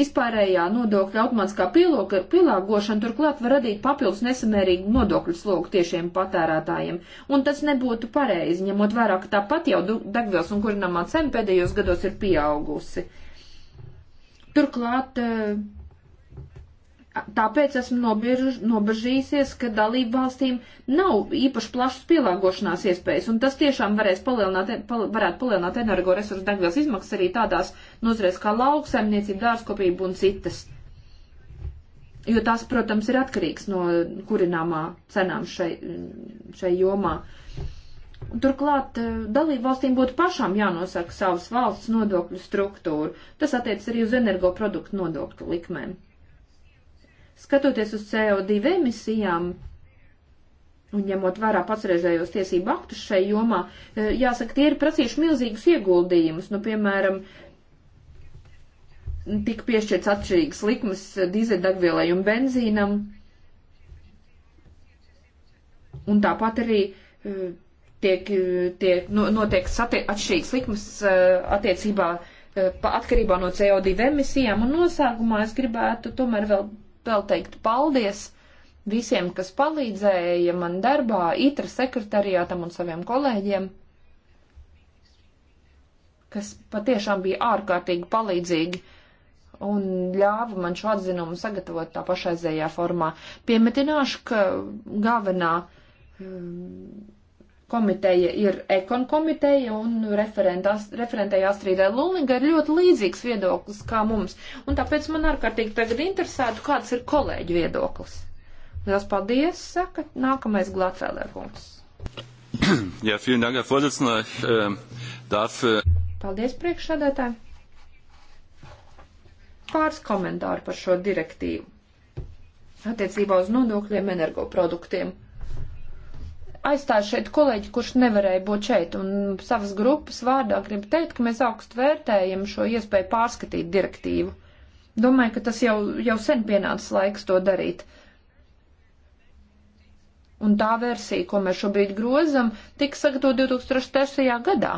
Vispārējā nodokļa automātiskā pielāgošana turklāt var radīt papildus nesamērīgu nodokļu slogu tiešiem patērētājiem, un tas nebūtu pareizi, ņemot vērā, ka tāpat jau degvielas un kurināmā cena pēdējos gados ir pieaugusi. Uh, Turklāt eh, tāpēc esmu nobežījusies, ka dalību valstīm nav īpaši plašas pielāgošanās iespējas, un tas tiešām varēs palielināt, e, pal, varētu palielināt energoresursu degvielas izmaksas arī tādās nozarēs kā lauksaimniecība, dārzkopība un citas. Jo tās, protams, ir atkarīgs no kurināmā cenām šai, šai jomā. Uh, Turklāt eh, dalībvalstīm būtu pašām jānosaka savas valsts nodokļu struktūru. Tas attiecas arī uz energoproduktu nodokļu likmēm. Skatoties uz CO2 emisijām un ņemot vērā pašreizējos tiesību aktus šai jomā, eh, jāsaka, tie ir prasījuši milzīgus ieguldījumus. Nu, piemēram, tika piešķirts atšķirīgas likmes dīzeļdegvielai un benzīnam. Un tāpat arī eh, tiek, tiek no, nu, notiek atšķirīgs likmes eh, attiecībā eh, atkarībā no CO2 emisijām. Un noslēgumā es gribētu tomēr vēl, vēl teikt paldies visiem, kas palīdzēja man darbā, itra sekretariātam un saviem kolēģiem, kas patiešām bija ārkārtīgi palīdzīgi un ļāva man šo atzinumu sagatavot tā pašaizējā formā. Piemetināšu, ka galvenā um, komiteja ir ekon komiteja un referentēja Astridai Lulinga ir ļoti līdzīgs viedoklis kā mums. Un tāpēc man ārkārtīgi tagad interesētu, kāds ir kolēģi viedoklis. Lielas paldies, saka nākamais glācēlēkums. Jā, <clears throat> ja, vielen dank, Herr Vorsitzender. Ich äh, darf. Äh, paldies, priekšsādētāji. Pāris komentāri par šo direktīvu attiecībā uz nodokļiem energoproduktiem aizstāju šeit kolēģi, kurš nevarēja būt šeit, un savas grupas vārdā gribu teikt, ka mēs augstu vērtējam šo iespēju pārskatīt direktīvu. Domāju, ka tas jau, jau sen pienācis laiks to darīt. Un tā versija, ko mēs šobrīd grozam, tika sagatavota 2003. gadā.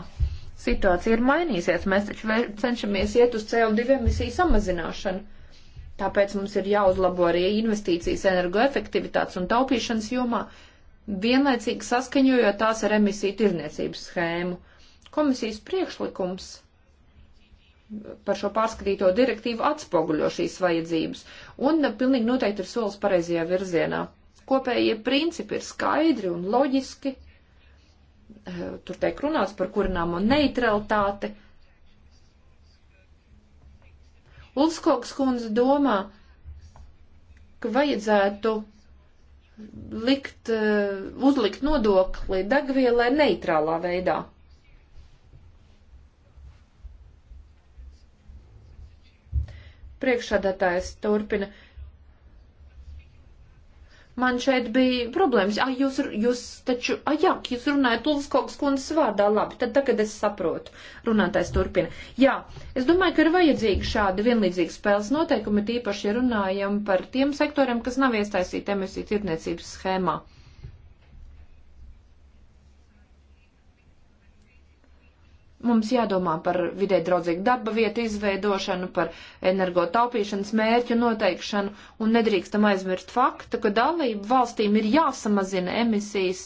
Situācija ir mainīsies, mēs taču cenšamies iet uz CO2 emisiju samazināšanu. Tāpēc mums ir jāuzlabo arī investīcijas energoefektivitātes un taupīšanas jomā, vienlaicīgi saskaņojot tās ar emisiju tirniecības schēmu. Komisijas priekšlikums par šo pārskatīto direktīvu atspoguļo šīs vajadzības un pilnīgi noteikti ir solis pareizajā virzienā. Kopējie principi ir skaidri un loģiski. Eh, tur tiek runāts par kurināmo neutralitāti. Ulskoks kundze domā, ka vajadzētu likt, eh, uzlikt nodokli degvielai neitrālā veidā. Priekšādātājs turpina. Man šeit bija problēmas. Ah, jūs, jūs taču, ah, jā, jūs runājat Ulfskogs kundzes vārdā, labi, tad tagad es saprotu. Runātais turpina. Jā, es domāju, ka ir vajadzīgi šādi vienlīdzīgi spēles noteikumi, tīpaši, ja runājam par tiem sektoriem, kas nav iestaisīti emisiju tirdzniecības schēmā. Mums jādomā par vidē draudzīgu daba vietu izveidošanu, par energotaupīšanas mērķu noteikšanu un nedrīkstam aizmirst faktu, ka dalību valstīm ir jāsamazina emisijas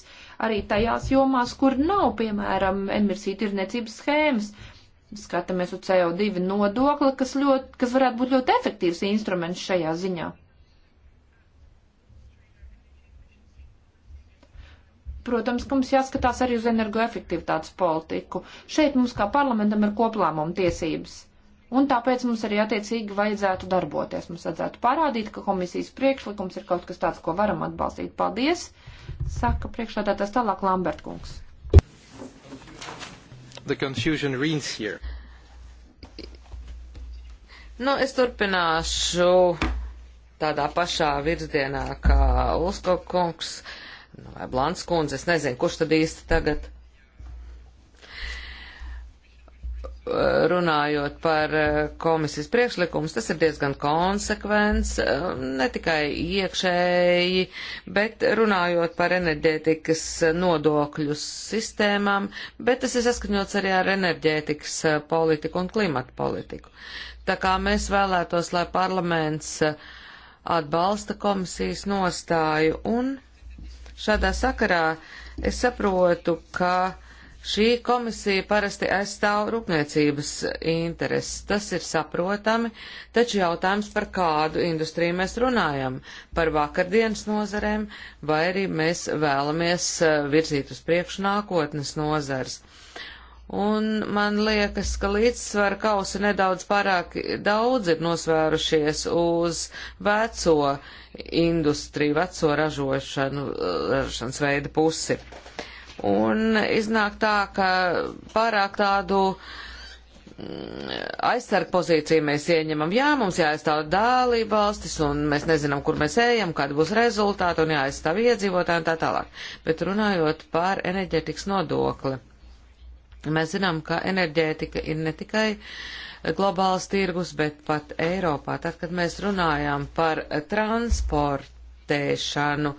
arī tajās jomās, kur nav, piemēram, emisiju tirniecības schēmas. Skatāmies uz CO2 nodokli, kas, ļoti, kas varētu būt ļoti efektīvs instruments šajā ziņā. Protams, ka mums jāskatās arī uz energoefektivitātes politiku. Šeit mums kā parlamentam ir koplāmuma tiesības. Un tāpēc mums arī attiecīgi vajadzētu darboties. Mums vajadzētu parādīt, ka komisijas priekšlikums ir kaut kas tāds, ko varam atbalstīt. Paldies! Saka priekšādātājs tālāk Lambert kungs. The confusion reigns here. Nu, es turpināšu tādā pašā virzienā kā Ulsko kungs. Uh, Nu, vai Blāns kundze, es nezinu, kurš tad īsti tagad runājot par eh, komisijas priekšlikumus, tas ir diezgan konsekvents, eh, ne tikai iekšēji, bet runājot par enerģētikas eh, nodokļu sistēmām, bet tas ir saskaņots arī ar enerģētikas politiku un klimatu politiku. Tā kā mēs vēlētos, lai parlaments atbalsta komisijas nostāju un Šādā sakarā es saprotu, ka šī komisija parasti aizstāv rūpniecības intereses. Tas ir saprotami, taču jautājums par kādu industriju mēs runājam, par vakardienas nozarēm, vai arī mēs vēlamies eh, virzīt uz priekšu nākotnes nozars. Un man liekas, ka līdzsvara kausi nedaudz pārāk daudz ir nosvērušies uz veco industriju, veco ražošanu, ražošanas veidu pusi. Un iznāk tā, ka pārāk tādu mm, aizsarg pozīciju mēs ieņemam. Jā, mums jāaizstāv dālība valstis, un mēs nezinām, kur mēs ejam, kāda būs rezultāta, un jāaizstāv iedzīvotāji un tā tālāk. Bet runājot par enerģetikas nodokli Mēs zinām, ka enerģētika ir ne tikai globāls tirgus, bet pat Eiropā. Tad, kad mēs runājam par transportēšanu,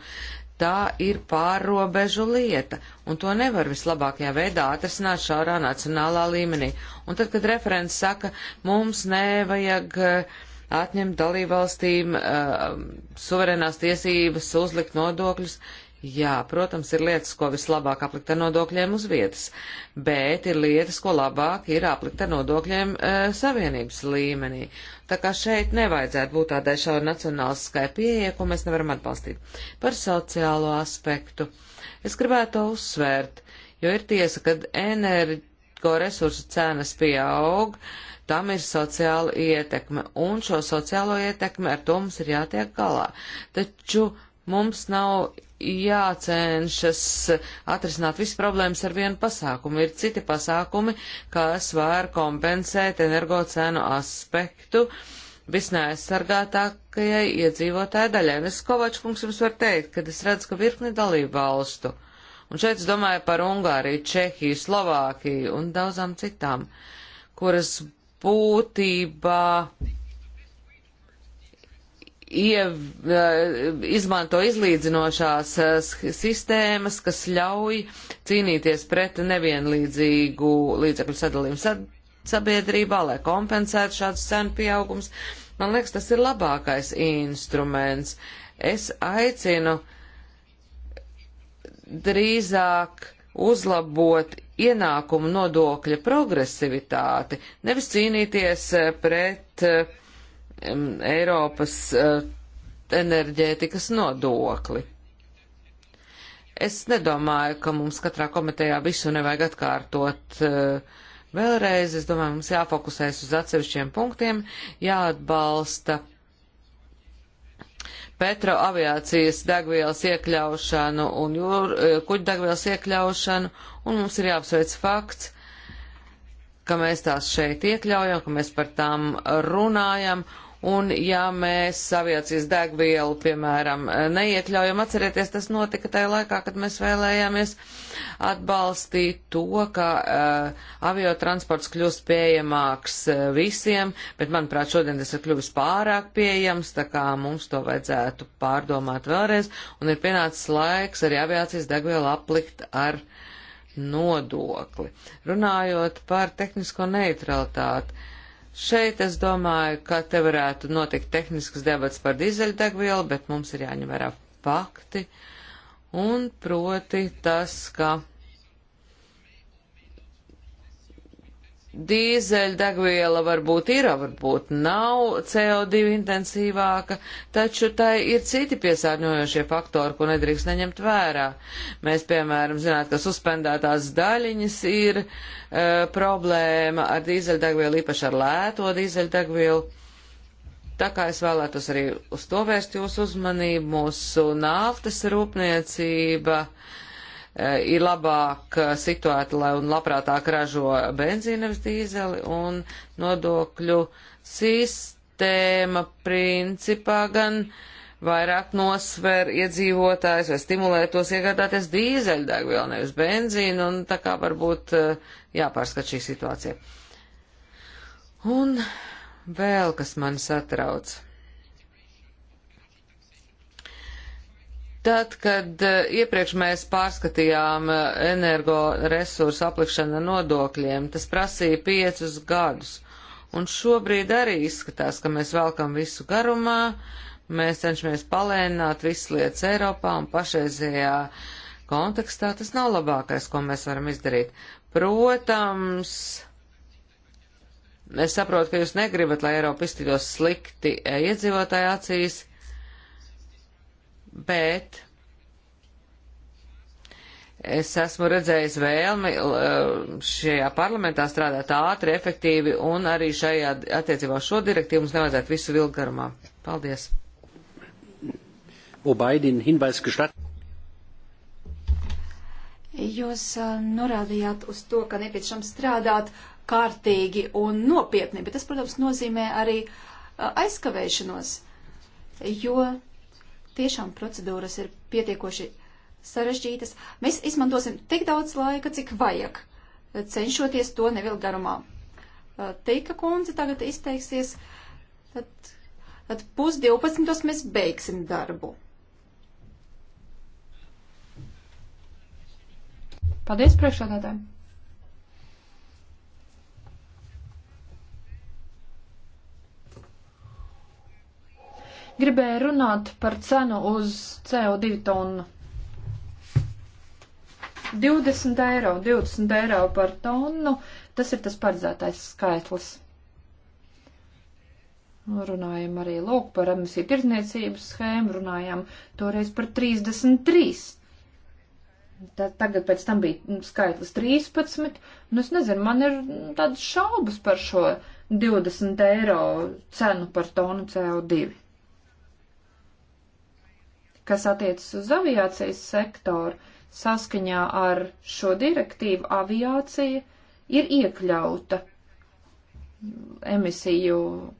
tā ir pārrobežu lieta, un to nevar vislabākajā veidā atrisināt šaurā nacionālā līmenī. Un tad, kad referents saka, mums nevajag uh, atņemt dalībvalstīm uh, suverēnās tiesības uzlikt nodokļus, uh, Jā, protams, ir lietas, ko vislabāk aplikt ar nodokļiem uz vietas, bet ir lietas, ko labāk ir aplikt ar nodokļiem e, savienības līmenī. Tā kā šeit nevajadzētu būt tādai šaura nacionālistiskai pieeja, ko mēs nevaram atbalstīt. Par sociālo aspektu. Es gribētu to uzsvērt, jo ir tiesa, ka energoresursu cenas pieaug, tam ir sociāla ietekme, un šo sociālo ietekmi ar to mums ir jātiek galā. Taču Mums nav jācenšas atrisināt visas problēmas ar vienu pasākumu. Ir citi pasākumi, kas var kompensēt energocēnu aspektu visneaizsargātākajai iedzīvotāja daļai. Un es Kovačkungs jums var teikt, kad es redzu, ka virkni dalību valstu, un šeit es domāju par Ungāriju, Čehiju, Slovākiju un daudzām citām, kuras būtībā iev, eh, izmanto izlīdzinošās eh, sistēmas, kas ļauj cīnīties pret nevienlīdzīgu līdzekļu sadalījumu sabiedrībā, lai kompensētu šādus cenu pieaugums. Man liekas, tas ir labākais instruments. Es aicinu drīzāk uzlabot ienākumu nodokļa progresivitāti, nevis cīnīties eh, pret uh, Um, Eiropas uh, enerģētikas nodokli. Es nedomāju, ka mums katrā komitejā visu nevajag atkārtot uh, vēlreiz. Es domāju, mums jāfokusēs uz atsevišķiem punktiem, jāatbalsta petroaviācijas degvielas iekļaušanu un jūr, uh, kuģu degvielas iekļaušanu, un mums ir jāapsveic fakts, ka mēs tās šeit iekļaujam, ka mēs par tām runājam, Un ja mēs aviācijas degvielu, piemēram, neiekļaujam, atcerieties, tas notika tajā laikā, kad mēs vēlējāmies atbalstīt to, ka uh, aviotransports kļūst pieejamāks uh, visiem, bet, manuprāt, šodien tas ir kļuvis pārāk pieejams, tā kā mums to vajadzētu pārdomāt vēlreiz, un ir pienācis laiks arī aviācijas degvielu aplikt ar nodokli. Runājot par tehnisko neutralitāti Šeit es domāju, ka te varētu notikt tehnisks debats par dizeļdegvielu, bet mums ir jāņem vērā fakti. Un proti tas, ka dīzeļdegviela varbūt ir, varbūt nav CO2 intensīvāka, taču tai ir citi piesārņojošie faktori, ko nedrīkst neņemt vērā. Mēs, piemēram, zināt, ka suspendētās daļiņas ir e, problēma ar dīzeļdegvielu, īpaši ar lēto dīzeļdegvielu. Tā kā es vēlētos arī uz to vērst jūsu uzmanību, mūsu naftas rūpniecība. Uh, Eh, ir labāk eh, situēti, lai un labprātāk ražo benzīnu nevis dīzeli, un nodokļu sistēma principā gan vairāk nosver iedzīvotājs vai stimulē tos iegādāties dīzeļdegvielu, nevis benzīnu, un tā kā varbūt eh, jāpārskat šī situācija. Un vēl kas man satrauc Tad, kad eh, iepriekš mēs pārskatījām eh, energoresursu aplikšana nodokļiem, tas prasīja piecus gadus. Un šobrīd arī izskatās, ka mēs velkam visu garumā, mēs cenšamies palēnināt visas lietas Eiropā un pašreizējā kontekstā tas nav labākais, ko mēs varam izdarīt. Protams, es saprotu, ka jūs negribat, lai Eiropa izskatītos slikti eh, iedzīvotāju acīs bet es esmu redzējis vēlmi eh, šajā parlamentā strādāt ātri, efektīvi, un arī šajā attiecībā uz šo direktīvu mums nevajadzētu visu vilkt garumā. Paldies! Jūs eh, norādījāt uz to, ka nepieciešams strādāt kārtīgi un nopietni, bet tas, protams, nozīmē arī eh, aizkavēšanos, jo tiešām procedūras ir pietiekoši sarežģītas. Mēs izmantosim tik daudz laika, cik vajag, cenšoties to nevilkt garumā. Teika kundze tagad izteiksies, tad, tad pus 12. mēs beigsim darbu. Paldies priekšādātājiem! Gribēju runāt par cenu uz CO2 tonu. 20 eiro, 20 eiro par tonu, tas ir tas paredzētais skaitlis. Runājam arī lūk par emisiju tirdzniecības schēmu, runājam toreiz par 33. Tad, tagad pēc tam bija skaitlis 13, un es nezinu, man ir tādas šaubas par šo 20 eiro cenu par tonu CO2 kas attiecas uz aviācijas sektoru, saskaņā ar šo direktīvu aviācija ir iekļauta emisiju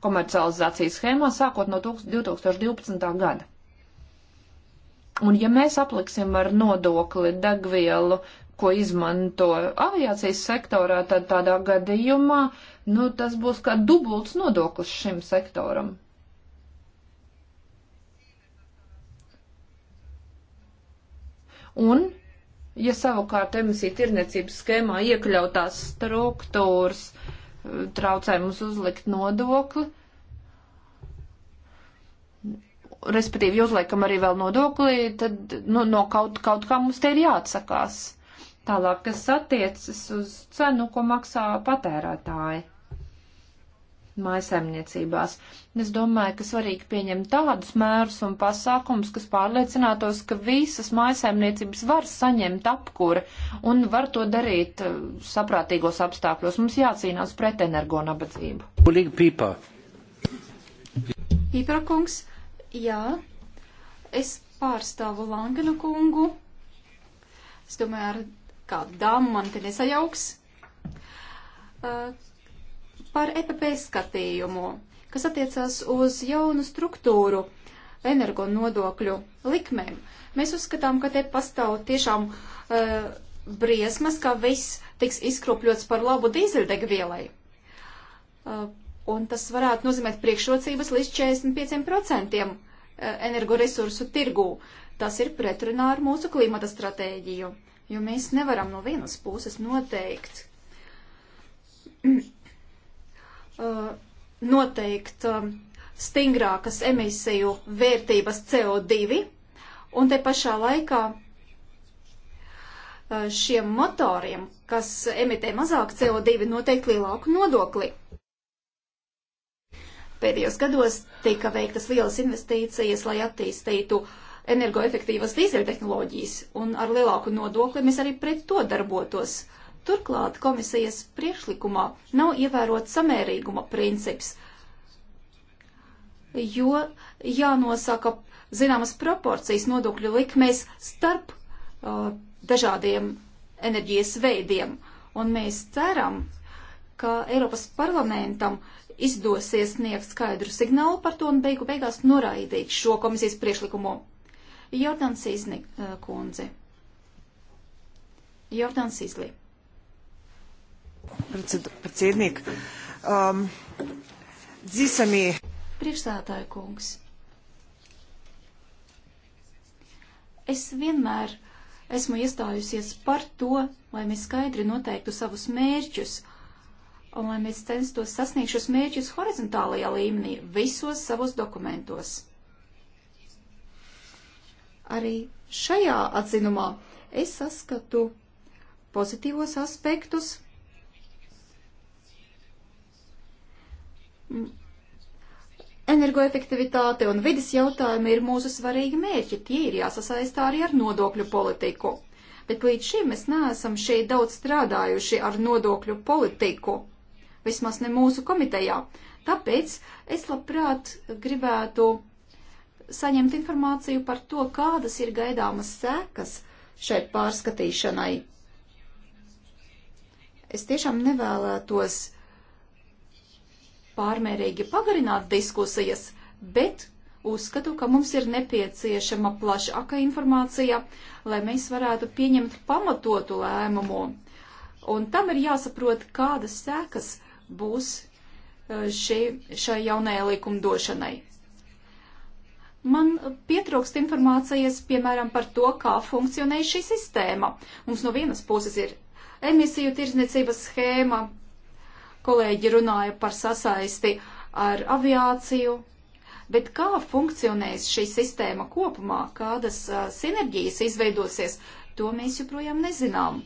komercializācijas schēmā sākot no 2012. gada. Un ja mēs apliksim ar nodokli degvielu, ko izmanto aviācijas sektorā, tad tādā gadījumā, nu, tas būs kā dubults nodoklis šim sektoram. Un, ja savukārt emisiju tirniecības skēmā iekļautās struktūras eh, traucē mums uzlikt nodokli, respektīvi, ja uzliekam arī vēl nodokli, tad nu, no kaut, kaut kā mums te ir jāatsakās. Tālāk, kas attiecas uz cenu, ko maksā patērētāji mājasemniecībās. Es domāju, ka svarīgi pieņemt tādus mērus un pasākums, kas pārliecinātos, ka visas mājasemniecības var saņemt apkuri un var to darīt eh, saprātīgos apstākļos. Mums jācīnās pret energo nabadzību. Pulīgi pīpā. Pīpā kungs, jā, es pārstāvu Langanu kungu. Es domāju, ar kādu dāmu man te nesajauks. Uh, par EPP skatījumu, kas attiecās uz jaunu struktūru energo nodokļu likmēm. Mēs uzskatām, ka te pastāv tiešām uh, briesmas, ka viss tiks izkropļots par labu dīzeļdegvielai. Uh, un tas varētu nozīmēt priekšrocības līdz 45% eh, energoresursu tirgū. Tas ir pretrunā ar mūsu klimata stratēģiju, jo mēs nevaram no vienas puses noteikt <clears throat> Uh, noteikt um, stingrākas emisiju vērtības CO2, un te pašā laikā uh, šiem motoriem, kas emitē mazāk CO2, noteikti lielāku nodokli. Pēdējos gados tika veiktas lielas investīcijas, lai attīstītu energoefektīvas dīzeļtehnoloģijas, un ar lielāku nodokli mēs arī pret to darbotos. Uh, Turklāt komisijas priekšlikumā nav ievērots samērīguma princips, jo jānosaka zināmas proporcijas nodokļu likmēs starp uh, dažādiem enerģijas veidiem. Un mēs ceram, ka Eiropas parlamentam izdosies sniegt skaidru signālu par to un beigu beigās noraidīt šo komisijas priešlikumu. Jordāns Īsni uh, kundze. Jordāns Īsli. Predsednik, um, dzīsamī. Priekšstādāja kungs. Es vienmēr esmu iestājusies par to, lai mēs skaidri noteiktu savus mērķus un lai mēs censtos sasniegt šos mērķus horizontālajā līmenī visos savos dokumentos. Arī šajā atzinumā es saskatu pozitīvos aspektus, Energoefektivitāte un vidas jautājumi ir mūsu svarīgi mērķi, tie ir jāsasaistā arī ar nodokļu politiku. Bet līdz šim mēs neesam šeit daudz strādājuši ar nodokļu politiku, vismaz ne mūsu komitejā. Tāpēc es labprāt gribētu saņemt informāciju par to, kādas ir gaidāmas sekas šai pārskatīšanai. Es tiešām nevēlētos pārmērīgi pagarināt diskusijas, bet uzskatu, ka mums ir nepieciešama plašāka informācija, lai mēs varētu pieņemt pamatotu lēmumu. Un tam ir jāsaprot, kādas sekas būs e, šī, šai jaunajai likumdošanai. Man pietrūkst informācijas, piemēram, par to, kā funkcionē šī sistēma. Mums no vienas puses ir emisiju tirzniecības schēma, Kolēģi runāja par sasaisti ar aviāciju, bet kā funkcionēs šī sistēma kopumā, kādas uh, sinerģijas izveidosies, to mēs joprojām nezinām.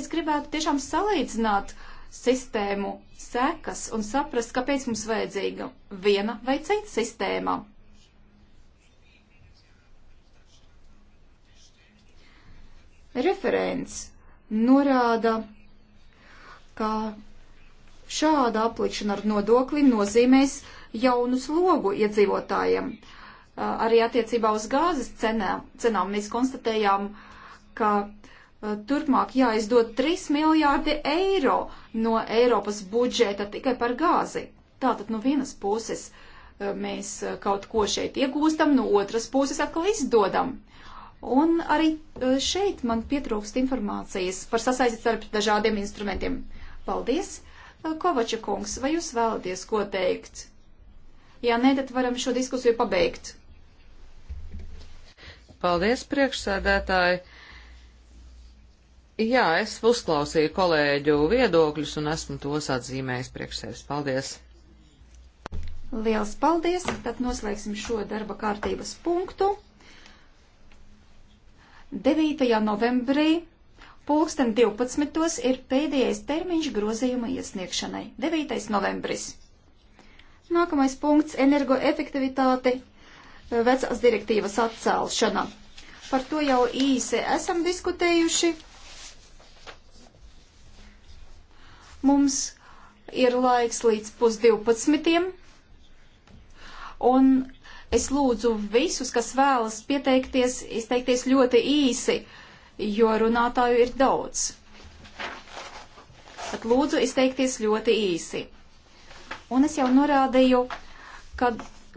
Es gribētu tiešām salīdzināt sistēmu sekas un saprast, kāpēc mums vajadzīga viena vai cita sistēma. Referents norāda, ka šāda aplikšana ar nodokli nozīmēs jaunu slogu iedzīvotājiem. Arī attiecībā uz gāzes cenā, cenām mēs konstatējām, ka turpmāk jāizdod 3 miljārdi eiro no Eiropas budžeta tikai par gāzi. Tātad no vienas puses mēs kaut ko šeit iegūstam, no otras puses atkal izdodam. Un arī e, šeit man pietrūkst informācijas par sasaisti starp dažādiem instrumentiem. Paldies, e, Kovača kungs, vai jūs vēlaties ko teikt? Ja nē, tad varam šo diskusiju pabeigt. Paldies, priekšsēdētāji. Jā, es uzklausīju kolēģu viedokļus un esmu tos atzīmējis priekš sevis. Paldies! Liels paldies! Tad noslēgsim šo darba kārtības punktu. 9. novembrī pulksten 12. ir pēdējais termiņš grozījuma iesniegšanai - 9. novembris. Nākamais punkts - energoefektivitāte eh, vecās direktīvas atcelšana. Par to jau īsi esam diskutējuši. Mums ir laiks līdz pusdivpadsmitiem, un Es lūdzu visus, kas vēlas pieteikties, izteikties ļoti īsi, jo runātāju ir daudz. Bet lūdzu izteikties ļoti īsi. Un es jau norādīju, ka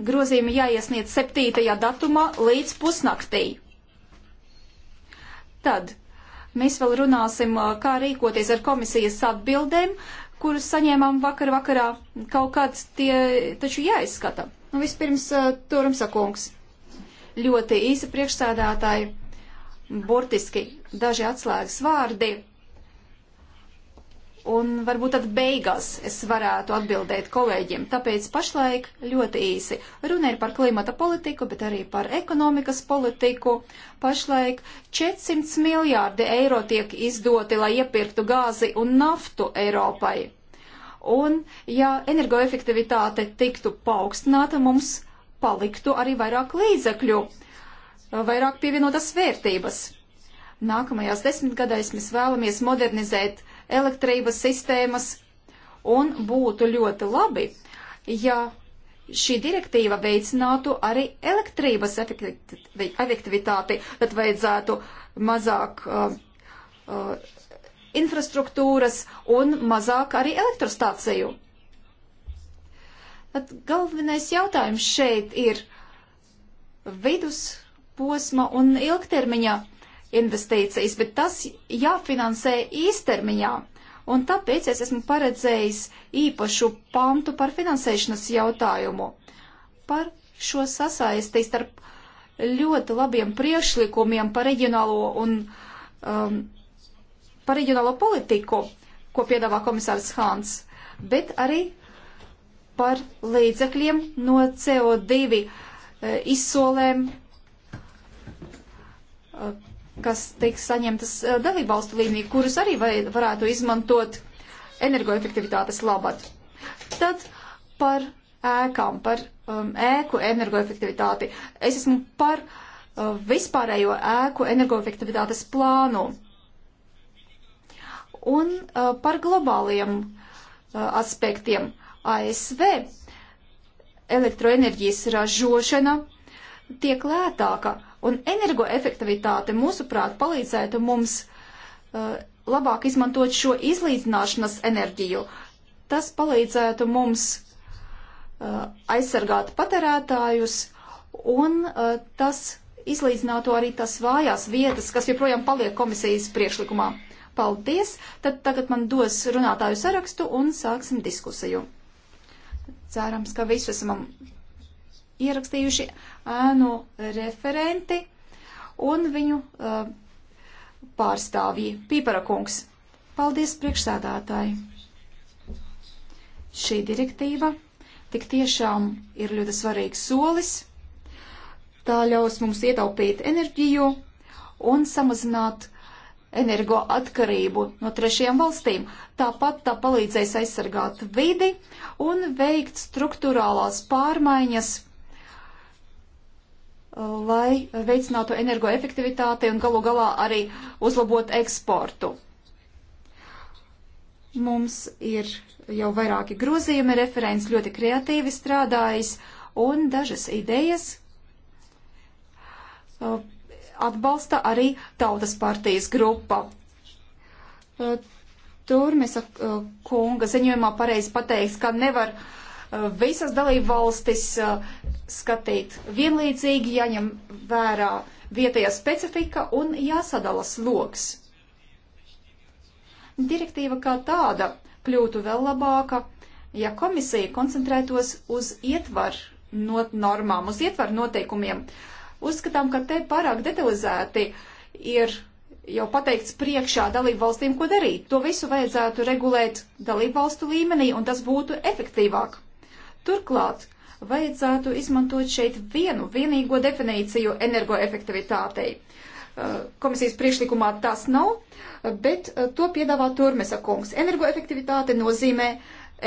grozījumi jāiesniedz 7. datumā līdz pusnaktī. Tad mēs vēl runāsim, kā rīkoties ar komisijas atbildēm, kuras saņēmām vakar vakarā. Kaut kāds tie taču jāizskata. Nu, vispirms eh, Turmsa kungs. Ļoti īsa priekšsēdātāji, burtiski daži atslēgas vārdi. Un varbūt tad beigās es varētu atbildēt kolēģiem. Tāpēc pašlaik ļoti īsi. Runa ir par klimata politiku, bet arī par ekonomikas politiku. Pašlaik 400 miljārdi eiro tiek izdoti, lai iepirktu gāzi un naftu Eiropai Un, ja energoefektivitāte tiktu paaugstināta, mums paliktu arī vairāk līdzekļu, vairāk pievienotas vērtības. Nākamajās desmitgadēs mēs vēlamies modernizēt elektrības sistēmas, un būtu ļoti labi, ja šī direktīva veicinātu arī elektrības efektivitāti, tad vajadzētu mazāk uh, uh, infrastruktūras un mazāk arī elektrostāciju. Tad galvenais jautājums šeit ir vidusposma un ilgtermiņa investīcijas, bet tas jāfinansē īstermiņā. Un tāpēc es esmu paredzējis īpašu pantu par finansēšanas jautājumu, par šo sasaisti starp ļoti labiem priekšlikumiem par reģionālo un um, par reģionālo politiku, ko piedāvā komisārs Hāns, bet arī par līdzekļiem no CO2 e, izsolēm, e, kas tiks saņemtas e, dalībvalstu līmenī, kurus arī varētu izmantot energoefektivitātes labad. Tad par ēkām, par um, ēku energoefektivitāti. Es esmu par uh, vispārējo ēku energoefektivitātes plānu. Uh, Un uh, par globāliem uh, aspektiem ASV elektroenerģijas ražošana tiek lētāka, un energoefektivitāte, mūsuprāt, palīdzētu mums uh, labāk izmantot šo izlīdzināšanas enerģiju. Tas palīdzētu mums uh, aizsargāt patērētājus, un uh, tas izlīdzinātu arī tas vājās vietas, kas joprojām paliek komisijas priekšlikumā. Uh, Paldies! Tad tagad man dos runātāju sarakstu un sāksim diskusiju. Cerams, ka visu esam ierakstījuši ēnu referenti un viņu uh, pārstāvji. Pīpara kungs, paldies priekšsēdātāji! Šī direktīva tik tiešām ir ļoti svarīgs solis. Tā ļaus mums ietaupīt enerģiju un samazināt energoatkarību no trešajām valstīm. Tāpat tā palīdzēs aizsargāt vidi un veikt struktūrālās pārmaiņas, uh, lai veicinātu energoefektivitāti un galu galā arī uzlabot eksportu. Mums ir jau vairāki grozījumi, referents ļoti kreatīvi strādājis un dažas idejas uh, atbalsta arī Tautas partijas grupa. E, Turmisa e, kunga ziņojumā pareizi pateiks, ka nevar e, visas dalību valstis skatīt vienlīdzīgi, jaņem vērā vietējā specifika un jāsadala sloks. Direktīva kā tāda kļūtu vēl labāka, ja komisija koncentrētos uz ietvaru normām, uz ietvaru noteikumiem, uh, Uzskatām, ka te pārāk detalizēti ir jau pateikts priekšā dalību valstīm, ko darīt. To visu vajadzētu regulēt dalību valstu līmenī, un tas būtu efektīvāk. Turklāt vajadzētu izmantot šeit vienu vienīgo definīciju energoefektivitātei. Uh, komisijas priekšlikumā tas nav, uh, bet uh, to piedāvā Turmesa kungs. Energoefektivitāte nozīmē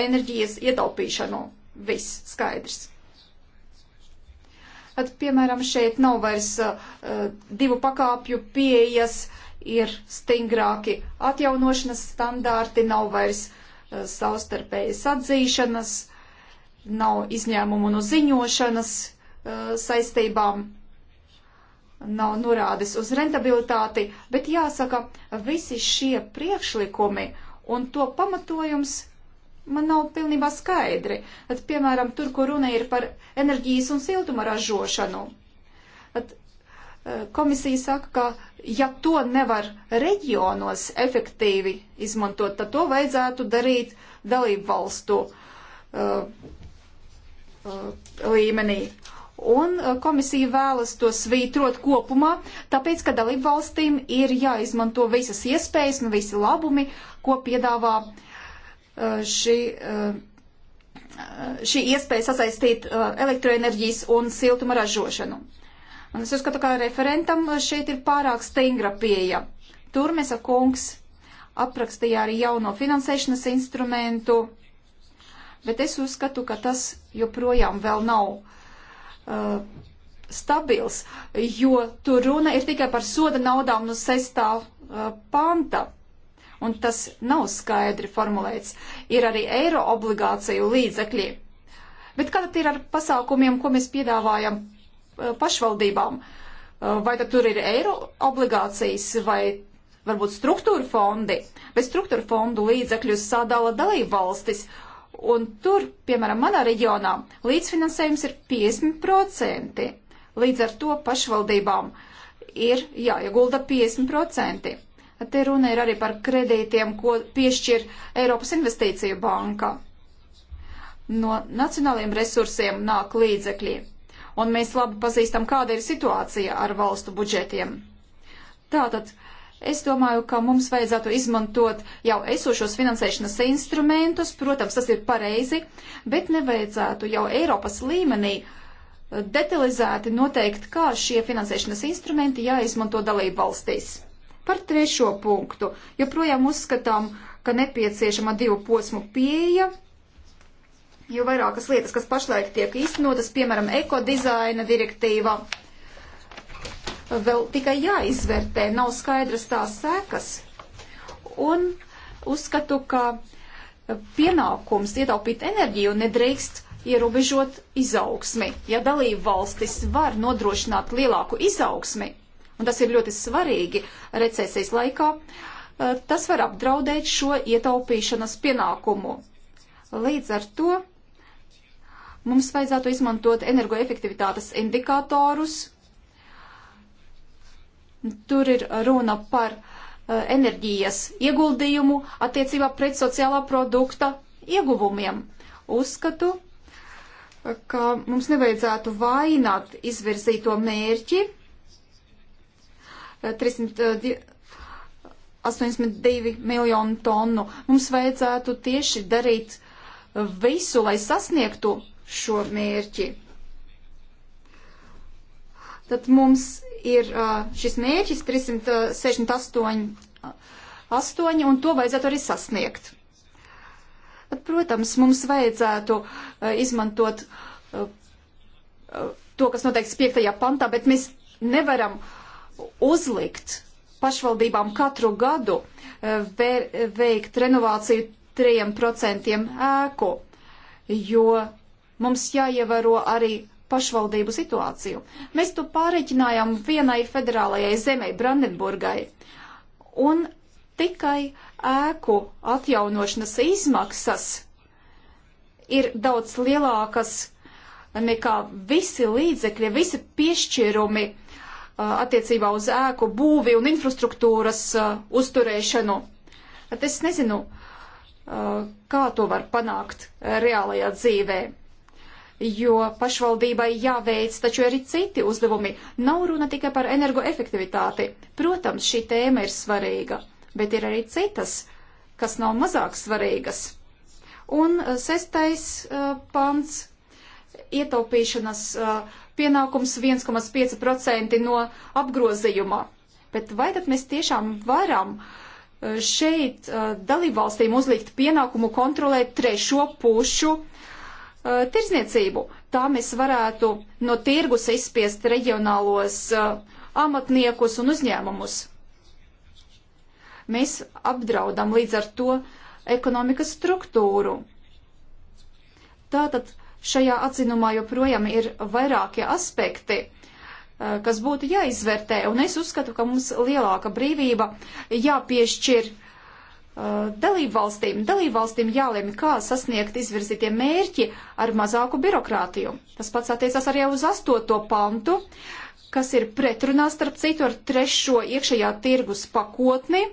enerģijas ietaupīšanu. Viss skaidrs. At, piemēram, šeit nav vairs uh, divu pakāpju pieejas, ir stingrāki atjaunošanas standārti, nav vairs uh, savstarpējas atzīšanas, nav izņēmumu no ziņošanas uh, saistībām, nav norādes uz rentabilitāti, bet jāsaka, visi šie priekšlikumi un to pamatojums man nav pilnībā skaidri. At, piemēram, tur, kur runa ir par enerģijas un siltuma ražošanu. At, e, komisija saka, ka ja to nevar reģionos efektīvi izmantot, tad to vajadzētu darīt dalību valstu uh, uh, līmenī. Un uh, komisija vēlas to svītrot kopumā, tāpēc, ka dalību valstīm ir jāizmanto visas iespējas un visi labumi, ko piedāvā uh, Uh, šī, uh, šī iespēja sasaistīt uh, elektroenerģijas un siltuma ražošanu. Un es uzskatu, ka referentam šeit ir pārāk stingra pieeja. Turmesa kungs aprakstīja arī jauno finansēšanas instrumentu, bet es uzskatu, ka tas joprojām vēl nav uh, stabils, jo tur runa ir tikai par soda naudām no sestā uh, panta un tas nav skaidri formulēts. Ir arī eiro obligāciju līdzekļi. Bet kā tad ir ar pasākumiem, ko mēs piedāvājam eh, pašvaldībām? Eh, vai tad tur ir eiro obligācijas vai varbūt struktūra fondi, bet struktūra fondu līdzekļus sadala dalību valstis. Un tur, piemēram, manā reģionā līdzfinansējums ir 50%. Līdz ar to pašvaldībām ir jāiegulda 50%. Te runa ir arī par kredītiem, ko piešķir Eiropas Investīcija banka. No nacionāliem resursiem nāk līdzekļi, un mēs labi pazīstam, kāda ir situācija ar valstu budžetiem. Tātad es domāju, ka mums vajadzētu izmantot jau esošos finansēšanas instrumentus, protams, tas ir pareizi, bet nevajadzētu jau Eiropas līmenī eh, detalizēti noteikt, kā šie finansēšanas instrumenti jāizmanto dalību valstīs Par trešo punktu. Joprojām uzskatām, ka nepieciešama divu posmu pieeja, jo vairākas lietas, kas pašlaik tiek īstenotas, piemēram, ekodizaina direktīva, vēl tikai jāizvērtē, nav skaidras tās sekas. Un uzskatu, ka pienākums ietaupīt enerģiju nedrīkst ierobežot izaugsmi. Ja dalību valstis var nodrošināt lielāku izaugsmi, un tas ir ļoti svarīgi recesijas laikā, eh, tas var apdraudēt šo ietaupīšanas pienākumu. Līdz ar to mums vajadzētu izmantot energoefektivitātes indikatorus. Tur ir runa par eh, enerģijas ieguldījumu attiecībā pret sociālā produkta ieguvumiem. Uzskatu, eh, ka mums nevajadzētu vainot izvirzīto mērķi, 382 eh, miljonu tonu. Mums vajadzētu tieši darīt visu, lai sasniegtu šo mērķi. Tad mums ir eh, šis mērķis 368, 8, eh, un to vajadzētu arī sasniegt. Tad, protams, mums vajadzētu izmantot to, kas noteikts 5. pantā, bet mēs nevaram uh, uzlikt pašvaldībām katru gadu eh, veikt renovāciju 3% ēku, jo mums jāievēro arī pašvaldību situāciju. Mēs to pārreķinājām vienai federālajai zemei, Brandenburgai, un tikai ēku atjaunošanas izmaksas ir daudz lielākas nekā visi līdzekļi, visi piešķirumi uh, attiecībā uz ēku būvi un infrastruktūras uzturēšanu. Bet es nezinu, kā to var panākt reālajā dzīvē, jo pašvaldībai jāveic taču arī citi uzdevumi. Nav runa tikai par energoefektivitāti. Protams, šī tēma ir svarīga, bet ir arī citas, kas nav mazāk svarīgas. Un sestais pants - ietaupīšanas uh, pienākums 1,5% no apgrozījuma. Bet vai tad mēs tiešām varam e, šeit e, dalībvalstīm uzlikt pienākumu kontrolēt trešo pušu e, tirzniecību? Tā mēs varētu no tirgus izspiest reģionālos amatniekus un uzņēmumus. Mēs apdraudam līdz ar to ekonomikas struktūru. Tātad Šajā atzinumā joprojām ir vairākie aspekti, eh, kas būtu jāizvērtē, un es uzskatu, ka mums lielāka brīvība jāpiešķir eh, dalībvalstīm. Dalībvalstīm jālēma, kā sasniegt izvirzītie mērķi ar mazāku birokrātiju. Tas pats attiecas arī uz astoto pantu, kas ir pretrunā starp citu ar trešo iekšējā tirgus pakotni.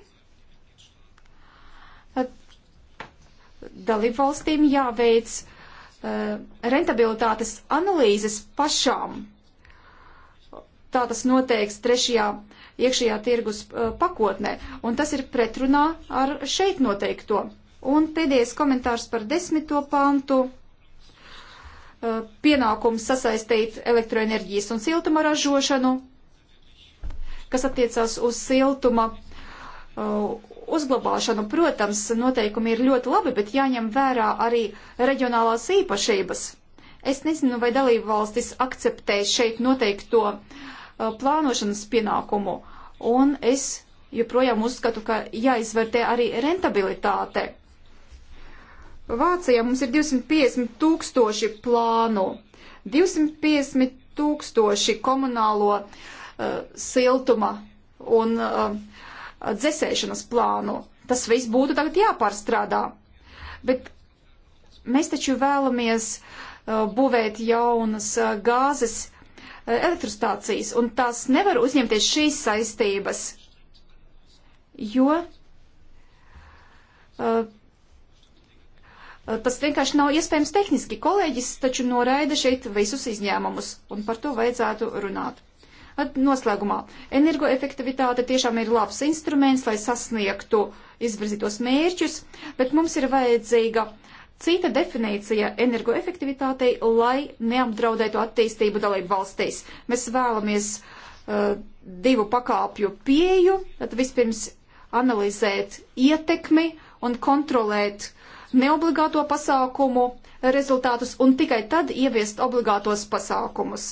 Dalībvalstīm jāveic Eh, rentabilitātes analīzes pašām. Tā tas noteikts trešajā iekšējā tirgus eh, pakotnē, un tas ir pretrunā ar šeit noteikto. Un pēdējais komentārs par desmito pantu eh, pienākums sasaistīt elektroenerģijas un siltuma ražošanu, kas attiecās uz siltuma uzglabāšanu, protams, noteikumi ir ļoti labi, bet jāņem vērā arī reģionālās īpašības. Es nezinu, vai dalību valstis akceptē šeit noteikto uh, plānošanas pienākumu, un es joprojām uzskatu, ka jāizvērtē arī rentabilitāte. Vācijā mums ir 250 tūkstoši plānu, 250 tūkstoši komunālo uh, siltuma un uh, dzesēšanas plānu. Tas viss būtu tagad jāpārstrādā. Bet mēs taču vēlamies uh, būvēt jaunas uh, gāzes uh, elektrostācijas, un tās nevar uzņemties šīs saistības, jo uh, tas vienkārši nav iespējams tehniski. Kolēģis taču noraida šeit visus izņēmumus, un par to vajadzētu runāt. At noslēgumā energoefektivitāte tiešām ir labs instruments, lai sasniegtu izvirzītos mērķus, bet mums ir vajadzīga cita definīcija energoefektivitātei, lai neapdraudētu attīstību dalību valstīs. Mēs vēlamies uh, divu pakāpju pieju, tad vispirms analizēt ietekmi un kontrolēt neobligāto pasākumu rezultātus un tikai tad ieviest obligātos pasākumus.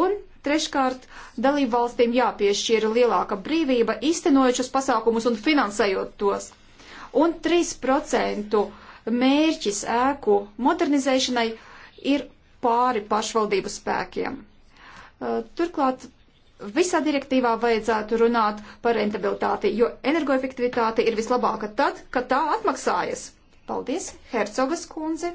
Un Treškārt, dalībvalstīm jāpiešķīra lielāka brīvība iztenojušas pasākumus un finansējot tos. Un 3% mērķis ēku modernizēšanai ir pāri pašvaldību spēkiem. Uh, turklāt visā direktīvā vajadzētu runāt par rentabilitāti, jo energoefektivitāte ir vislabāka tad, kad tā atmaksājas. Paldies, Hercogas kundze.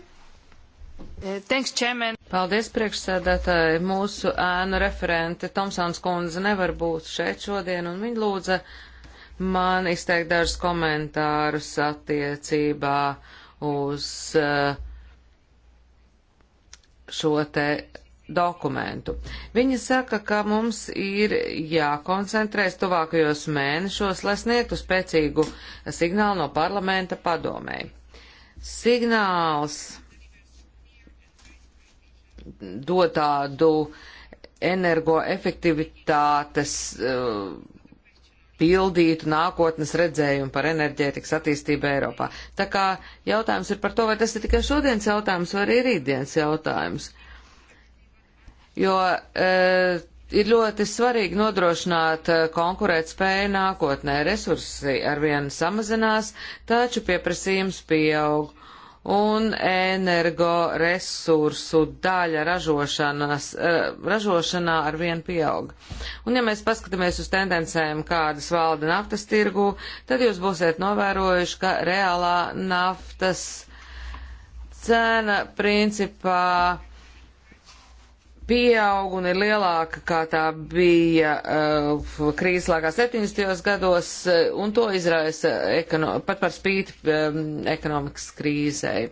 Uh, thanks, Chairman. Paldies, priekšsēdētāji. Mūsu ēnu referente Tomsāns kundze nevar būt šeit šodien, un viņa lūdza man izteikt dažus komentārus attiecībā uz eh, šo te dokumentu. Viņa saka, ka mums ir jākoncentrēs tuvākajos mēnešos, lai sniegtu spēcīgu signālu no parlamenta padomēji. Signāls dod tādu energoefektivitātes uh, pildītu nākotnes redzējumu par enerģētikas attīstību Eiropā. Tā kā jautājums ir par to, vai tas ir tikai šodienas jautājums vai arī rītdienas jautājums. Jo uh, ir ļoti svarīgi nodrošināt uh, konkurēt spēju nākotnē. Resursi arvien samazinās, taču pieprasījums pieaug un energoresursu daļa eh, ražošanā ar vienu pieaug. Un ja mēs paskatāmies uz tendencēm, kādas valda naftas tirgu, tad jūs būsiet novērojuši, ka reālā naftas cena principā pieaug un ir lielāka, kā tā bija uh, krīzes lākā 70. gados, uh, un to izraisa ekono, pat par spīti um, ekonomikas krīzei.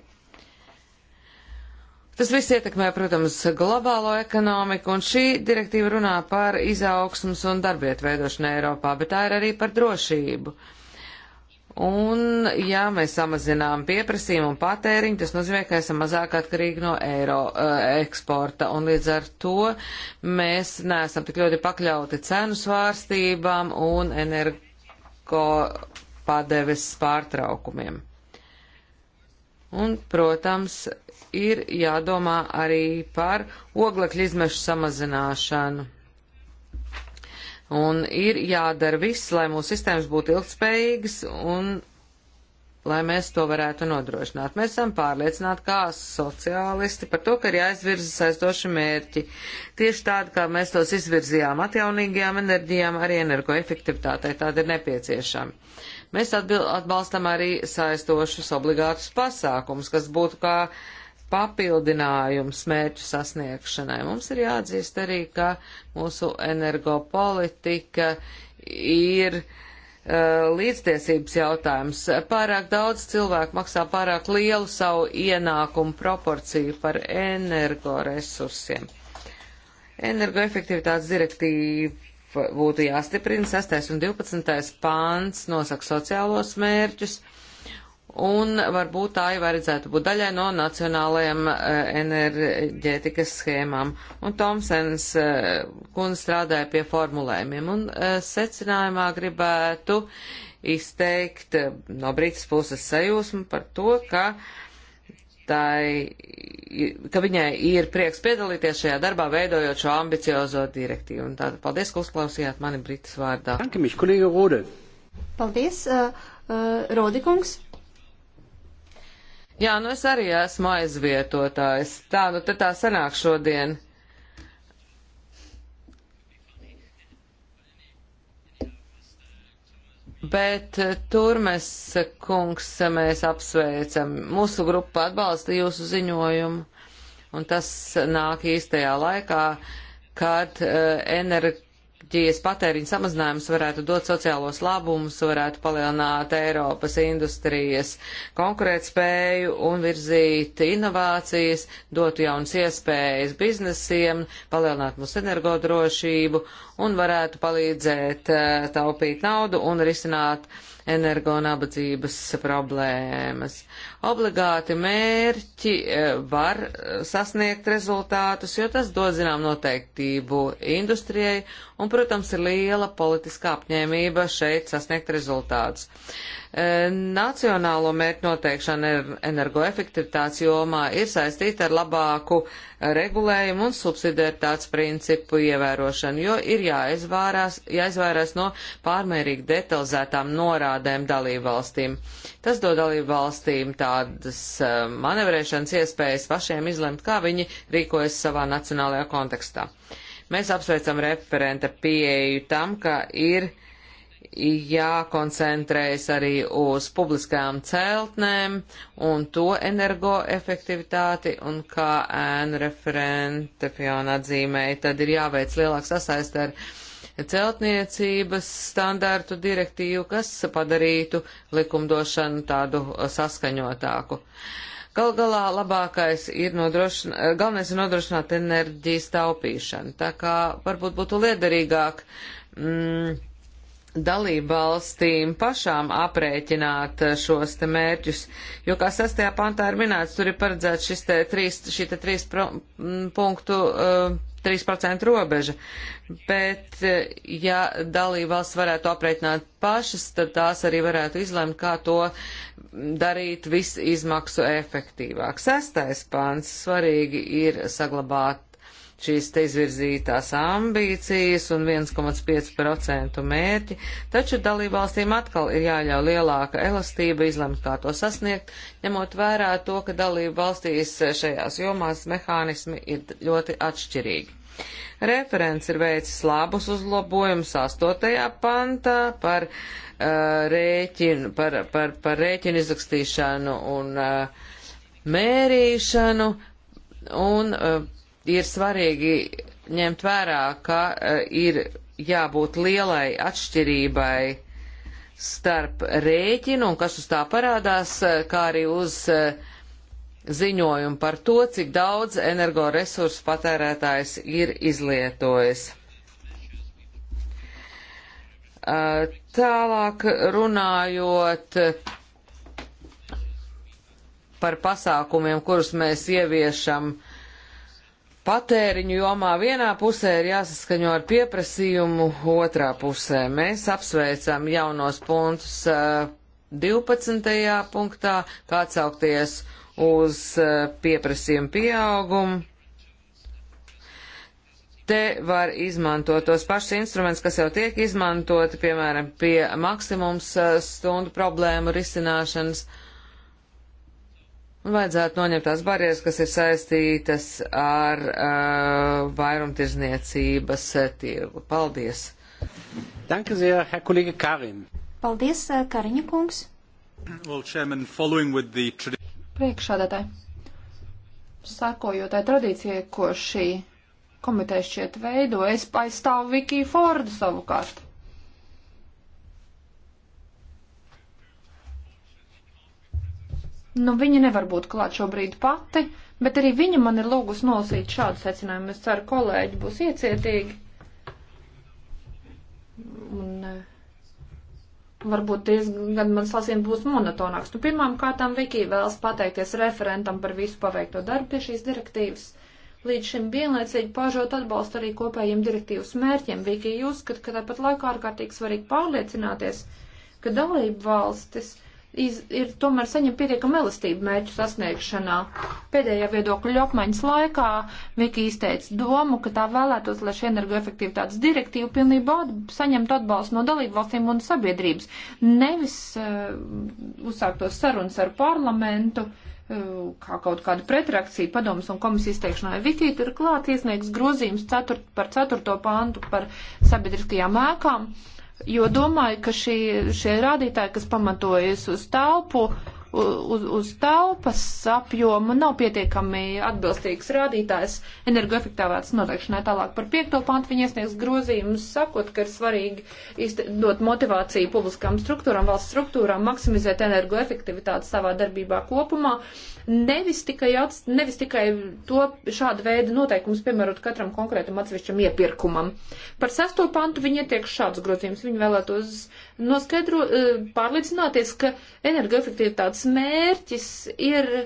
Tas viss ietekmē, protams, globālo ekonomiku, un šī direktīva runā par izaugsmus un darbietu veidošanu Eiropā, bet tā ir arī par drošību. Uh, Un, ja mēs samazinām pieprasījumu un patēriņu, tas nozīmē, ka esam mazāk atkarīgi no eiro uh, eksporta. Un līdz ar to mēs neesam tik ļoti pakļauti cenu svārstībām un energo padeves pārtraukumiem. Un, protams, ir jādomā arī par oglekļa izmešu samazināšanu. Un ir jādara viss, lai mūsu sistēmas būtu ilgspējīgas un lai mēs to varētu nodrošināt. Mēs esam pārliecināti kā sociālisti par to, ka ir jāizvirza saistoši mērķi. Tieši tādi, kā mēs tos izvirzījām atjaunīgajām enerģijām, arī energoefektivitātei tādi ir nepieciešami. Mēs atbalstam arī saistošus obligātus pasākumus, kas būtu kā uh, papildinājums mērķu sasniegšanai. Mums ir jāatzīst arī, ka mūsu energopolitika ir uh, līdztiesības jautājums. Pārāk daudz cilvēku maksā pārāk lielu savu ienākumu proporciju par energoresursiem. Energoefektivitātes direktīva būtu jāstiprina. 6. un 12. pāns nosaka sociālos mērķus. Uh, un varbūt tā jau vajadzētu būt daļai no nacionālajiem eh, enerģētikas schēmām. Un Tomsens eh, kundze strādāja pie formulējumiem, un eh, secinājumā gribētu izteikt no Brītas puses sajūsmu par to, ka tai, ka viņai ir prieks piedalīties šajā darbā, veidojot šo ambiciozo direktīvu. Un tātad paldies, ka uzklausījāt mani Britas vārdā. Paldies, uh, uh, Rodikungs. Jā, nu es arī esmu aizvietotājs. Tā, nu te tā sanāk šodien. Bet eh, Turmes eh, kungs eh, mēs apsveicam. Mūsu grupa atbalsta jūsu ziņojumu, un tas nāk īstajā laikā, kad uh, energi enerģijas patēriņa samazinājums varētu dot sociālos labumus, varētu palielināt Eiropas industrijas konkurētspēju un virzīt inovācijas, dotu jaunas iespējas biznesiem, palielināt mūsu energodrošību un varētu palīdzēt eh, taupīt naudu un risināt energo nabadzības problēmas. Obligāti mērķi e, var e, sasniegt rezultātus, jo tas dod zinām noteiktību industrijai un, protams, ir liela politiskā apņēmība šeit sasniegt rezultātus. E, nacionālo mērķu noteikšana er, energoefektivitātes jomā ir saistīta ar labāku regulējumu un subsidiaritātes principu ievērošanu, jo ir jāizvārās, jāizvairās no pārmērīgi detalizētām norādēm dalībvalstīm. Tas dod dalību valstīm tādas eh, manevrēšanas iespējas pašiem izlemt, kā viņi rīkojas savā nacionālajā kontekstā. Mēs apsveicam referenta pieeju tam, ka ir jākoncentrējas arī uz publiskajām celtnēm un to energoefektivitāti, un kā ēnu referente Fiona atzīmēja, tad ir jāveic lielāks sasaist ar celtniecības standārtu direktīvu, kas padarītu likumdošanu tādu uh, saskaņotāku. Gal galā labākais ir nodrošināt, uh, galvenais ir nodrošināt enerģijas taupīšanu, tā kā varbūt būtu liederīgāk mm, dalību valstīm pašām aprēķināt uh, šos te mērķus, jo kā sastajā pantā ir minēts, tur ir paredzēts šis te trīs, šī te trīs pro, m, mm, punktu uh, 3% robeža. Bet, eh, ja dalībvalsts varētu apreitināt pašas, tad tās arī varētu izlemt, kā to darīt visizmaksu efektīvāk. Sestais pāns svarīgi ir saglabāt šīs te izvirzītās ambīcijas un 1,5% mērķi, taču dalībvalstīm atkal ir jāļauj lielāka elastība izlemt, kā to sasniegt, ņemot vērā to, ka dalībvalstīs šajās jomās mehānismi ir ļoti atšķirīgi. Referents ir veicis labus uzlabojumus 8. pantā par, uh, rēķinu, par, par, par rēķinu izrakstīšanu un uh, mērīšanu, un uh, ir svarīgi ņemt vērā, ka uh, ir jābūt lielai atšķirībai starp rēķinu un kas uz tā parādās, uh, kā arī uz uh, ziņojumu par to, cik daudz energoresursu patērētājs ir izlietojis. Uh, tālāk runājot par pasākumiem, kurus mēs ieviešam patēriņu jomā, vienā pusē ir jāsaskaņo ar pieprasījumu, otrā pusē mēs apsveicam jaunos punktus 12. Uh, punktā, kā atsaukties uz eh, pieprasījumu pieaugumu. Te var izmantot tos pašus instrumentus, kas jau tiek izmantoti, piemēram, pie maksimums eh, stundu problēmu risināšanas. Un vajadzētu noņemt tās barjeras, kas ir saistītas ar uh, eh, vairumtirzniecības tirgu. Paldies! Danke sehr, Herr Kollege Karim. Paldies, Kariņa kungs. Well, Chairman, following with the priekšādātāji. Sākojotai tradīcijai, ko šī komiteja šķiet veido, es aizstāvu Vikiju Fordu savukārt. Nu, viņa nevar būt klāt šobrīd pati, bet arī viņa man ir lūgus nolasīt šādu secinājumu. Es ceru, kolēģi būs iecietīgi. Un, uh, varbūt diezgan mans lasījums būs monotonāks. Nu, pirmām kārtām Viki vēlas pateikties referentam par visu paveikto darbu pie šīs direktīvas. Līdz šim vienlaicīgi paužot atbalstu arī kopējiem direktīvas mērķiem, Viki uzskata, ka tāpat laikā ārkārtīgi svarīgi pārliecināties, ka dalību valstis iz, ir tomēr saņem pietiekama elastība mērķu sasniegšanā. Pēdējā viedokļu apmaiņas laikā Viki izteica domu, ka tā vēlētos, lai šī energoefektivitātes direktīva pilnībā at, saņemtu atbalstu no dalību valstīm un sabiedrības, nevis uh, uzsāktos sarunas ar parlamentu eh, kā kaut kāda pretrakcija padomas un komisijas izteikšanai. Viki turklāt iesniegs grozījums ceturt, par 4. pāntu par sabiedriskajām ēkām. Uh, jo domāju, ka šī, šie rādītāji, kas pamatojas uz telpu, uh, uz, uz telpas apjomu nav pietiekami atbilstīgs rādītājs energoefektāvāts noteikšanai tālāk par piekto pantu. Viņi iesniegs grozījumus, sakot, ka ir svarīgi dot motivāciju publiskām struktūrām, valsts struktūrām, maksimizēt energoefektivitāti savā darbībā kopumā. Nevis tikai, ats, nevis tikai to šādu veidu noteikumus piemērot katram konkrētam atsevišķam iepirkumam. Par sesto pantu viņi ietiek šādus grozījumus. Viņi vēlētos noskaidro, e, pārliecināties, ka energoefektivitātes mērķis ir e,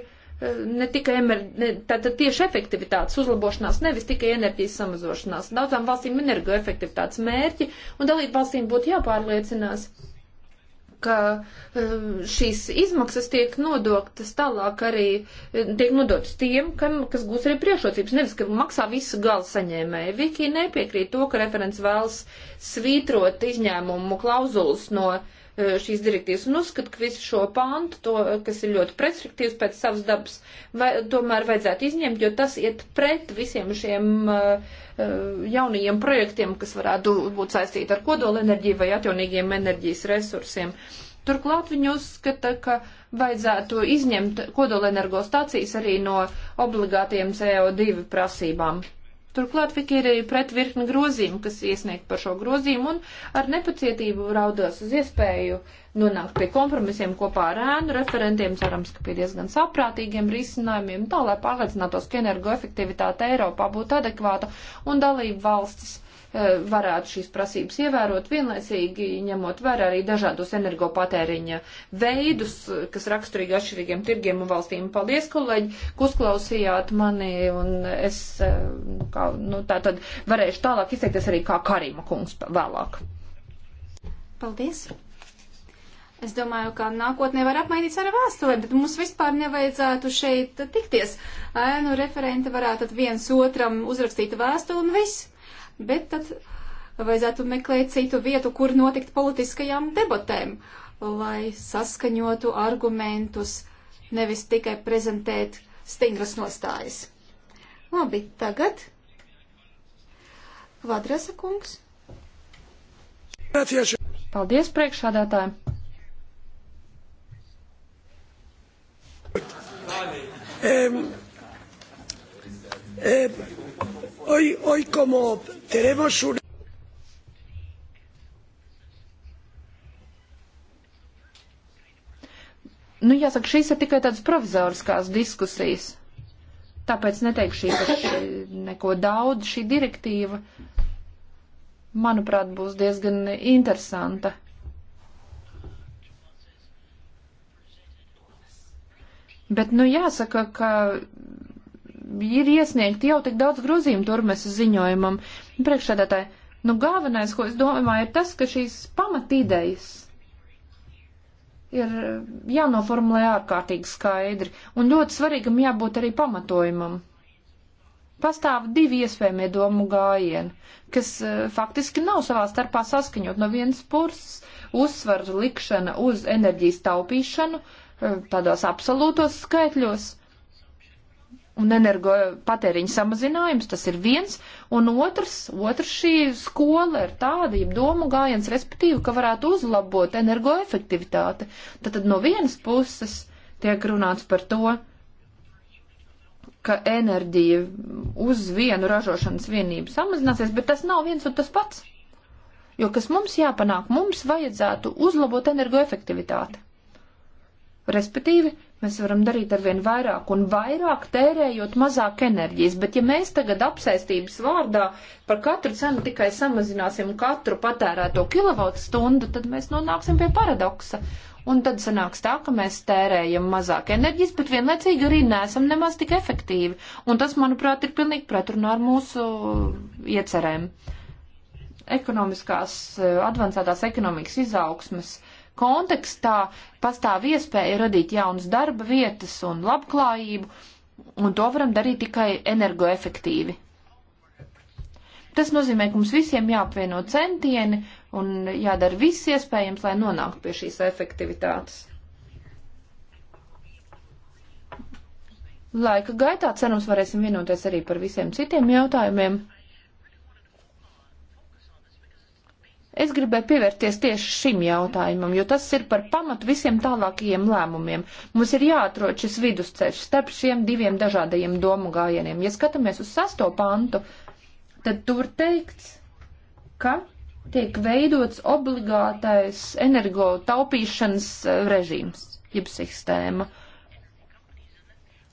ne tikai emer, ne, tātad tieši efektivitātes uzlabošanās, nevis tikai enerģijas samazošanās. Daudzām valstīm energoefektivitātes mērķi, un dalību valstīm būtu jāpārliecinās, ka um, šīs izmaksas tiek nodoktas tālāk arī, tiek nodotas tiem, kam, kas gūs arī priekšrocības, nevis, ka maksā visu galu saņēmēju. Viki nepiekrīt to, ka referents vēlas svītrot izņēmumu klauzulas no uh, Eh, šīs direktīvas un uzskatu, ka visu šo pāntu, to, eh, kas ir ļoti preskriptīvs pēc savas dabas, vai, tomēr vajadzētu izņemt, jo tas iet pret visiem šiem uh, jaunajiem projektiem, kas varētu būt saistīti ar kodolenerģiju vai atjaunīgiem enerģijas resursiem. Turklāt viņi uzskata, ka vajadzētu izņemt kodolenergostācijas arī no obligātiem CO2 prasībām. Turklāt Viki ir arī pret virkni grozījumu, kas iesniegt par šo grozījumu un ar nepacietību raudās uz iespēju nonākt pie kompromisiem kopā ar ēnu referentiem, cerams, ka pie diezgan saprātīgiem risinājumiem, tā lai pārliecinātos, ka energoefektivitāte Eiropā būtu adekvāta un dalība valstis Eh, varētu šīs prasības ievērot, vienlaicīgi ņemot vērā arī dažādos energopatēriņa veidus, eh, kas raksturīgi atšķirīgiem tirgiem un valstīm. Paldies, kolēģi, ka uzklausījāt mani, un es eh, kā, nu, tā tad varēšu tālāk izteikties arī kā Karima kungs vēlāk. Paldies! Es domāju, ka nākotnē var apmainīties ar vēstulēm, tad mums vispār nevajadzētu šeit tikties. Ēnu referenti varētu viens otram uzrakstīt vēstuli un viss bet tad vajadzētu meklēt citu vietu, kur notikt politiskajām debatēm, lai saskaņotu argumentus, nevis tikai prezentēt stingras nostājas. Labi, tagad Vadrasa kungs. Paldies priekšādātājiem! Eh, eh, hoy, hoy como Tenemos un... Nu, jāsaka, šīs ir tikai tādas provizoriskās diskusijas. Tāpēc neteikšu īpaši eh, neko daudz. Šī direktīva, manuprāt, būs diezgan interesanta. Bet, nu, jāsaka, ka ir iesniegti jau tik daudz grozījumu turmes ziņojumam. Priekšsēdētāji, nu galvenais, ko es domāju, ir tas, ka šīs pamatīdejas ir eh, jānoformulē ārkārtīgi skaidri, un ļoti svarīgam jābūt arī pamatojumam. Pastāv divi iespējamie domu gājieni, kas uh, faktiski nav savā starpā saskaņot. No vienas puses uzsvaru likšana uz enerģijas taupīšanu uh, eh, tādos absolūtos skaitļos, un energopatēriņa samazinājums, tas ir viens, un otrs, otrs šī skola ir tāda, ja domu gājiens, respektīvi, ka varētu uzlabot energoefektivitāti. Tad, tad no vienas puses tiek runāts par to, ka enerģija uz vienu ražošanas vienību samazināsies, bet tas nav viens un tas pats. Jo kas mums jāpanāk, mums vajadzētu uzlabot energoefektivitāti. Respektīvi, Mēs varam darīt arvien vairāk un vairāk tērējot mazāk enerģijas, bet ja mēs tagad apsēstības vārdā par katru cenu tikai samazināsim katru patērēto kilovatu stundu, tad mēs nonāksim pie paradoksa. Un tad sanāks tā, ka mēs tērējam mazāk enerģijas, bet vienlaicīgi arī nesam nemaz tik efektīvi. Un tas, manuprāt, ir pilnīgi pretrunā ar mūsu iecerēm. Ekonomiskās, eh, advancētās ekonomikas izaugsmas kontekstā pastāv iespēja radīt jaunas darba vietas un labklājību, un to varam darīt tikai energoefektīvi. Tas nozīmē, ka mums visiem jāapvieno centieni un jādara viss iespējams, lai nonāktu pie šīs efektivitātes. Laika gaitā cerams varēsim vienoties arī par visiem citiem jautājumiem. Es gribēju pievērties tieši šim jautājumam, jo tas ir par pamatu visiem tālākajiem lēmumiem. Mums ir jāatrod šis vidusceļš starp šiem diviem dažādajiem domu gājieniem. Ja skatāmies uz sasto pantu, tad tur teikts, ka tiek veidots obligātais energo taupīšanas eh, režīms, jeb sistēma. Uh,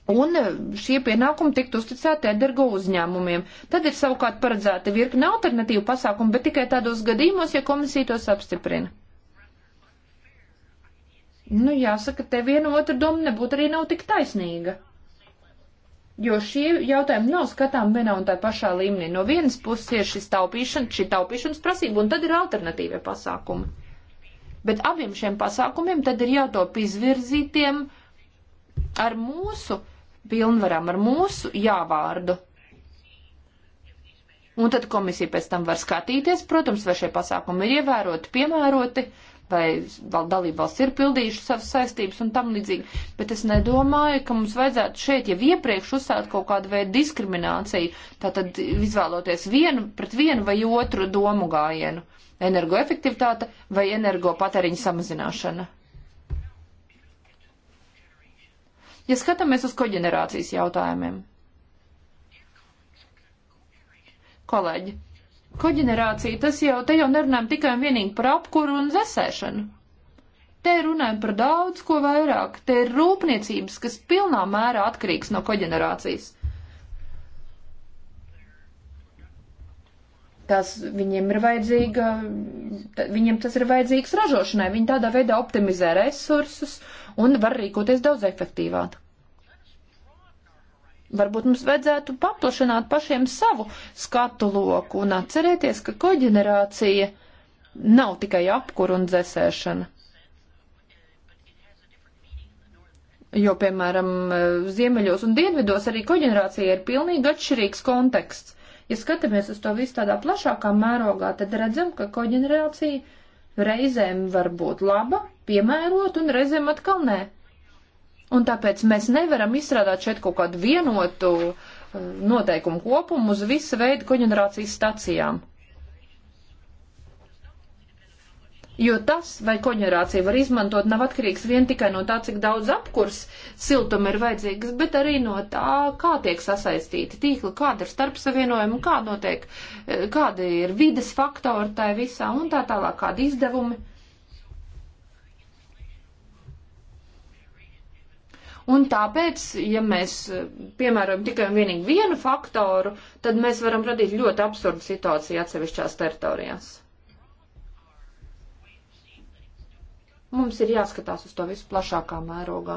un šie pienākumi tiktu uzticēti energo uzņēmumiem. Tad ir savukārt paredzēta virkne alternatīvu pasākumu, bet tikai tādos gadījumos, ja komisija tos apstiprina. Nu, jāsaka, te viena otra doma nebūtu arī nav tik taisnīga. Jo šie jautājumi nav skatām vienā un tā pašā līmenī. No vienas puses ir šis taupīšana, šī taupīšanas prasība, un tad ir alternatīvie pasākumi. Bet abiem šiem pasākumiem tad ir jātop izvirzītiem ar mūsu uh, pilnvarām ar mūsu jāvārdu. Un tad komisija pēc tam var skatīties, protams, vai šie pasākumi ir ievēroti, piemēroti, vai dalībvalsts ir pildījuši savas saistības un tam līdzīgi. Bet es nedomāju, ka mums vajadzētu šeit jau iepriekš uzsākt kaut kādu veidu diskrimināciju, tātad izvēloties vienu pret vienu vai otru domu gājienu - energoefektivitāte vai energopatēriņa samazināšana. Ja skatāmies uz koģenerācijas jautājumiem, kolēģi, koģenerācija tas jau, te jau nerunājam tikai un vienīgi par apkuru un zesēšanu. Te runājam par daudz ko vairāk. Te ir rūpniecības, kas pilnā mērā atkarīgs no koģenerācijas. tas viņiem ir vajadzīga, viņiem tas ir vajadzīgs ražošanai. Viņi tādā veidā optimizē resursus un var rīkoties daudz efektīvāk. Varbūt mums vajadzētu paplašināt pašiem savu skatu loku un atcerēties, ka koģenerācija nav tikai apkur un dzēsēšana. Jo, piemēram, ziemeļos un dienvidos arī koģenerācija ir pilnīgi atšķirīgs konteksts. Ja skatāmies uz to visu tādā plašākā mērogā, tad redzam, ka koģenerācija reizēm var būt laba, piemērot, un reizēm atkal nē. Un tāpēc mēs nevaram izstrādāt šeit kaut kādu vienotu eh, noteikumu kopumu uz visu veidu koģenerācijas stacijām. Jo tas, vai koģenerācija var izmantot, nav atkarīgs vien tikai no tā, cik daudz apkurs siltuma ir vajadzīgs, bet arī no tā, kā tiek sasaistīti tīkli, kāda ir starpsavienojuma, kā notiek, eh, kāda ir vides faktori tai visā un tā tālāk, kādi izdevumi. Un tāpēc, ja mēs eh, piemērojam tikai un vienīgi vienu faktoru, tad mēs varam radīt ļoti absurdu situāciju atsevišķās teritorijās. Mums ir jāskatās uz to visu plašākā mērogā.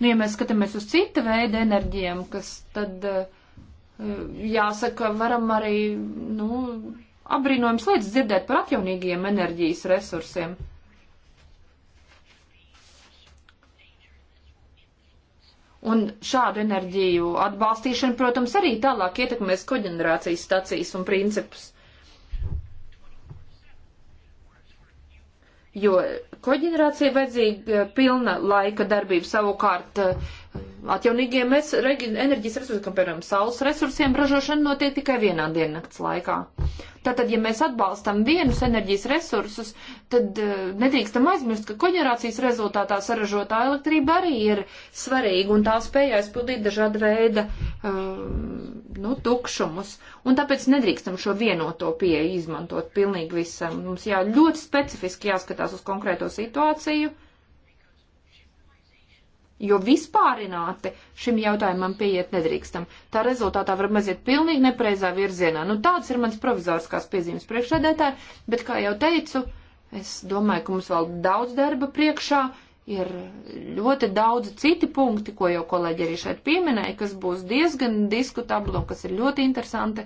Nu, ja mēs skatāmies uz cita veida enerģiem, kas tad, eh, jāsaka, varam arī, nu, apbrīnojams lietas dzirdēt par atjaunīgiem enerģijas resursiem. Un šādu enerģiju atbalstīšana, protams, arī tālāk ietekmēs koģenerācijas stacijas un principus. jo koģenerācija vajadzīga pilna laika darbība savukārt atjaunīgiem enerģijas resursiem, kā piemēram saules resursiem, ražošana notiek tikai vienā diennakts laikā. Tātad, ja mēs atbalstam vienus enerģijas resursus, tad uh, nedrīkstam aizmirst, ka koģerācijas rezultātā saražotā elektrība arī ir svarīga un tā spēja aizpildīt dažāda veida uh, nu, tukšumus. Un tāpēc nedrīkstam šo vienoto pieeju izmantot pilnīgi visam. Mums jā, ļoti specifiski jāskatās uz konkrēto situāciju. Uh, jo vispārināti šim jautājumam pieiet nedrīkstam. Tā rezultātā varam aiziet pilnīgi nepreizā virzienā. Nu, tāds ir mans provizoriskās piezīmes priekšredētāji, bet, kā jau teicu, es domāju, ka mums vēl daudz darba priekšā. Ir ļoti daudz citi punkti, ko jau kolēģi arī šeit pieminēja, kas būs diezgan diskutabli un kas ir ļoti interesanti.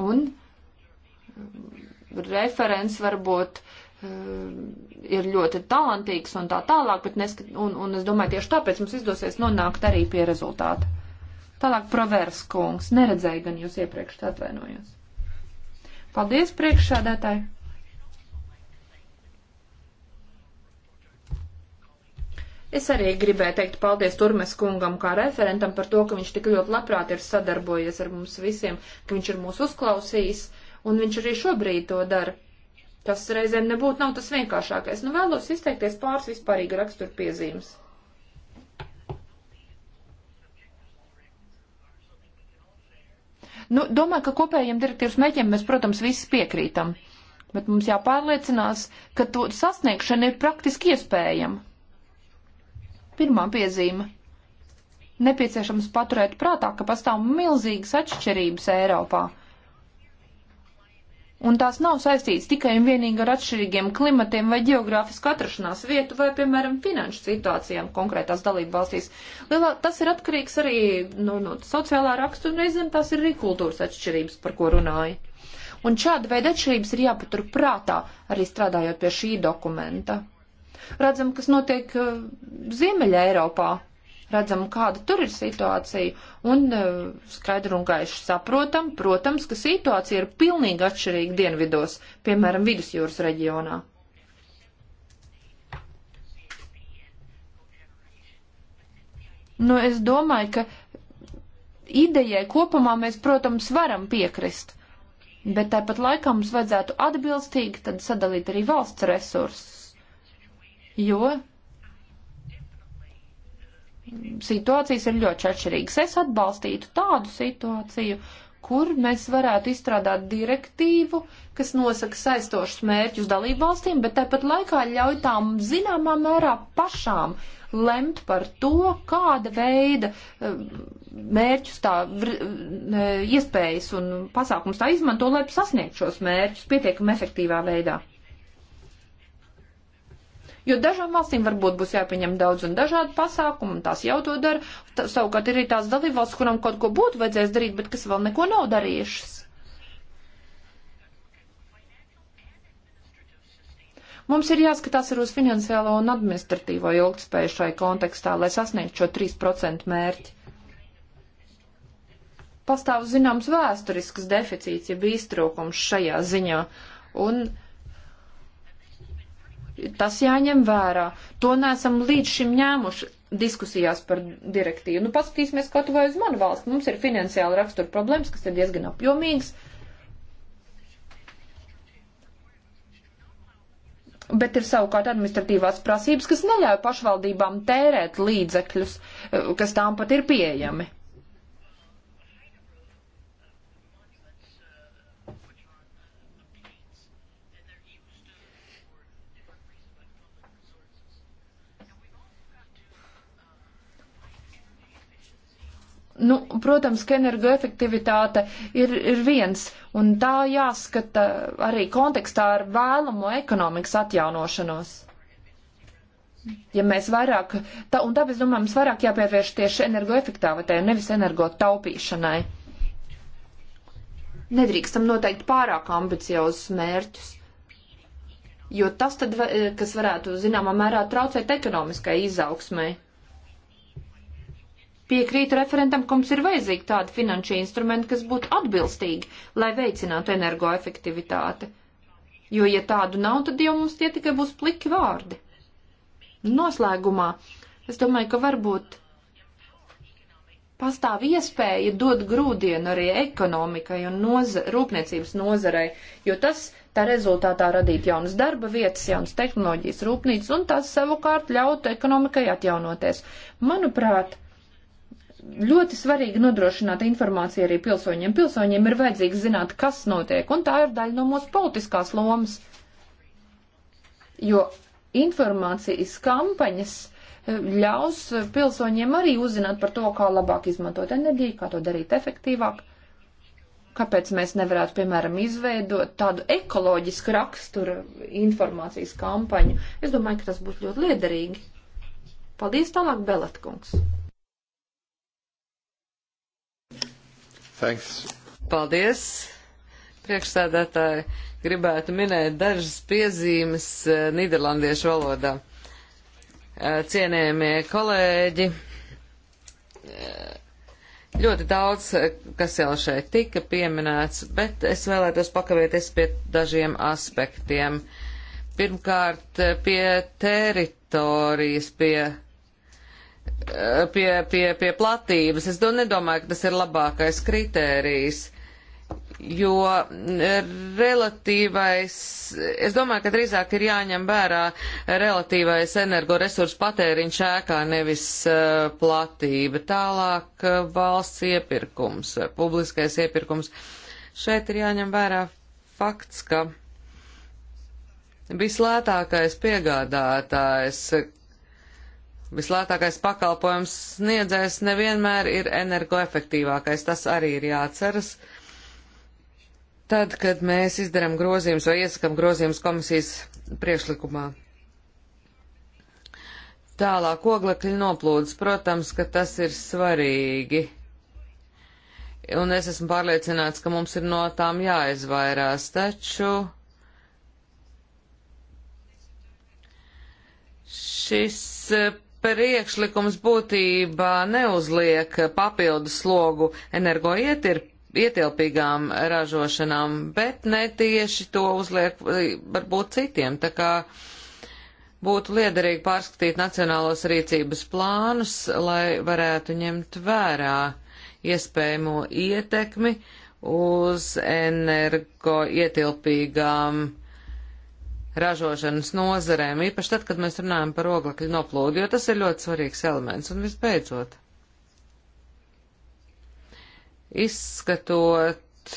Un referents varbūt eh, ir ļoti talantīgs un tā tālāk, bet neskat, un, un es domāju, tieši tāpēc mums izdosies nonākt arī pie rezultāta. Tālāk provērs kungs, neredzēju gan jūs iepriekš, atvainojos. Paldies priekšsādātāji! Es arī gribēju teikt paldies Turmes kungam kā referentam par to, ka viņš tik ļoti labprāt ir sadarbojies ar mums visiem, ka viņš ir mūs uzklausījis un viņš arī šobrīd to dara. Tas reizēm nebūtu nav tas vienkāršākais. Nu, vēlos izteikties pāris vispārīga rakstura piezīmes. Nu, domāju, ka kopējiem direktīvas mēķiem mēs, protams, visi piekrītam, bet mums jāpārliecinās, ka to sasniegšana ir praktiski iespējama. Pirmā piezīme. Nepieciešams paturēt prātā, ka pastāv milzīgas atšķirības Eiropā un tās nav saistītas tikai un vienīgi ar atšķirīgiem klimatiem vai geogrāfisku atrašanās vietu vai, piemēram, finanšu situācijām konkrētās dalību valstīs. Lielā, tas ir atkarīgs arī no, nu, no sociālā rakstu un reizēm tās ir arī kultūras atšķirības, par ko runāju. Un šāda veida atšķirības ir jāpatur prātā arī strādājot pie šī dokumenta. Redzam, kas notiek eh, Ziemeļa Eiropā redzam, kāda tur ir situācija, un e, skaidru un gaišu saprotam, protams, ka situācija ir pilnīgi atšķirīga dienvidos, piemēram, vidusjūras reģionā. Nu, es domāju, ka idejai kopumā mēs, protams, varam piekrist, bet tāpat laikā mums vajadzētu atbilstīgi tad sadalīt arī valsts resursus, jo situācijas ir ļoti atšķirīgas. Es atbalstītu tādu situāciju, kur mēs varētu izstrādāt direktīvu, kas nosaka saistošus mērķus dalību valstīm, bet tāpat laikā ļauj tām zināmā mērā pašām lemt par to, kāda veida eh, mērķus tā eh, iespējas un pasākums tā izmanto, lai sasniegtu šos mērķus pietiekami efektīvā veidā. Jo dažām valstīm varbūt būs jāpieņem daudz un dažādu pasākumu, un tās jau to dara. Tā, savukārt ir arī tās dalībvalsts, kurām kaut ko būtu vajadzējis darīt, bet kas vēl neko nav darījušas. Mums ir jāskatās arī uz finansiālo un administratīvo ilgtspēju šai kontekstā, lai sasniegtu šo 3% mērķi. Pastāv zināms vēsturisks deficīts, ja bija iztrūkums šajā ziņā. Un Tas jāņem vērā. To neesam līdz šim ņēmuši diskusijās par direktīvu. Nu, paskatīsimies, kā tu vai uz manu valsti. Mums ir finansiāla rakstura problēmas, kas ir diezgan apjomīgas. bet ir savukārt administratīvās prasības, kas neļauj pašvaldībām tērēt līdzekļus, eh, kas tām pat ir pieejami. Nu, protams, ka energoefektivitāte ir, ir viens, un tā jāskata arī kontekstā ar vēlamo ekonomikas atjaunošanos. Ja mēs vairāk, tā, un tāpēc, domāju, mums vairāk jāpievērš tieši energoefektāvatē, nevis energo taupīšanai. Nedrīkstam noteikt pārāk ambiciozus mērķus jo tas tad, kas varētu zināmā mērā traucēt ekonomiskai izaugsmai. Piekrītu referentam, ka mums ir vajadzīgi tādi finanšu instrumenti, kas būtu atbilstīgi, lai veicinātu energoefektivitāti. Jo, ja tādu nav, tad jau mums tie tikai būs pliki vārdi. Noslēgumā es domāju, ka varbūt pastāv iespēja dot grūdienu arī ekonomikai un noza, rūpniecības nozarei, jo tas tā rezultātā radīt jaunas darba vietas, jaunas tehnoloģijas rūpnīcas un tas savukārt ļaut ekonomikai atjaunoties. Manuprāt, ļoti svarīgi nodrošināt informāciju arī pilsoņiem. Pilsoņiem ir vajadzīgs zināt, kas notiek, un tā ir daļa no mūsu politiskās lomas. Jo informācijas kampaņas eh, ļaus pilsoņiem arī uzzināt par to, kā labāk izmantot enerģiju, kā to darīt efektīvāk. Kāpēc mēs nevarētu, piemēram, izveidot tādu ekoloģisku raksturu informācijas kampaņu? Es domāju, ka tas būtu ļoti liederīgi. Paldies tālāk, Beletkungs! Thanks. Paldies, priekšsēdētāji. Gribētu minēt dažas piezīmes eh, Nīderlandiešu valodā. Eh, cienējamie kolēģi, eh, ļoti daudz, kas jau šeit tika pieminēts, bet es vēlētos pakavēties pie dažiem aspektiem. Pirmkārt, pie teritorijas, pie pie, pie, pie platības. Es to nedomāju, ka tas ir labākais kritērijs, jo relatīvais, es domāju, ka drīzāk ir jāņem vērā relatīvais energoresursu patēriņš ēkā, nevis uh, platība. Tālāk uh, valsts iepirkums, eh, publiskais iepirkums. Šeit ir jāņem vērā fakts, ka vislētākais piegādātājs, Vislētākais pakalpojums sniedzējs nevienmēr ir energoefektīvākais, tas arī ir jāatceras. Tad, kad mēs izdarām grozījumus vai iesakam grozījumus komisijas priekšlikumā. Tālāk oglekļa noplūdes, protams, ka tas ir svarīgi. Un es esmu pārliecināts, ka mums ir no tām jāizvairās, taču šis eh, priekšlikums būtībā neuzliek papildus slogu energoietilpīgām ražošanām, bet ne tieši to uzliek eh, varbūt citiem. Tā kā būtu liederīgi pārskatīt nacionālos rīcības plānus, lai varētu ņemt vērā iespējamo ietekmi uz energoietilpīgām ražošanām ražošanas nozarēm, īpaši tad, kad mēs runājam par oglekļu noplūdu, jo tas ir ļoti svarīgs elements. Un visbeidzot, izskatot,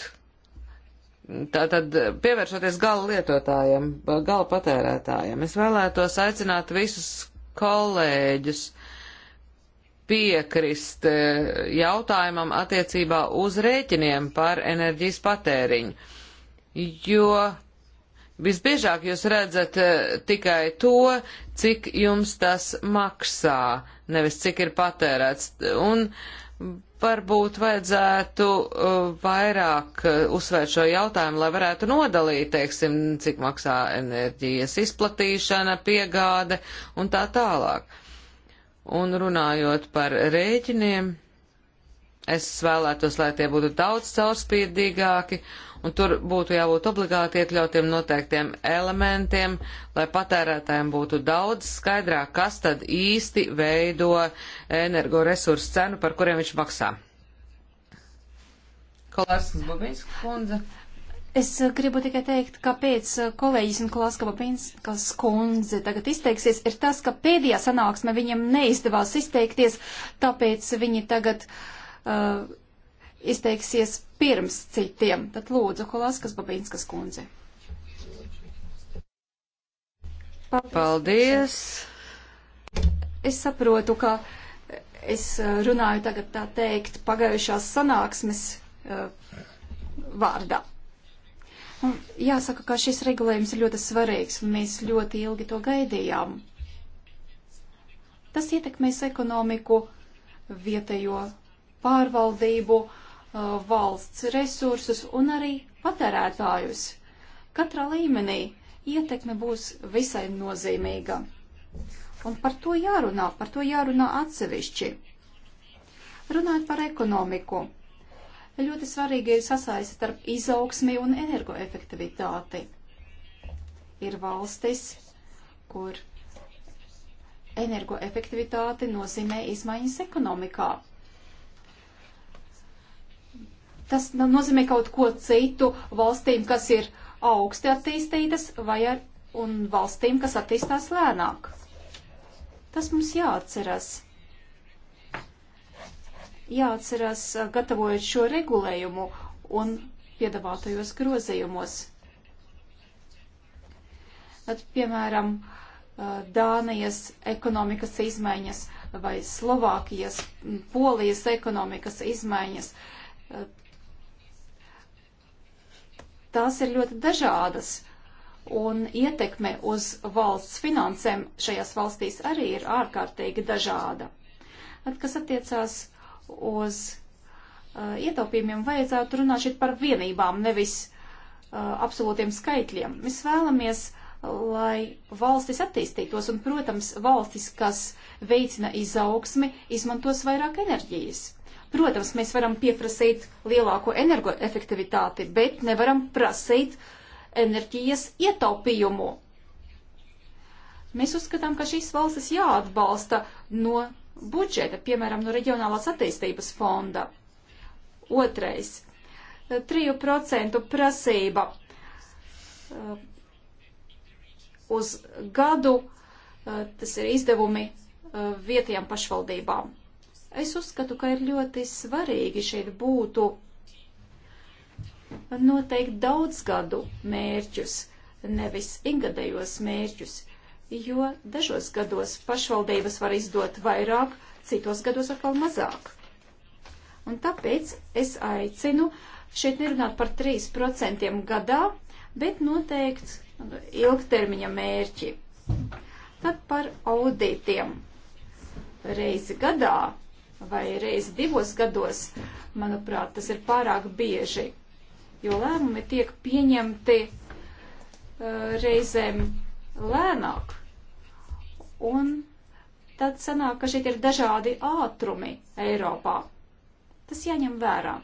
tātad pievēršoties gala lietotājiem, gala patērētājiem, es vēlētos aicināt visus kolēģus piekrist eh, jautājumam attiecībā uz rēķiniem par enerģijas patēriņu, jo Visbiežāk jūs redzat eh, tikai to, cik jums tas maksā, nevis cik ir patērēts. Un varbūt vajadzētu eh, vairāk eh, uzsvērt šo jautājumu, lai varētu nodalīt, teiksim, cik maksā enerģijas izplatīšana, piegāde un tā tālāk. Un runājot par rēķiniem, es vēlētos, lai tie būtu daudz caurspīdīgāki un tur būtu jābūt obligāti iekļautiem noteiktiem elementiem, lai patērētājiem būtu daudz skaidrāk, kas tad īsti veido energoresursu cenu, par kuriem viņš maksā. Kolārskas Babinska kundze. Es eh, gribu tikai teikt, ka pēc eh, kolēģis un Klaskavapinskas kundze tagad izteiksies, ir tas, ka pēdējā sanāksme viņam neizdevās izteikties, tāpēc viņi tagad uh, izteiksies pirms citiem. Tad lūdzu, Kolaskas Babinskas kundze. Paldies. Paldies! Es saprotu, ka es eh, runāju tagad tā teikt pagājušās sanāksmes uh, vārdā. Un nu, jāsaka, ka šis regulējums ir ļoti svarīgs, un mēs ļoti ilgi to gaidījām. Tas ietekmēs ekonomiku, vietējo pārvaldību, uh, Uh, valsts resursus un arī patērētājus. Katrā līmenī ietekme būs visai nozīmīga. Un par to jārunā, par to jārunā atsevišķi. Runājot par ekonomiku, ļoti svarīgi ir sasaist starp izaugsmi un energoefektivitāti. Ir valstis, kur energoefektivitāte nozīmē izmaiņas ekonomikā Tas nu, nozīmē kaut ko citu valstīm, kas ir augsti attīstītas, vai ar, un valstīm, kas attīstās lēnāk. Tas mums jāatcerās. Jāatcerās, gatavojot šo regulējumu un piedāvātajos grozījumos. Tad, piemēram, Dānijas ekonomikas izmaiņas vai Slovākijas, Polijas ekonomikas izmaiņas tās ir ļoti dažādas, un ietekme uz valsts finansēm šajās valstīs arī ir ārkārtīgi dažāda. At, kas attiecās uz uh, ietaupījumiem, vajadzētu runāt šeit par vienībām, nevis uh, absolūtiem skaitļiem. Mēs vēlamies, lai valstis attīstītos, un, protams, valstis, kas veicina izaugsmi, izmantos vairāk enerģijas. Protams, mēs varam pieprasīt lielāko energoefektivitāti, bet nevaram prasīt enerģijas ietaupījumu. Mēs uzskatām, ka šīs valstis jāatbalsta no budžeta, piemēram, no reģionālās attīstības fonda. Otrais. 3% prasība uh, uz gadu, uh, tas ir izdevumi uh, vietējām pašvaldībām. Es uzskatu, ka ir ļoti svarīgi šeit būtu noteikt daudzgadu mērķus, nevis ikgadējos mērķus, jo dažos gados pašvaldības var izdot vairāk, citos gados atkal mazāk. Un tāpēc es aicinu šeit nerunāt par 3% gadā, bet noteikt ilgtermiņa mērķi. Tad par audītiem reizi gadā vai reizi divos gados, manuprāt, tas ir pārāk bieži, jo lēmumi tiek pieņemti uh, reizēm lēnāk. Un tad sanāk, ka šeit ir dažādi ātrumi Eiropā. Tas jāņem vērā.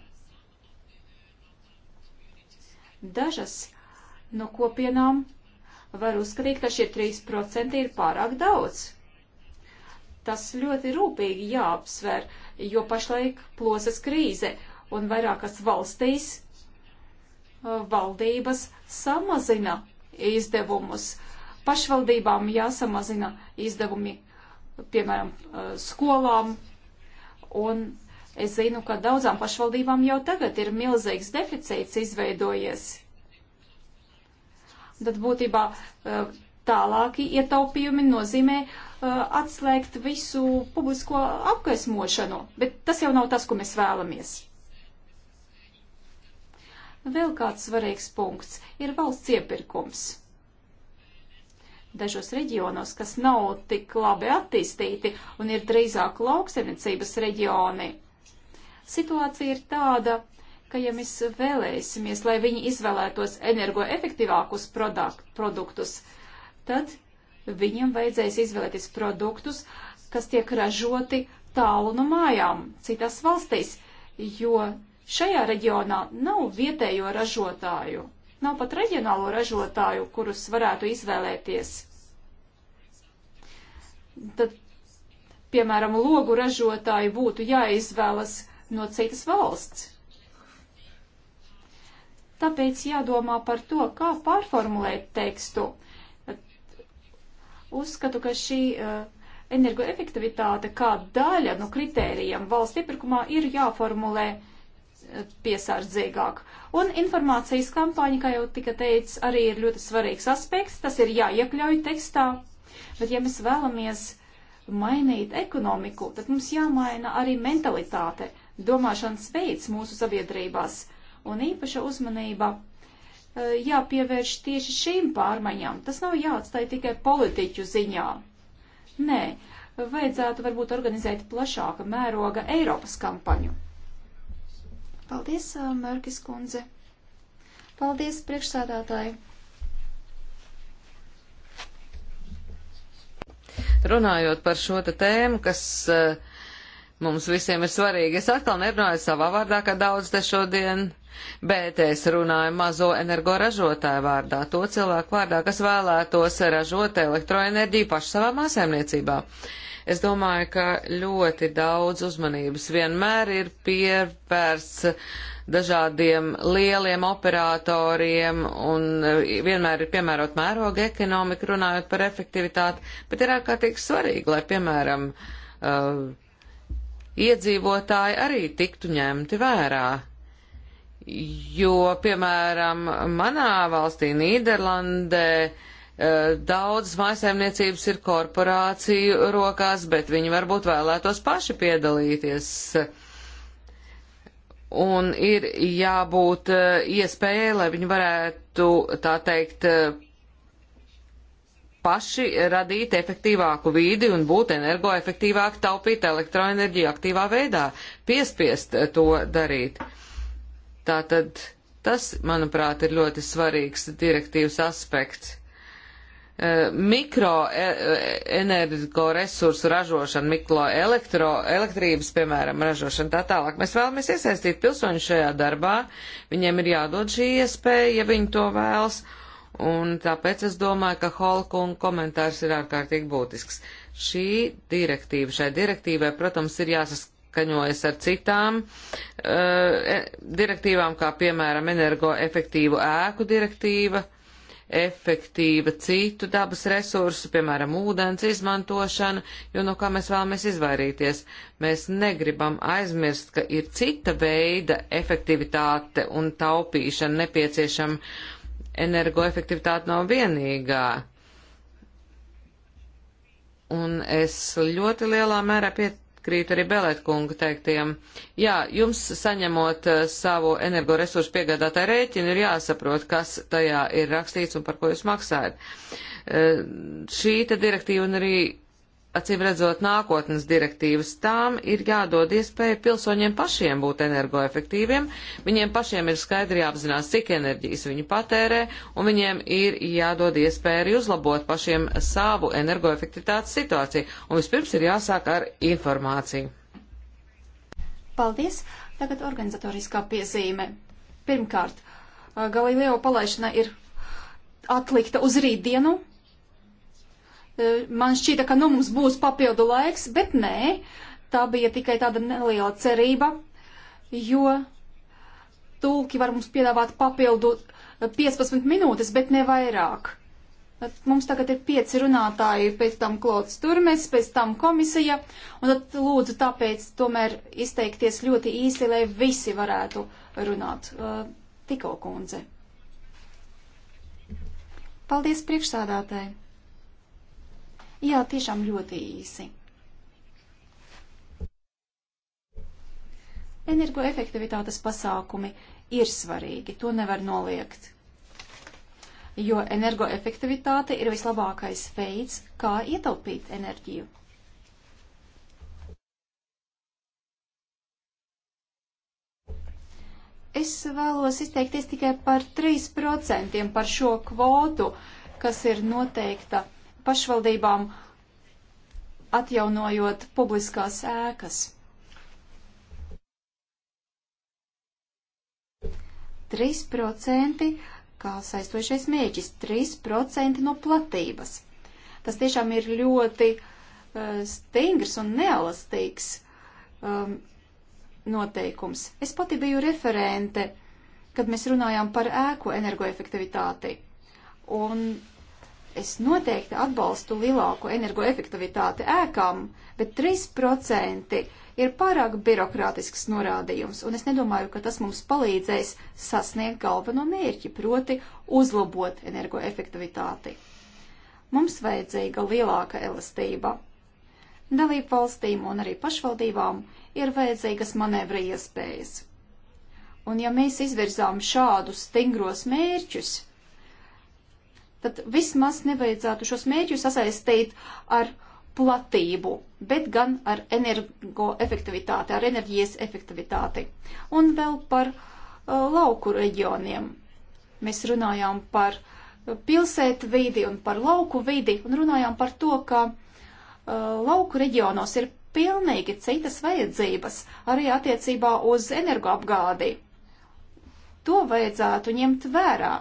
Dažas no kopienām var uzskatīt, ka šie 3% ir pārāk daudz tas ļoti rūpīgi jāapsver, jo pašlaik plosas krīze un vairākas valstīs uh, valdības samazina izdevumus. Pašvaldībām jāsamazina izdevumi, piemēram, uh, skolām. Un es zinu, ka daudzām pašvaldībām jau tagad ir milzīgs deficīts izveidojies. Tad būtībā uh, tālāki ietaupījumi nozīmē uh, Uh, atslēgt visu publisko apgaismošanu, bet tas jau nav tas, ko mēs vēlamies. Vēl kāds svarīgs punkts ir valsts iepirkums. Dažos reģionos, kas nav tik labi attīstīti un ir drīzāk lauksaimniecības reģioni, situācija ir tāda, ka ja mēs vēlēsimies, lai viņi izvēlētos energoefektīvākus produktus, tad viņiem vajadzēs izvēlēties produktus, kas tiek ražoti tālu no mājām, citās valstīs, jo šajā reģionā nav vietējo ražotāju, nav pat reģionālo ražotāju, kurus varētu izvēlēties. Tad, piemēram, logu ražotāji būtu jāizvēlas no citas valsts. Tāpēc jādomā par to, kā pārformulēt tekstu, Uzskatu, ka šī eh, energoefektivitāte kā daļa no kritērijiem valsts iepirkumā ir jāformulē eh, piesardzīgāk. Un informācijas kampaņa, kā jau tika teicis, arī ir ļoti svarīgs aspekts. Tas ir jāiekļauj tekstā. Bet ja mēs vēlamies mainīt ekonomiku, tad mums jāmaina arī mentalitāte, domāšanas veids mūsu sabiedrībās un īpaša uzmanība Eh, jāpievērš tieši šīm pārmaiņām. Tas nav jāatstāj tikai politiķu ziņā. Nē, vajadzētu varbūt organizēt plašāka mēroga Eiropas kampaņu. Paldies, eh, Mērkis kundze. Paldies, priekšsādātāji. Runājot par šo tēmu, kas uh, mums visiem ir svarīga, es atkal nerunāju savā vārdā, kā daudz te šodien bet es runāju mazo energoražotāju vārdā, to cilvēku vārdā, kas vēlētos ražot elektroenerģiju pašu savā māsēmniecībā. Es domāju, ka ļoti daudz uzmanības vienmēr ir pievērsts dažādiem lieliem operatoriem un vienmēr ir piemērot mēroga ekonomika, runājot par efektivitāti, bet ir ārkārtīgi svarīgi, lai, piemēram, uh, iedzīvotāji arī tiktu ņemti vērā jo, piemēram, manā valstī Nīderlandē eh, daudzas mājasēmniecības ir korporāciju rokās, bet viņi varbūt vēlētos paši piedalīties. Un ir jābūt eh, iespējai, lai viņi varētu, tā teikt, eh, paši radīt efektīvāku vīdi un būt energoefektīvāk, taupīt elektroenerģiju aktīvā veidā, piespiest to darīt. Uh, Tātad tas, manuprāt, ir ļoti svarīgs direktīvas aspekts. E, Mikroenergoresursu e, ražošana, mikroelektrības, piemēram, ražošana tā tālāk. Mēs vēlamies iesaistīt pilsoņus šajā darbā. Viņiem ir jādod šī iespēja, ja viņi to vēlas. Un tāpēc es domāju, ka Holkunga komentārs ir ārkārtīgi būtisks. Šī direktīva, šai direktīvai, protams, ir jāsaskatīt saskaņojas ar citām uh, direktīvām, kā piemēram energoefektīvu ēku direktīva, efektīva citu dabas resursu, piemēram, ūdens izmantošana, jo no kā mēs vēlamies izvairīties. Mēs negribam aizmirst, ka ir cita veida efektivitāte un taupīšana nepieciešama. Energoefektivitāte nav vienīgā un es ļoti lielā mērā pie, piekrītu arī Belētkunga teiktiem. Jā, jums saņemot eh, savu energoresursu piegādātāju rēķinu ir jāsaprot, kas tajā ir rakstīts un par ko jūs maksājat. Eh, šī te direktīva un arī acīm redzot nākotnes direktīvas, tām ir jādod iespēja pilsoņiem pašiem būt energoefektīviem, viņiem pašiem ir skaidri jāapzinās, cik enerģijas viņi patērē, un viņiem ir jādod iespēja arī uzlabot pašiem savu energoefektivitātes situāciju, un vispirms ir jāsāk ar informāciju. Paldies! Tagad organizatoriskā piezīme. Pirmkārt, uh, Galileo palaišana ir atlikta uz rītdienu, E, man šķita, ka nu mums būs papildu laiks, bet nē, tā bija tikai tāda neliela cerība, jo tulki var mums piedāvāt papildu 15 e, minūtes, bet ne vairāk. E, mums tagad ir pieci runātāji, pēc tam Klods Turmes, pēc tam komisija, un tad lūdzu tāpēc tomēr izteikties ļoti īsi, lai visi varētu runāt. Tikko kundze. Paldies priekšsādātāji. Jā, tiešām ļoti īsi. Energoefektivitātes pasākumi ir svarīgi, to nevar noliegt. Jo energoefektivitāte ir vislabākais veids, kā ietaupīt enerģiju. Es vēlos izteikties tikai par 3% par šo kvotu, kas ir noteikta pašvaldībām, atjaunojot publiskās ēkas. 3%, kā saistošais mērķis, 3% no platības. Tas tiešām ir ļoti uh, stingrs un neelastīgs um, noteikums. Es pati biju referente, kad mēs runājām par ēku energoefektivitāti. Un Es noteikti atbalstu lielāku energoefektivitāti ēkām, bet 3% ir pārāk birokrātisks norādījums, un es nedomāju, ka tas mums palīdzēs sasniegt galveno mērķi, proti uzlabot energoefektivitāti. Mums vajadzīga lielāka elastība. Dalību valstīm un arī pašvaldībām ir vajadzīgas manevra iespējas. Un ja mēs izvirzām šādus stingros mērķus, tad vismaz nevajadzētu šos mērķus sasaistīt ar platību, bet gan ar energoefektivitāti, ar enerģijas efektivitāti. Un vēl par uh, lauku reģioniem. Mēs runājām par pilsētu vidi un par lauku vidi un runājām par to, ka uh, lauku reģionos ir pilnīgi citas vajadzības arī attiecībā uz energoapgādi. To vajadzētu ņemt vērā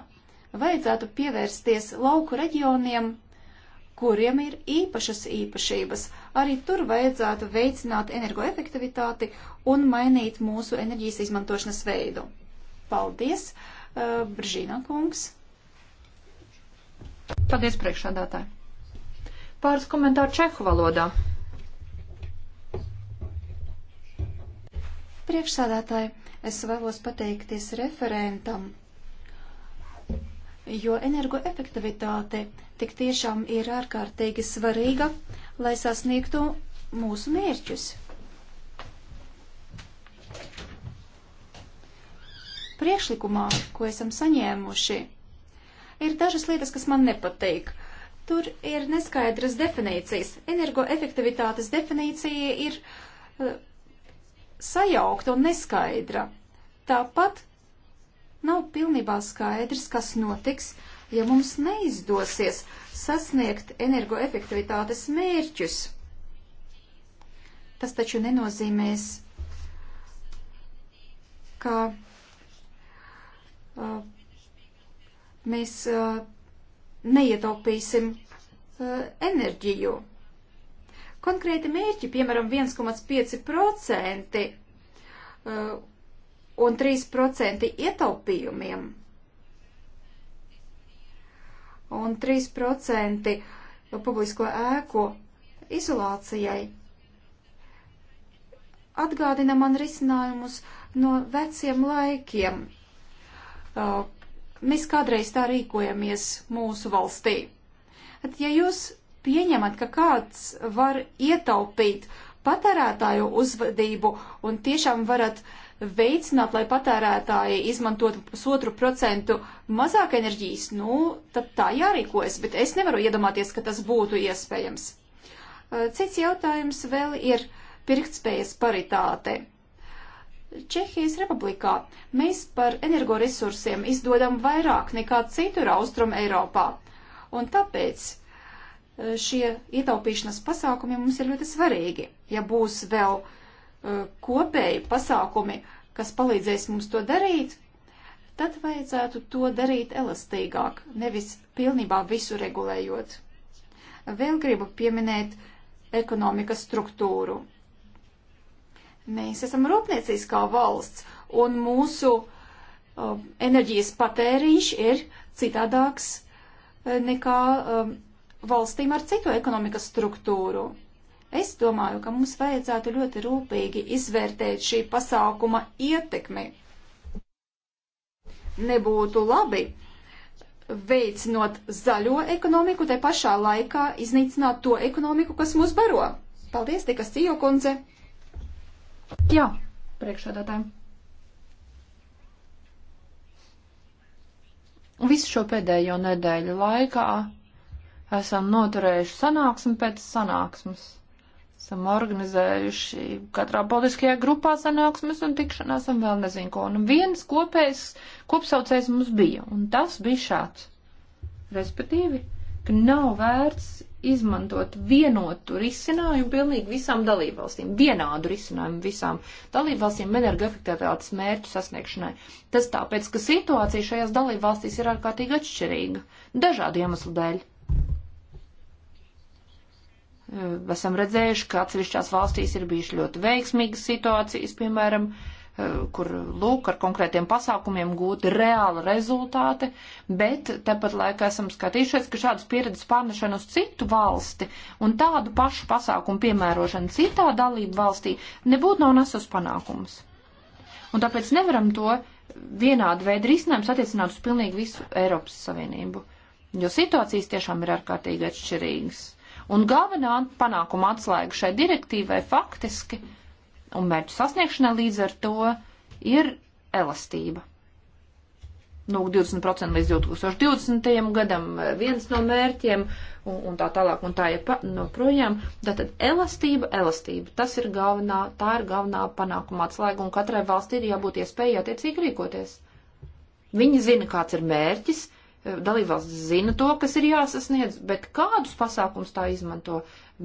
vajadzētu pievērsties lauku reģioniem, kuriem ir īpašas īpašības. Arī tur vajadzētu veicināt energoefektivitāti un mainīt mūsu enerģijas izmantošanas veidu. Paldies, uh, Bržīna kungs. Paldies, priekšādātāji. Pāris komentāru čehu valodā. Priekšsādātāji, es vēlos pateikties referentam jo energoefektivitāte tik tiešām ir ārkārtīgi svarīga, lai sasniegtu mūsu mērķus. Priekšlikumā, ko esam saņēmuši, ir dažas lietas, kas man nepatīk. Tur ir neskaidras definīcijas. Energoefektivitātes definīcija ir uh, sajaukta un neskaidra. Tāpat Nav pilnībā skaidrs, kas notiks, ja mums neizdosies sasniegt energoefektivitātes mērķus. Tas taču nenozīmēs, ka uh, mēs uh, neietaupīsim uh, enerģiju. Konkrēti mērķi, piemēram, 1,5% un 3% ietaupījumiem. Un 3% publisko ēku izolācijai atgādina man risinājumus no veciem laikiem. Uh, mēs kādreiz tā rīkojamies mūsu valstī. At, ja jūs pieņemat, ka kāds var ietaupīt patērētāju uzvedību un tiešām varat uh, veicināt, lai patērētāji izmantotu pusotru procentu mazāk enerģijas, nu, tad tā jārīkojas, bet es nevaru iedomāties, ka tas būtu iespējams. Uh, cits jautājums vēl ir pirktspējas paritāte. Čehijas republikā mēs par energoresursiem izdodam vairāk nekā citur austrum Eiropā, un tāpēc uh, šie ietaupīšanas pasākumi mums ir ļoti svarīgi. Ja būs vēl uh, Uh, kopēji pasākumi, kas palīdzēs mums to darīt, tad vajadzētu to darīt elastīgāk, nevis pilnībā visu regulējot. Vēl gribu pieminēt ekonomikas struktūru. Mēs esam rūpniecīskā valsts, un mūsu um, enerģijas patēriņš ir citādāks uh, nekā um, valstīm ar citu ekonomikas struktūru. Es domāju, ka mums vajadzētu ļoti rūpīgi izvērtēt šī pasākuma ietekmi. Nebūtu labi veicinot zaļo ekonomiku, te pašā laikā iznīcināt to ekonomiku, kas mūs baro. Paldies, tikas Cijo kundze. Jā, priekšādātājiem. Visu šo pēdējo nedēļu laikā esam noturējuši sanāksmi pēc sanāksmes Esam organizējuši katrā politiskajā grupā sanāksmes un tikšanās un vēl nezinu ko. Un nu, viens kopējs, kopsaucējs mums bija, un tas bija šāds. Respektīvi, ka nav vērts izmantot vienotu risinājumu pilnīgi visām dalībvalstīm, vienādu risinājumu visām dalībvalstīm energoefektivitātes mērķu sasniegšanai. Tas tāpēc, ka situācija šajās dalībvalstīs ir ārkārtīgi atšķirīga, dažādu iemeslu dēļ esam redzējuši, ka atsevišķās valstīs ir bijuši ļoti veiksmīgas situācijas, piemēram, kur lūk ar konkrētiem pasākumiem gūti reāli rezultāti, bet tepat laikā esam skatījušies, ka šādas pieredzes pārnešana uz citu valsti un tādu pašu pasākumu piemērošana citā dalību valstī nebūtu nav nesus panākumus. Un tāpēc nevaram to vienādu veidu risinājumus attiecināt uz pilnīgi visu Eiropas Savienību, jo situācijas tiešām ir ārkārtīgi atšķirīgas. Un galvenā panākuma atslēga šai direktīvai faktiski un mērķu sasniegšanai līdz ar to ir elastība. Nu, 20% līdz 2020. gadam eh, viens no mērķiem un, un tā tālāk un tā ir noprojām. Nu, Tātad elastība, elastība. Tas ir galvenā, tā ir galvenā panākuma atslēga un katrai valstī ir jābūt iespēja attiecīgi rīkoties. Viņi zina, kāds ir mērķis, dalībvalsts zina to, kas ir jāsasniedz, bet kādus pasākums tā izmanto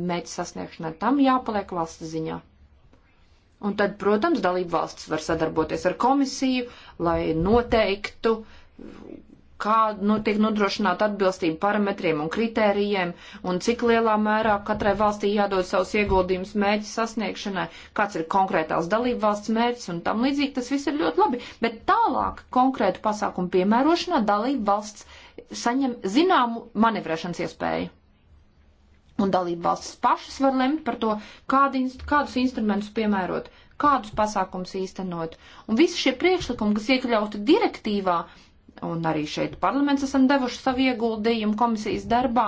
mērķu sasniegšanai, tam jāpaliek valsts ziņā. Un tad, protams, dalībvalsts var sadarboties ar komisiju, lai noteiktu, kā nu, tiek nodrošināta atbilstība parametriem un kritērijiem, un cik lielā mērā katrai valstī jādod savus ieguldījumus mērķu sasniegšanai, kāds ir konkrētās dalību valsts mērķis un tam līdzīgi. Tas viss ir ļoti labi, bet tālāk konkrētu pasākumu piemērošanā dalību valsts saņem zināmu manevrēšanas iespēju. Un dalību valstis pašas var lemt par to, kādi, kādus instrumentus piemērot, kādus pasākumus īstenot. Un visi šie priekšlikumi, kas iekļauti direktīvā, un arī šeit parlaments esam devuši savu ieguldījumu komisijas darbā,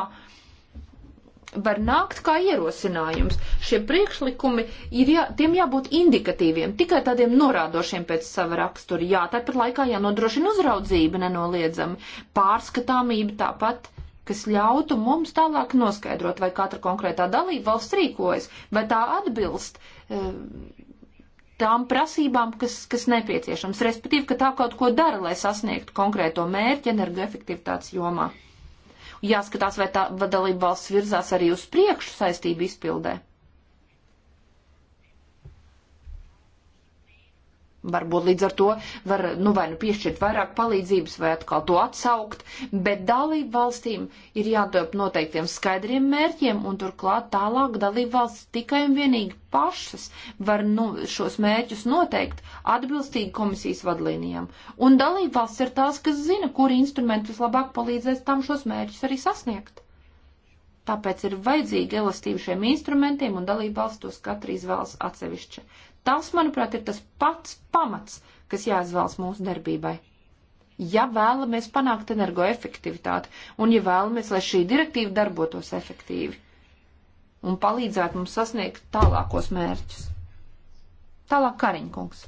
var nākt kā ierosinājums. Šie priekšlikumi ir jā, tiem jābūt indikatīviem, tikai tādiem norādošiem pēc sava rakstura. Jā, tāpat laikā jānodrošina uzraudzība nenoliedzami, pārskatāmība tāpat kas ļautu mums tālāk noskaidrot, vai katra konkrētā dalība valsts rīkojas, vai tā atbilst e, tām prasībām, kas, kas nepieciešams, respektīvi, ka tā kaut ko dara, lai sasniegtu konkrēto mērķi energoefektivitātes jomā. Jāskatās, vai tā vadalība valsts virzās arī uz priekšu saistību izpildē. Varbūt līdz ar to var nu vai nu piešķirt vairāk palīdzības, vai atkal to atsaukt, bet dalību valstīm ir jātop noteiktiem skaidriem mērķiem, un turklāt tālāk dalību valsts tikai un vienīgi pašas var nu, šos mērķus noteikt atbilstīgi komisijas vadlīnijām. Un dalību valsts ir tās, kas zina, kuri instrumenti vislabāk palīdzēs tam šos mērķus arī sasniegt. Tāpēc ir vajadzīga elastība šiem instrumentiem, un dalību valsts tos katra izvēlas atsevišķi. Tas, manuprāt, ir tas pats pamats, kas jāizvēlas mūsu darbībai. Ja vēlamies panākt energoefektivitāti un ja vēlamies, lai šī direktīva darbotos efektīvi un palīdzētu mums sasniegt tālākos mērķus. Tālāk Kariņkungs.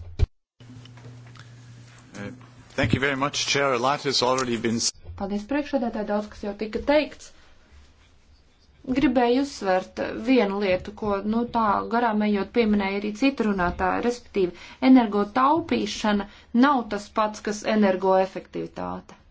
Uh, thank you very much, Chair. A lot has already been. Paldies priekšādātāji, daudz kas jau tika teikts gribēju uzsvert vienu lietu, ko, nu, tā garām ejot pieminēja arī citu runātāju, respektīvi, energo taupīšana nav tas pats, kas energoefektivitāte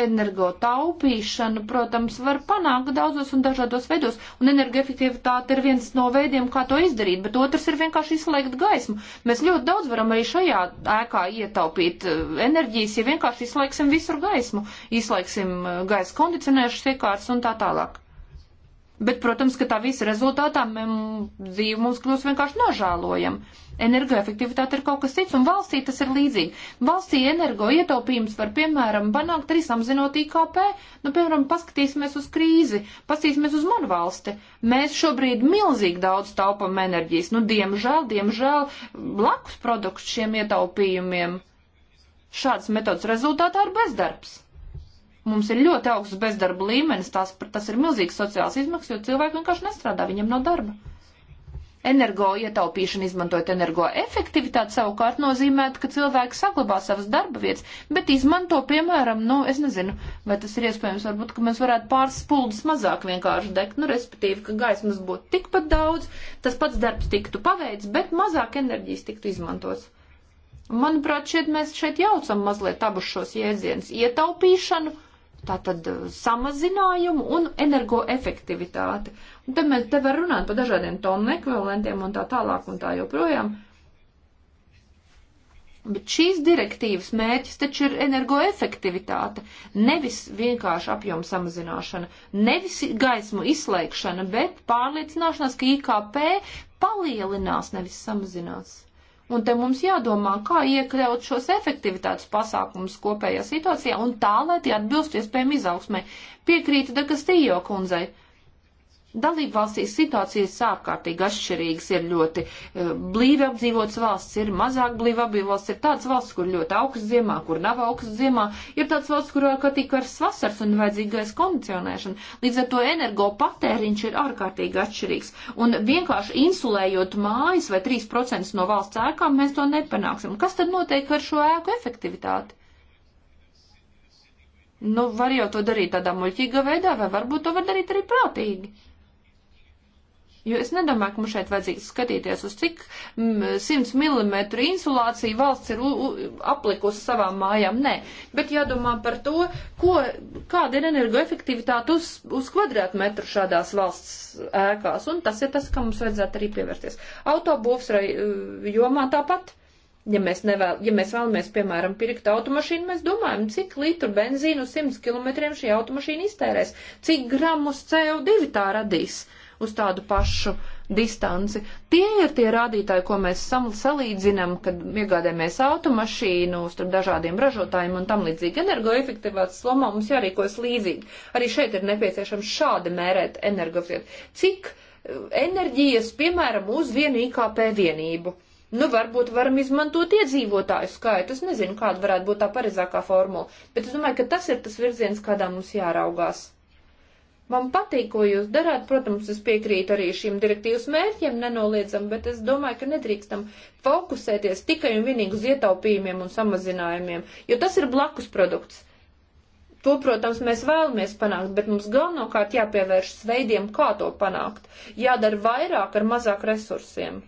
energo taupīšanu, protams, var panākt daudzos un dažādos veidos, un energoefektivitāte ir viens no veidiem, kā to izdarīt, bet otrs ir vienkārši izslēgt gaismu. Mēs ļoti daudz varam arī šajā ēkā ietaupīt eh, enerģijas, ja vienkārši izslēgsim visur gaismu, izslēgsim eh, gaisa kondicionēšanas iekārtas un tā tālāk. Bet, protams, ka tā visa rezultātā dzīve mums kļūst vienkārši nožēlojama. Energoefektivitāte ir kaut kas cits, un valstī tas ir līdzīgi. Valstī energo ietaupījums var, piemēram, panākt arī samazinot IKP. Nu, piemēram, paskatīsimies uz krīzi, paskatīsimies uz manu valsti. Mēs šobrīd milzīgi daudz taupam enerģijas. Nu, diemžēl, diemžēl, blakus produkts šiem ietaupījumiem. Šādas metodas rezultātā ir bezdarbs. Mums ir ļoti augsts bezdarba līmenis, tās, tas ir milzīgs sociāls izmaksas, jo cilvēki vienkārši nestrādā, viņiem nav darba. Energo ietaupīšana, izmantojot energoefektivitāti, savukārt nozīmē, ka cilvēki saglabā savas darba vietas, bet izmanto, piemēram, nu, es nezinu, vai tas ir iespējams, varbūt, ka mēs varētu pāris spuldus mazāk vienkārši degt, nu, respektīvi, ka gaismas būtu tikpat daudz, tas pats darbs tiktu paveicis, bet mazāk enerģijas tiktu izmantots. Manuprāt, šeit mēs šeit jaucam mazliet abus šos jēdzienus - ietaupīšanu tātad uh, samazinājumu un energoefektivitāti. Un te mēs te var runāt par dažādiem tonu ekvivalentiem un tā tālāk un tā joprojām. Bet šīs direktīvas mērķis taču ir energoefektivitāte, nevis vienkārši apjoma samazināšana, nevis gaismu izslēgšana, bet pārliecināšanās, ka IKP palielinās, nevis samazinās. Un te mums jādomā, kā iekļaut šos efektivitātes pasākumus kopējā situācijā un tā, lai tie atbilst iespējami izaugsmē. Piekrītu Dekastījo kundzei Dalību valstīs situācijas ārkārtīgi atšķirīgas, ir ļoti uh, eh, blīvi apdzīvots valsts, ir mazāk blīvi apdzīvots, ir tāds valsts, kur ļoti augsts ziemā, kur nav augsts ziemā, ir tāds valsts, kur ārkārtīgi kars vasars un vajadzīgais kondicionēšana. Līdz ar to energo patēriņš ir ārkārtīgi atšķirīgs. Un vienkārši insulējot mājas vai 3% no valsts ēkām, mēs to nepanāksim. Kas tad notiek ar šo ēku efektivitāti? Nu, var jau to darīt tādā muļķīgā veidā, vai varbūt to var darīt arī prātīgi. Jo es nedomāju, ka mums šeit vajadzīgs skatīties uz cik 100 mm insulāciju valsts ir aplikusi savām mājām. Nē, bet jādomā par to, ko, kāda ir energoefektivitāte uz, uz kvadrātmetru šādās valsts ēkās. Un tas ir tas, kam mums vajadzētu arī pievērsties. Autobūvs jomā tāpat. Ja mēs, nevēl, ja mēs vēlamies, piemēram, pirkt automašīnu, mēs domājam, cik litru benzīnu 100 km šī automašīna iztērēs, cik gramus CO2 tā radīs. Uh, uz tādu pašu distanci. Tie ir tie rādītāji, ko mēs salīdzinām, kad iegādājamies automašīnu starp dažādiem ražotājiem un tam līdzīgi. Energoefektivitātes lomā mums jārīkojas līdzīgi. Arī šeit ir nepieciešams šādi mērēt energoefektivitāti. Cik eh, enerģijas, piemēram, uz vienu IKP vienību? Nu, varbūt varam izmantot iedzīvotāju skaitu. Es nezinu, kāda varētu būt tā pareizākā formula, bet es domāju, ka tas ir tas virziens, kādā mums jāraugās. Man patīk, ko jūs darāt. Protams, es piekrītu arī šiem direktīvas mērķiem nenoliedzam, bet es domāju, ka nedrīkstam fokusēties tikai un vienīgi uz ietaupījumiem un samazinājumiem, jo tas ir blakus produkts. To, protams, mēs vēlamies panākt, bet mums galvenokārt jāpievēršas veidiem, kā to panākt. Jādara vairāk ar mazāk resursiem.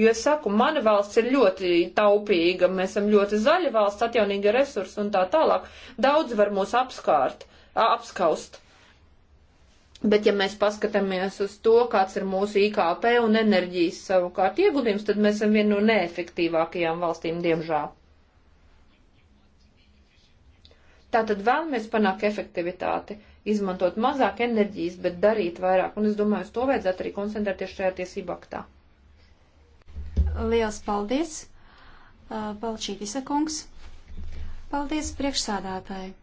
Jo es saku, mana valsts ir ļoti taupīga, mēs esam ļoti zaļa valsts, atjaunīga resursa un tā tālāk. Daudz var mūs apskārt, apskaust. Bet, ja mēs paskatāmies uz to, kāds ir mūsu IKP un enerģijas savukārt ieguldījums, tad mēs esam viena no neefektīvākajām valstīm, diemžēl. Tātad vēlamies panākt efektivitāti, izmantot mazāk enerģijas, bet darīt vairāk, un es domāju, uz to vajadzētu arī koncentrēties šajā tiesību aktā. Lielas paldies, Balčītis kungs! Paldies priekšsādātāji!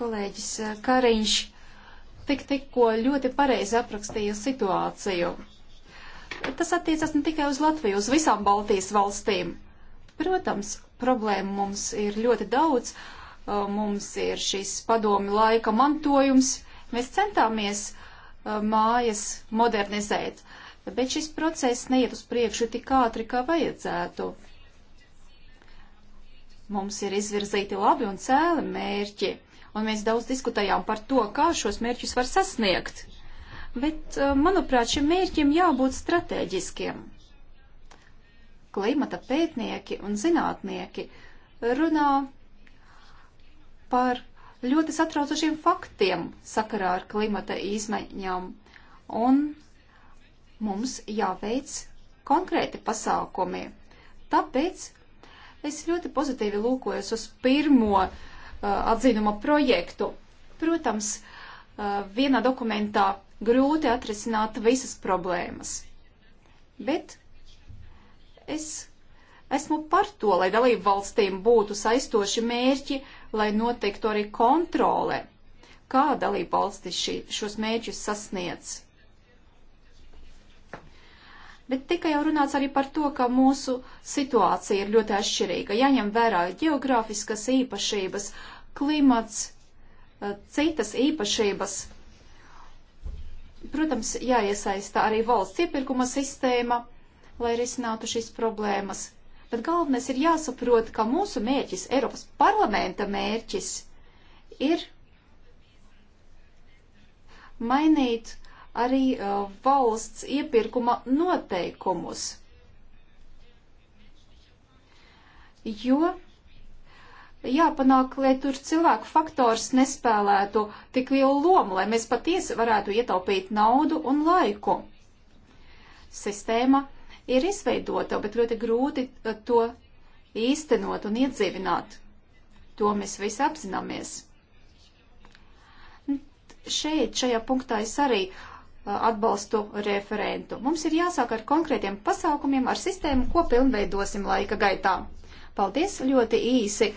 kolēģis eh, Kariņš tik tikko ļoti pareizi aprakstīja situāciju. Tas attiecas ne tikai uz Latviju, uz visām Baltijas valstīm. Protams, problēmu mums ir ļoti daudz. Eh, mums ir šis padomi laika mantojums. Mēs centāmies eh, mājas modernizēt, bet šis process neiet uz priekšu tik ātri, kā vajadzētu. Mums ir izvirzīti labi un cēli mērķi un mēs daudz diskutējām par to, kā šos mērķus var sasniegt. Bet, eh, manuprāt, šiem mērķiem jābūt strateģiskiem. Klimata pētnieki un zinātnieki runā par ļoti satraucošiem faktiem sakarā ar klimata izmaiņām, un mums jāveic konkrēti pasākumi. Tāpēc es ļoti pozitīvi lūkojos uz pirmo uh, Uh, atzinuma projektu. Protams, uh, vienā dokumentā grūti atrisināt visas problēmas, bet es esmu par to, lai dalību valstīm būtu saistoši mērķi, lai noteiktu arī kontrole, kā dalību valstis šos mērķus sasniedz. Bet tika jau runāts arī par to, ka mūsu situācija ir ļoti atšķirīga. Jaņem vērā geogrāfiskas īpašības, klimats, eh, citas īpašības. Protams, jāiesaista arī valsts iepirkuma sistēma, lai risinātu šīs problēmas. Bet galvenais ir jāsaprot, ka mūsu mērķis, Eiropas parlamenta mērķis, ir mainīt arī uh, valsts iepirkuma noteikumus. Jo jāpanāk, lai tur cilvēku faktors nespēlētu tik lielu lomu, lai mēs patiesi varētu ietaupīt naudu un laiku. Sistēma ir izveidota, bet ļoti grūti to īstenot un iedzīvināt. To mēs visi apzināmies. Šeit, šajā punktā es arī Uh, atbalstu referentu. Mums ir jāsāk ar konkrētiem pasākumiem, ar sistēmu, ko pilnveidosim laika gaitā. Paldies, ļoti īsi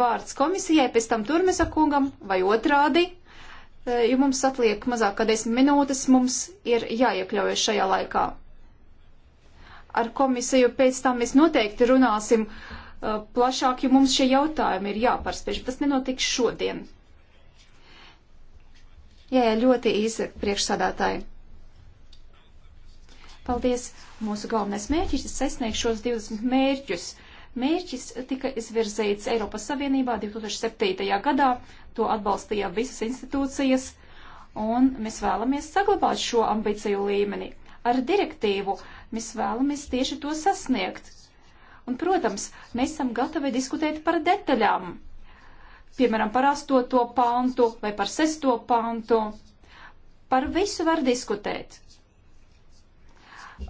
vārds komisijai, pēc tam Turmesa kungam vai otrādi, uh, jo mums atliek mazāk kā desmit minūtes, mums ir jāiekļaujas šajā laikā. Ar komisiju pēc tam mēs noteikti runāsim uh, plašāk, jo mums šie jautājumi ir jāpārspiež, bet tas nenotiks šodien. Jā, jā, ļoti īsi priekšsādātāji. Paldies! Mūsu galvenais mērķis ir sasniegt šos 20 mērķus. Mērķis tika izvirzīts Eiropas Savienībā 2007. gadā, to atbalstīja visas institūcijas, un mēs vēlamies saglabāt šo ambīciju līmeni. Ar direktīvu mēs vēlamies tieši to sasniegt. Un, protams, mēs esam gatavi diskutēt par detaļām piemēram, par astoto pantu vai par sesto pantu. Par visu var diskutēt.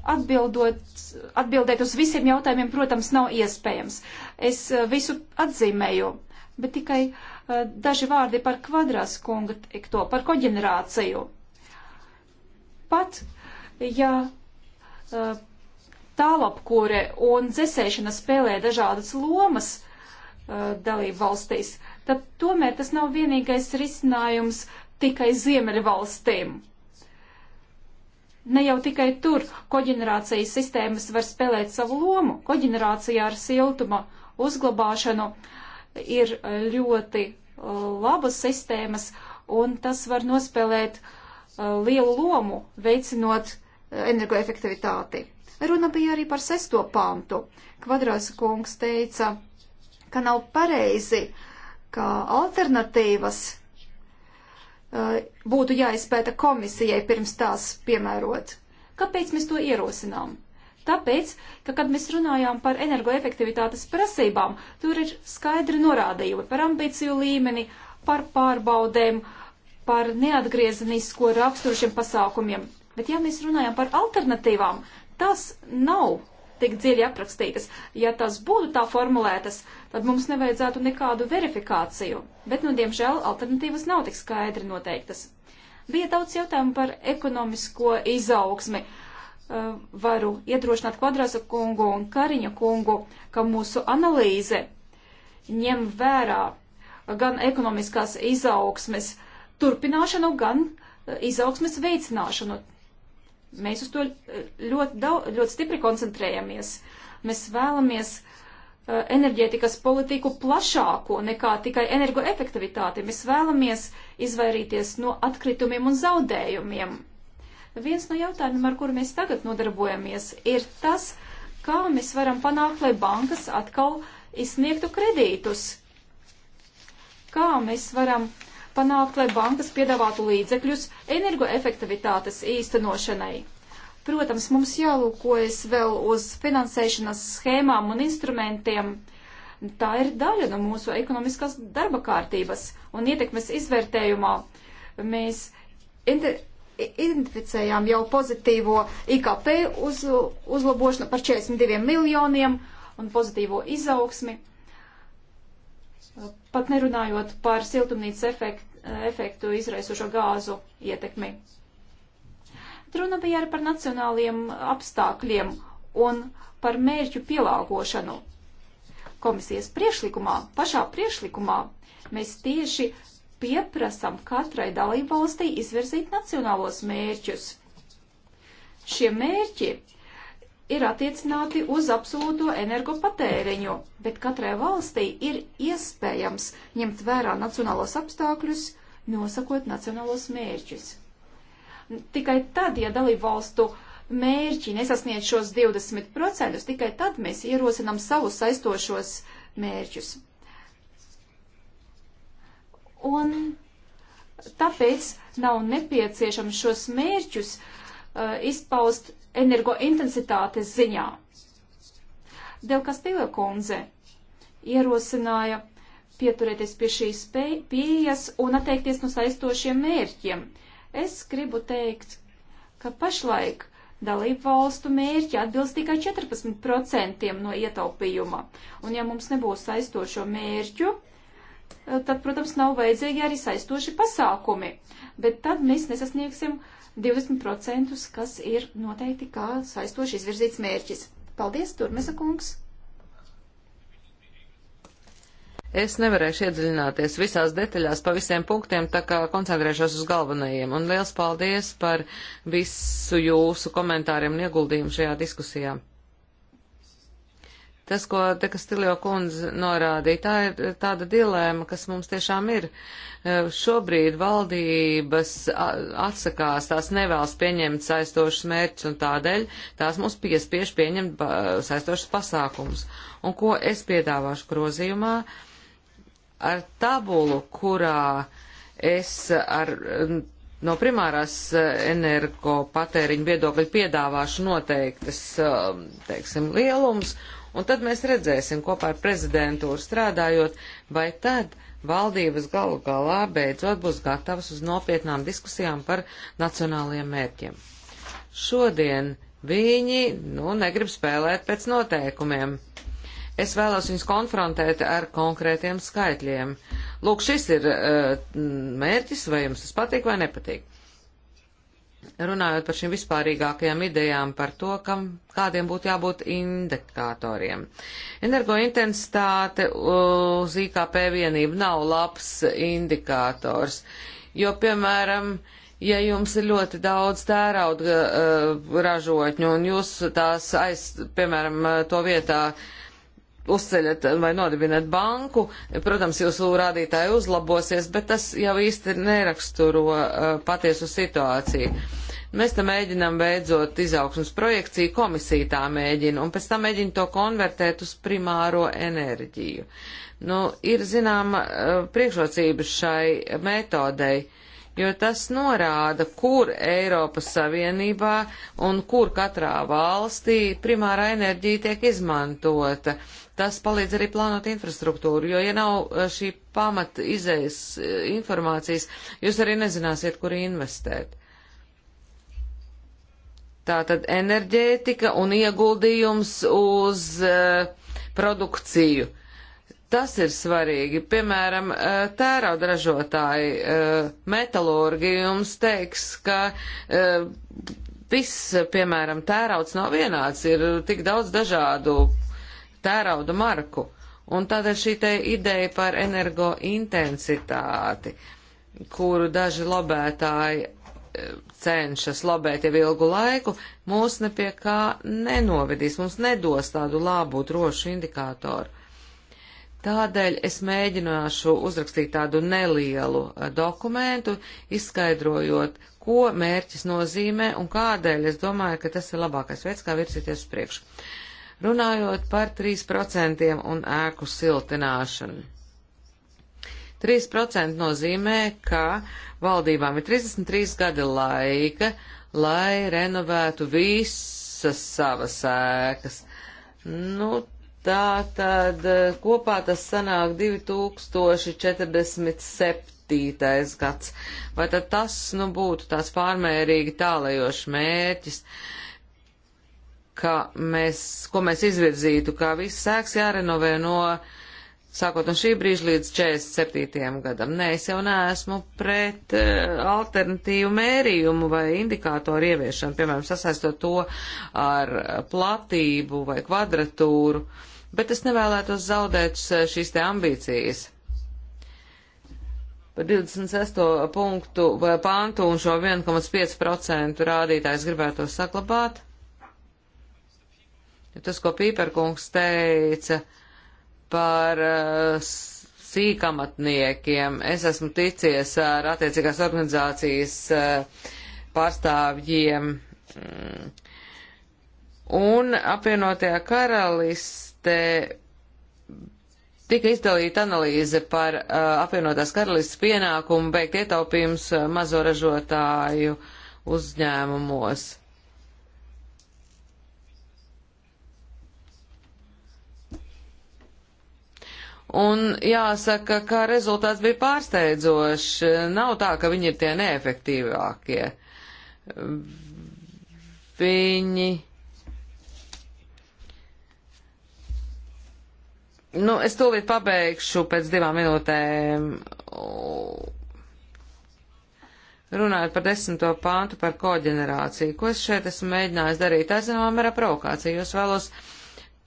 Atbildot, atbildēt uz visiem jautājumiem, protams, nav iespējams. Es eh, visu atzīmēju, bet tikai uh, daži vārdi par kvadrās kunga teikto, par koģenerāciju. Pat, ja uh, tālapkūre un dzesēšana spēlē dažādas lomas uh, dalību valstīs, uh, tad tomēr tas nav vienīgais risinājums tikai Ziemeļvalstīm. Ne jau tikai tur koģenerācijas sistēmas var spēlēt savu lomu. Koģenerācijā ar siltuma uzglabāšanu ir ļoti uh, labas sistēmas, un tas var nospēlēt uh, lielu lomu, veicinot uh, energoefektivitāti. Runa bija arī par sesto pāntu. Kvadrās kungs teica, ka nav pareizi uh, ka alternatīvas eh, būtu jāizpēta komisijai pirms tās piemērot. Kāpēc mēs to ierosinām? Tāpēc, ka, kad mēs runājām par energoefektivitātes prasībām, tur ir skaidri norādījumi par ambīciju līmeni, par pārbaudēm, par neatgriezenisko raksturušiem pasākumiem. Bet, ja mēs runājam par alternatīvām, tas nav tik dziļi aprakstītas. Ja tas būtu tā formulētas, tad mums nevajadzētu nekādu verifikāciju, bet, nu, diemžēl, alternatīvas nav tik skaidri noteiktas. Bija daudz jautājumu par ekonomisko izaugsmi. Uh, varu iedrošināt Kvadrasa kungu un Kariņa kungu, ka mūsu analīze ņem vērā gan ekonomiskās izaugsmes turpināšanu, gan uh, izaugsmes veicināšanu. Mēs uz to eh, ļoti, daudz, ļoti stipri koncentrējamies. Mēs vēlamies eh, enerģētikas politiku plašāko nekā tikai energoefektivitāti. Mēs vēlamies izvairīties no atkritumiem un zaudējumiem. Viens no jautājumiem, ar kuru mēs tagad nodarbojamies, ir tas, kā mēs varam panākt, lai bankas atkal izsniegtu kredītus. Kā mēs varam panākt, lai bankas piedāvātu līdzekļus energoefektivitātes īstenošanai. Protams, mums jālūkojas vēl uz finansēšanas schēmām un instrumentiem. Tā ir daļa no mūsu ekonomiskās darba kārtības un ietekmes izvērtējumā. Mēs identificējām jau pozitīvo IKP uz, uzlabošanu par 42 miljoniem un pozitīvo izaugsmi pat nerunājot par siltumnīcas efektu, efektu izraisušo gāzu ietekmi. Runa bija arī par nacionāliem apstākļiem un par mērķu pielāgošanu. Komisijas priešlikumā, pašā priešlikumā, mēs tieši pieprasam katrai dalībvalstī izvirzīt nacionālos mērķus. Šie mērķi ir attiecināti uz absolūto energopatēriņu, bet katrai valstī ir iespējams ņemt vērā nacionālos apstākļus, nosakot nacionālos mērķus. Tikai tad, ja dalību valstu mērķi nesasniedz šos 20%, tikai tad mēs ierosinām savus saistošos mērķus. Un tāpēc nav nepieciešams šos mērķus uh, izpaust energointensitātes ziņā. Delkastīla kundze ierosināja pieturēties pie šīs pieejas un atteikties no saistošiem mērķiem. Es gribu teikt, ka pašlaik dalību valstu mērķi atbilst tikai 14% no ietaupījuma. Un ja mums nebūs saistošo mērķu, tad, protams, nav vajadzīgi arī saistoši pasākumi. Bet tad mēs nesasniegsim uh, 20%, kas ir noteikti kā saistoši izvirzīts mērķis. Paldies, Turmesa kungs! Es nevarēšu iedziļināties visās detaļās pa visiem punktiem, tā kā koncentrēšos uz galvenajiem. Un liels paldies par visu jūsu komentāriem un ieguldījumu šajā diskusijā. Tas, ko Deka Stiljo kundze norādīja, tā ir tāda dilēma, kas mums tiešām ir. E, šobrīd valdības atsakās, tās nevēlas pieņemt saistošus mērķus un tādēļ tās mums piespiež pieņemt saistošus pasākumus. Un ko es piedāvāšu grozījumā ar tabulu, kurā es ar no primārās energo patēriņa viedokļa piedāvāšu noteiktas, e, teiksim, lielums Un tad mēs redzēsim kopā ar prezidentūru strādājot, vai tad valdības galu galā beidzot būs gatavas uz nopietnām diskusijām par nacionālajiem mērķiem. Šodien viņi, nu, negrib spēlēt pēc noteikumiem. Es vēlos viņus konfrontēt ar konkrētiem skaitļiem. Lūk, šis ir uh, mērķis, vai jums tas patīk vai nepatīk runājot par šīm vispārīgākajām idejām par to, kam, kādiem būtu jābūt indikatoriem. Energointensitāte uz IKP vienību nav labs indikators, jo, piemēram, ja jums ir ļoti daudz tērauda uh, ražotņu un jūs tās aiz, piemēram, to vietā uh, uzceļat vai nodibinat banku, protams, jūsu rādītāji uzlabosies, bet tas jau īsti neraksturo uh, patiesu situāciju. Mēs tam mēģinam veidzot izaugsmas projekciju, komisija tā mēģina, un pēc tam mēģina to konvertēt uz primāro enerģiju. Nu, ir zināma uh, priekšrocība šai metodei, jo tas norāda, kur Eiropas Savienībā un kur katrā valstī primārā enerģija tiek izmantota. Uh, Tas palīdz arī plānot infrastruktūru, jo, ja nav eh, šī pamata izējas eh, informācijas, jūs arī nezināsiet, kur investēt. Tātad enerģētika un ieguldījums uz uh, produkciju. Tas ir svarīgi. Piemēram, tērauda ražotāji, metalurgi jums teiks, ka viss, piemēram, tērauds nav vienāds, ir tik daudz dažādu tērauda marku. Un tādēļ šī te ideja par energointensitāti, kuru daži lobētāji eh, cenšas lobēt jau ilgu laiku, mūs ne pie kā nenovedīs, mums nedos tādu labu, drošu indikātoru. Tādēļ es mēģināšu uzrakstīt tādu nelielu eh, dokumentu, izskaidrojot, ko mērķis nozīmē un kādēļ es domāju, ka tas ir labākais veids, kā virzīties uz priekšu. Runājot par 3% un ēku siltināšanu. 3% nozīmē, ka valdībām ir 33 gadi laika, lai renovētu visas savas ēkas. Nu, tā tad e, kopā tas sanāk 2047. gads. Vai tad tas, nu, būtu tāds pārmērīgi tālajošs mērķis? Uh, ka mēs, ko mēs izvirzītu, ka viss sēks jārenovē no sākot no šī brīža līdz 47. gadam. Nē, es jau neesmu pret eh, alternatīvu mērījumu vai indikātoru ieviešanu, piemēram, sasaistot to ar platību vai kvadratūru, bet es nevēlētos zaudēt šīs te ambīcijas. Par 26. punktu vai pāntu un šo 1,5% rādītājs gribētu saglabāt. Tas, ko Pīperkungs teica par uh, sīkamatniekiem, es esmu ticies ar attiecīgās organizācijas uh, pārstāvjiem. Mm, un apvienotajā karaliste tika izdalīta analīze par uh, apvienotās karalistes pienākumu beigt ietaupījums mazo ražotāju uzņēmumos. Un jāsaka, ka rezultāts bija pārsteidzošs. Nav tā, ka viņi ir tie neefektīvākie. Viņi. Nu, es tūlīt pabeigšu pēc divām minūtēm. Runājot par desmito pāntu par koģenerāciju, ko es šeit esmu mēģinājis darīt, tā zināmā mērā provokācija, jūs vēlos uh,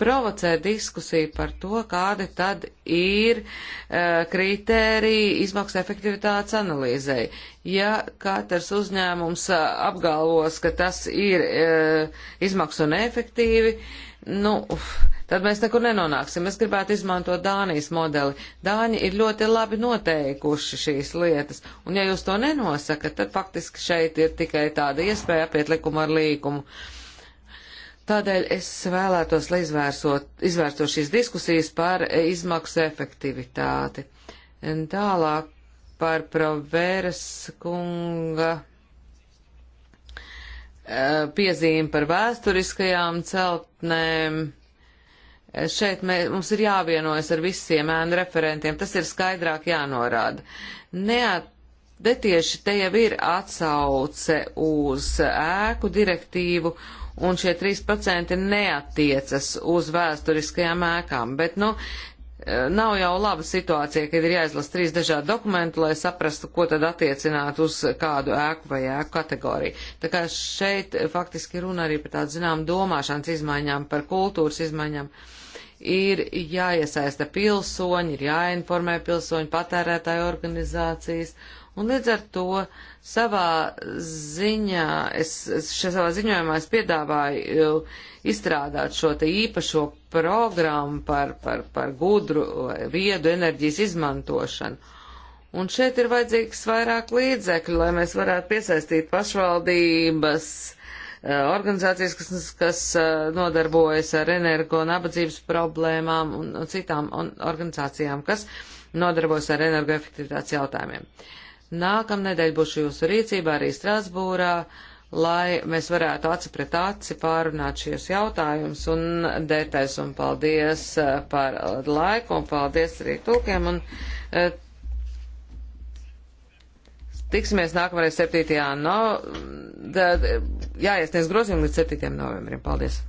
provocē diskusiju par to, kādi tad ir uh, eh, kritēriji izmaksu efektivitātes analīzei. Ja katrs uzņēmums uh, apgalvos, ka tas ir uh, izmaksu neefektīvi, nu, uf, tad mēs nekur nenonāksim. Es gribētu izmantot Dānijas modeli. Dāņi ir ļoti labi noteikuši šīs lietas, un ja jūs to nenosakat, tad faktiski šeit ir tikai tāda iespēja apiet likumu ar līkumu. Uh, Tādēļ es vēlētos, lai izvērsto šīs diskusijas par izmaksu efektivitāti. Un tālāk par Proveras kunga e, piezīmi par vēsturiskajām celtnēm. E, šeit mē, mums ir jāvienojas ar visiem ēnu referentiem, tas ir skaidrāk jānorāda. Neat, bet tieši te jau ir atsauce uz ēku direktīvu un šie 3% neatiecas uz vēsturiskajām ēkām. Bet, nu, nav jau laba situācija, kad ir jāizlas trīs dažādi dokumenti, lai saprastu, ko tad attiecināt uz kādu ēku vai ēku kategoriju. Tā kā šeit faktiski runa arī par tādu zinām domāšanas izmaiņām, par kultūras izmaiņām. Ir jāiesaista pilsoņi, ir jāinformē pilsoņi, patērētāju organizācijas Un līdz ar to savā ziņā, es, es savā ziņojumā es piedāvāju uh, izstrādāt šo te īpašo programmu par, par, par gudru uh, viedu enerģijas izmantošanu. Un šeit ir vajadzīgs vairāk līdzekļu, lai mēs varētu piesaistīt pašvaldības, uh, organizācijas, kas, kas nodarbojas ar energo nabadzības problēmām un, un citām un organizācijām, kas nodarbojas ar energoefektivitātes jautājumiem. Uh, Nākamnedēļ būšu jūsu rīcībā arī Strasbūrā, lai mēs varētu aci pret aci pārunāt šīs jautājumus un detaļas. Un paldies eh, par laiku un paldies arī tūkiem. Un, eh, Tiksimies nākamreiz 7. No, eh, jāiesniedz grozījumi līdz 7. novembrim. Paldies!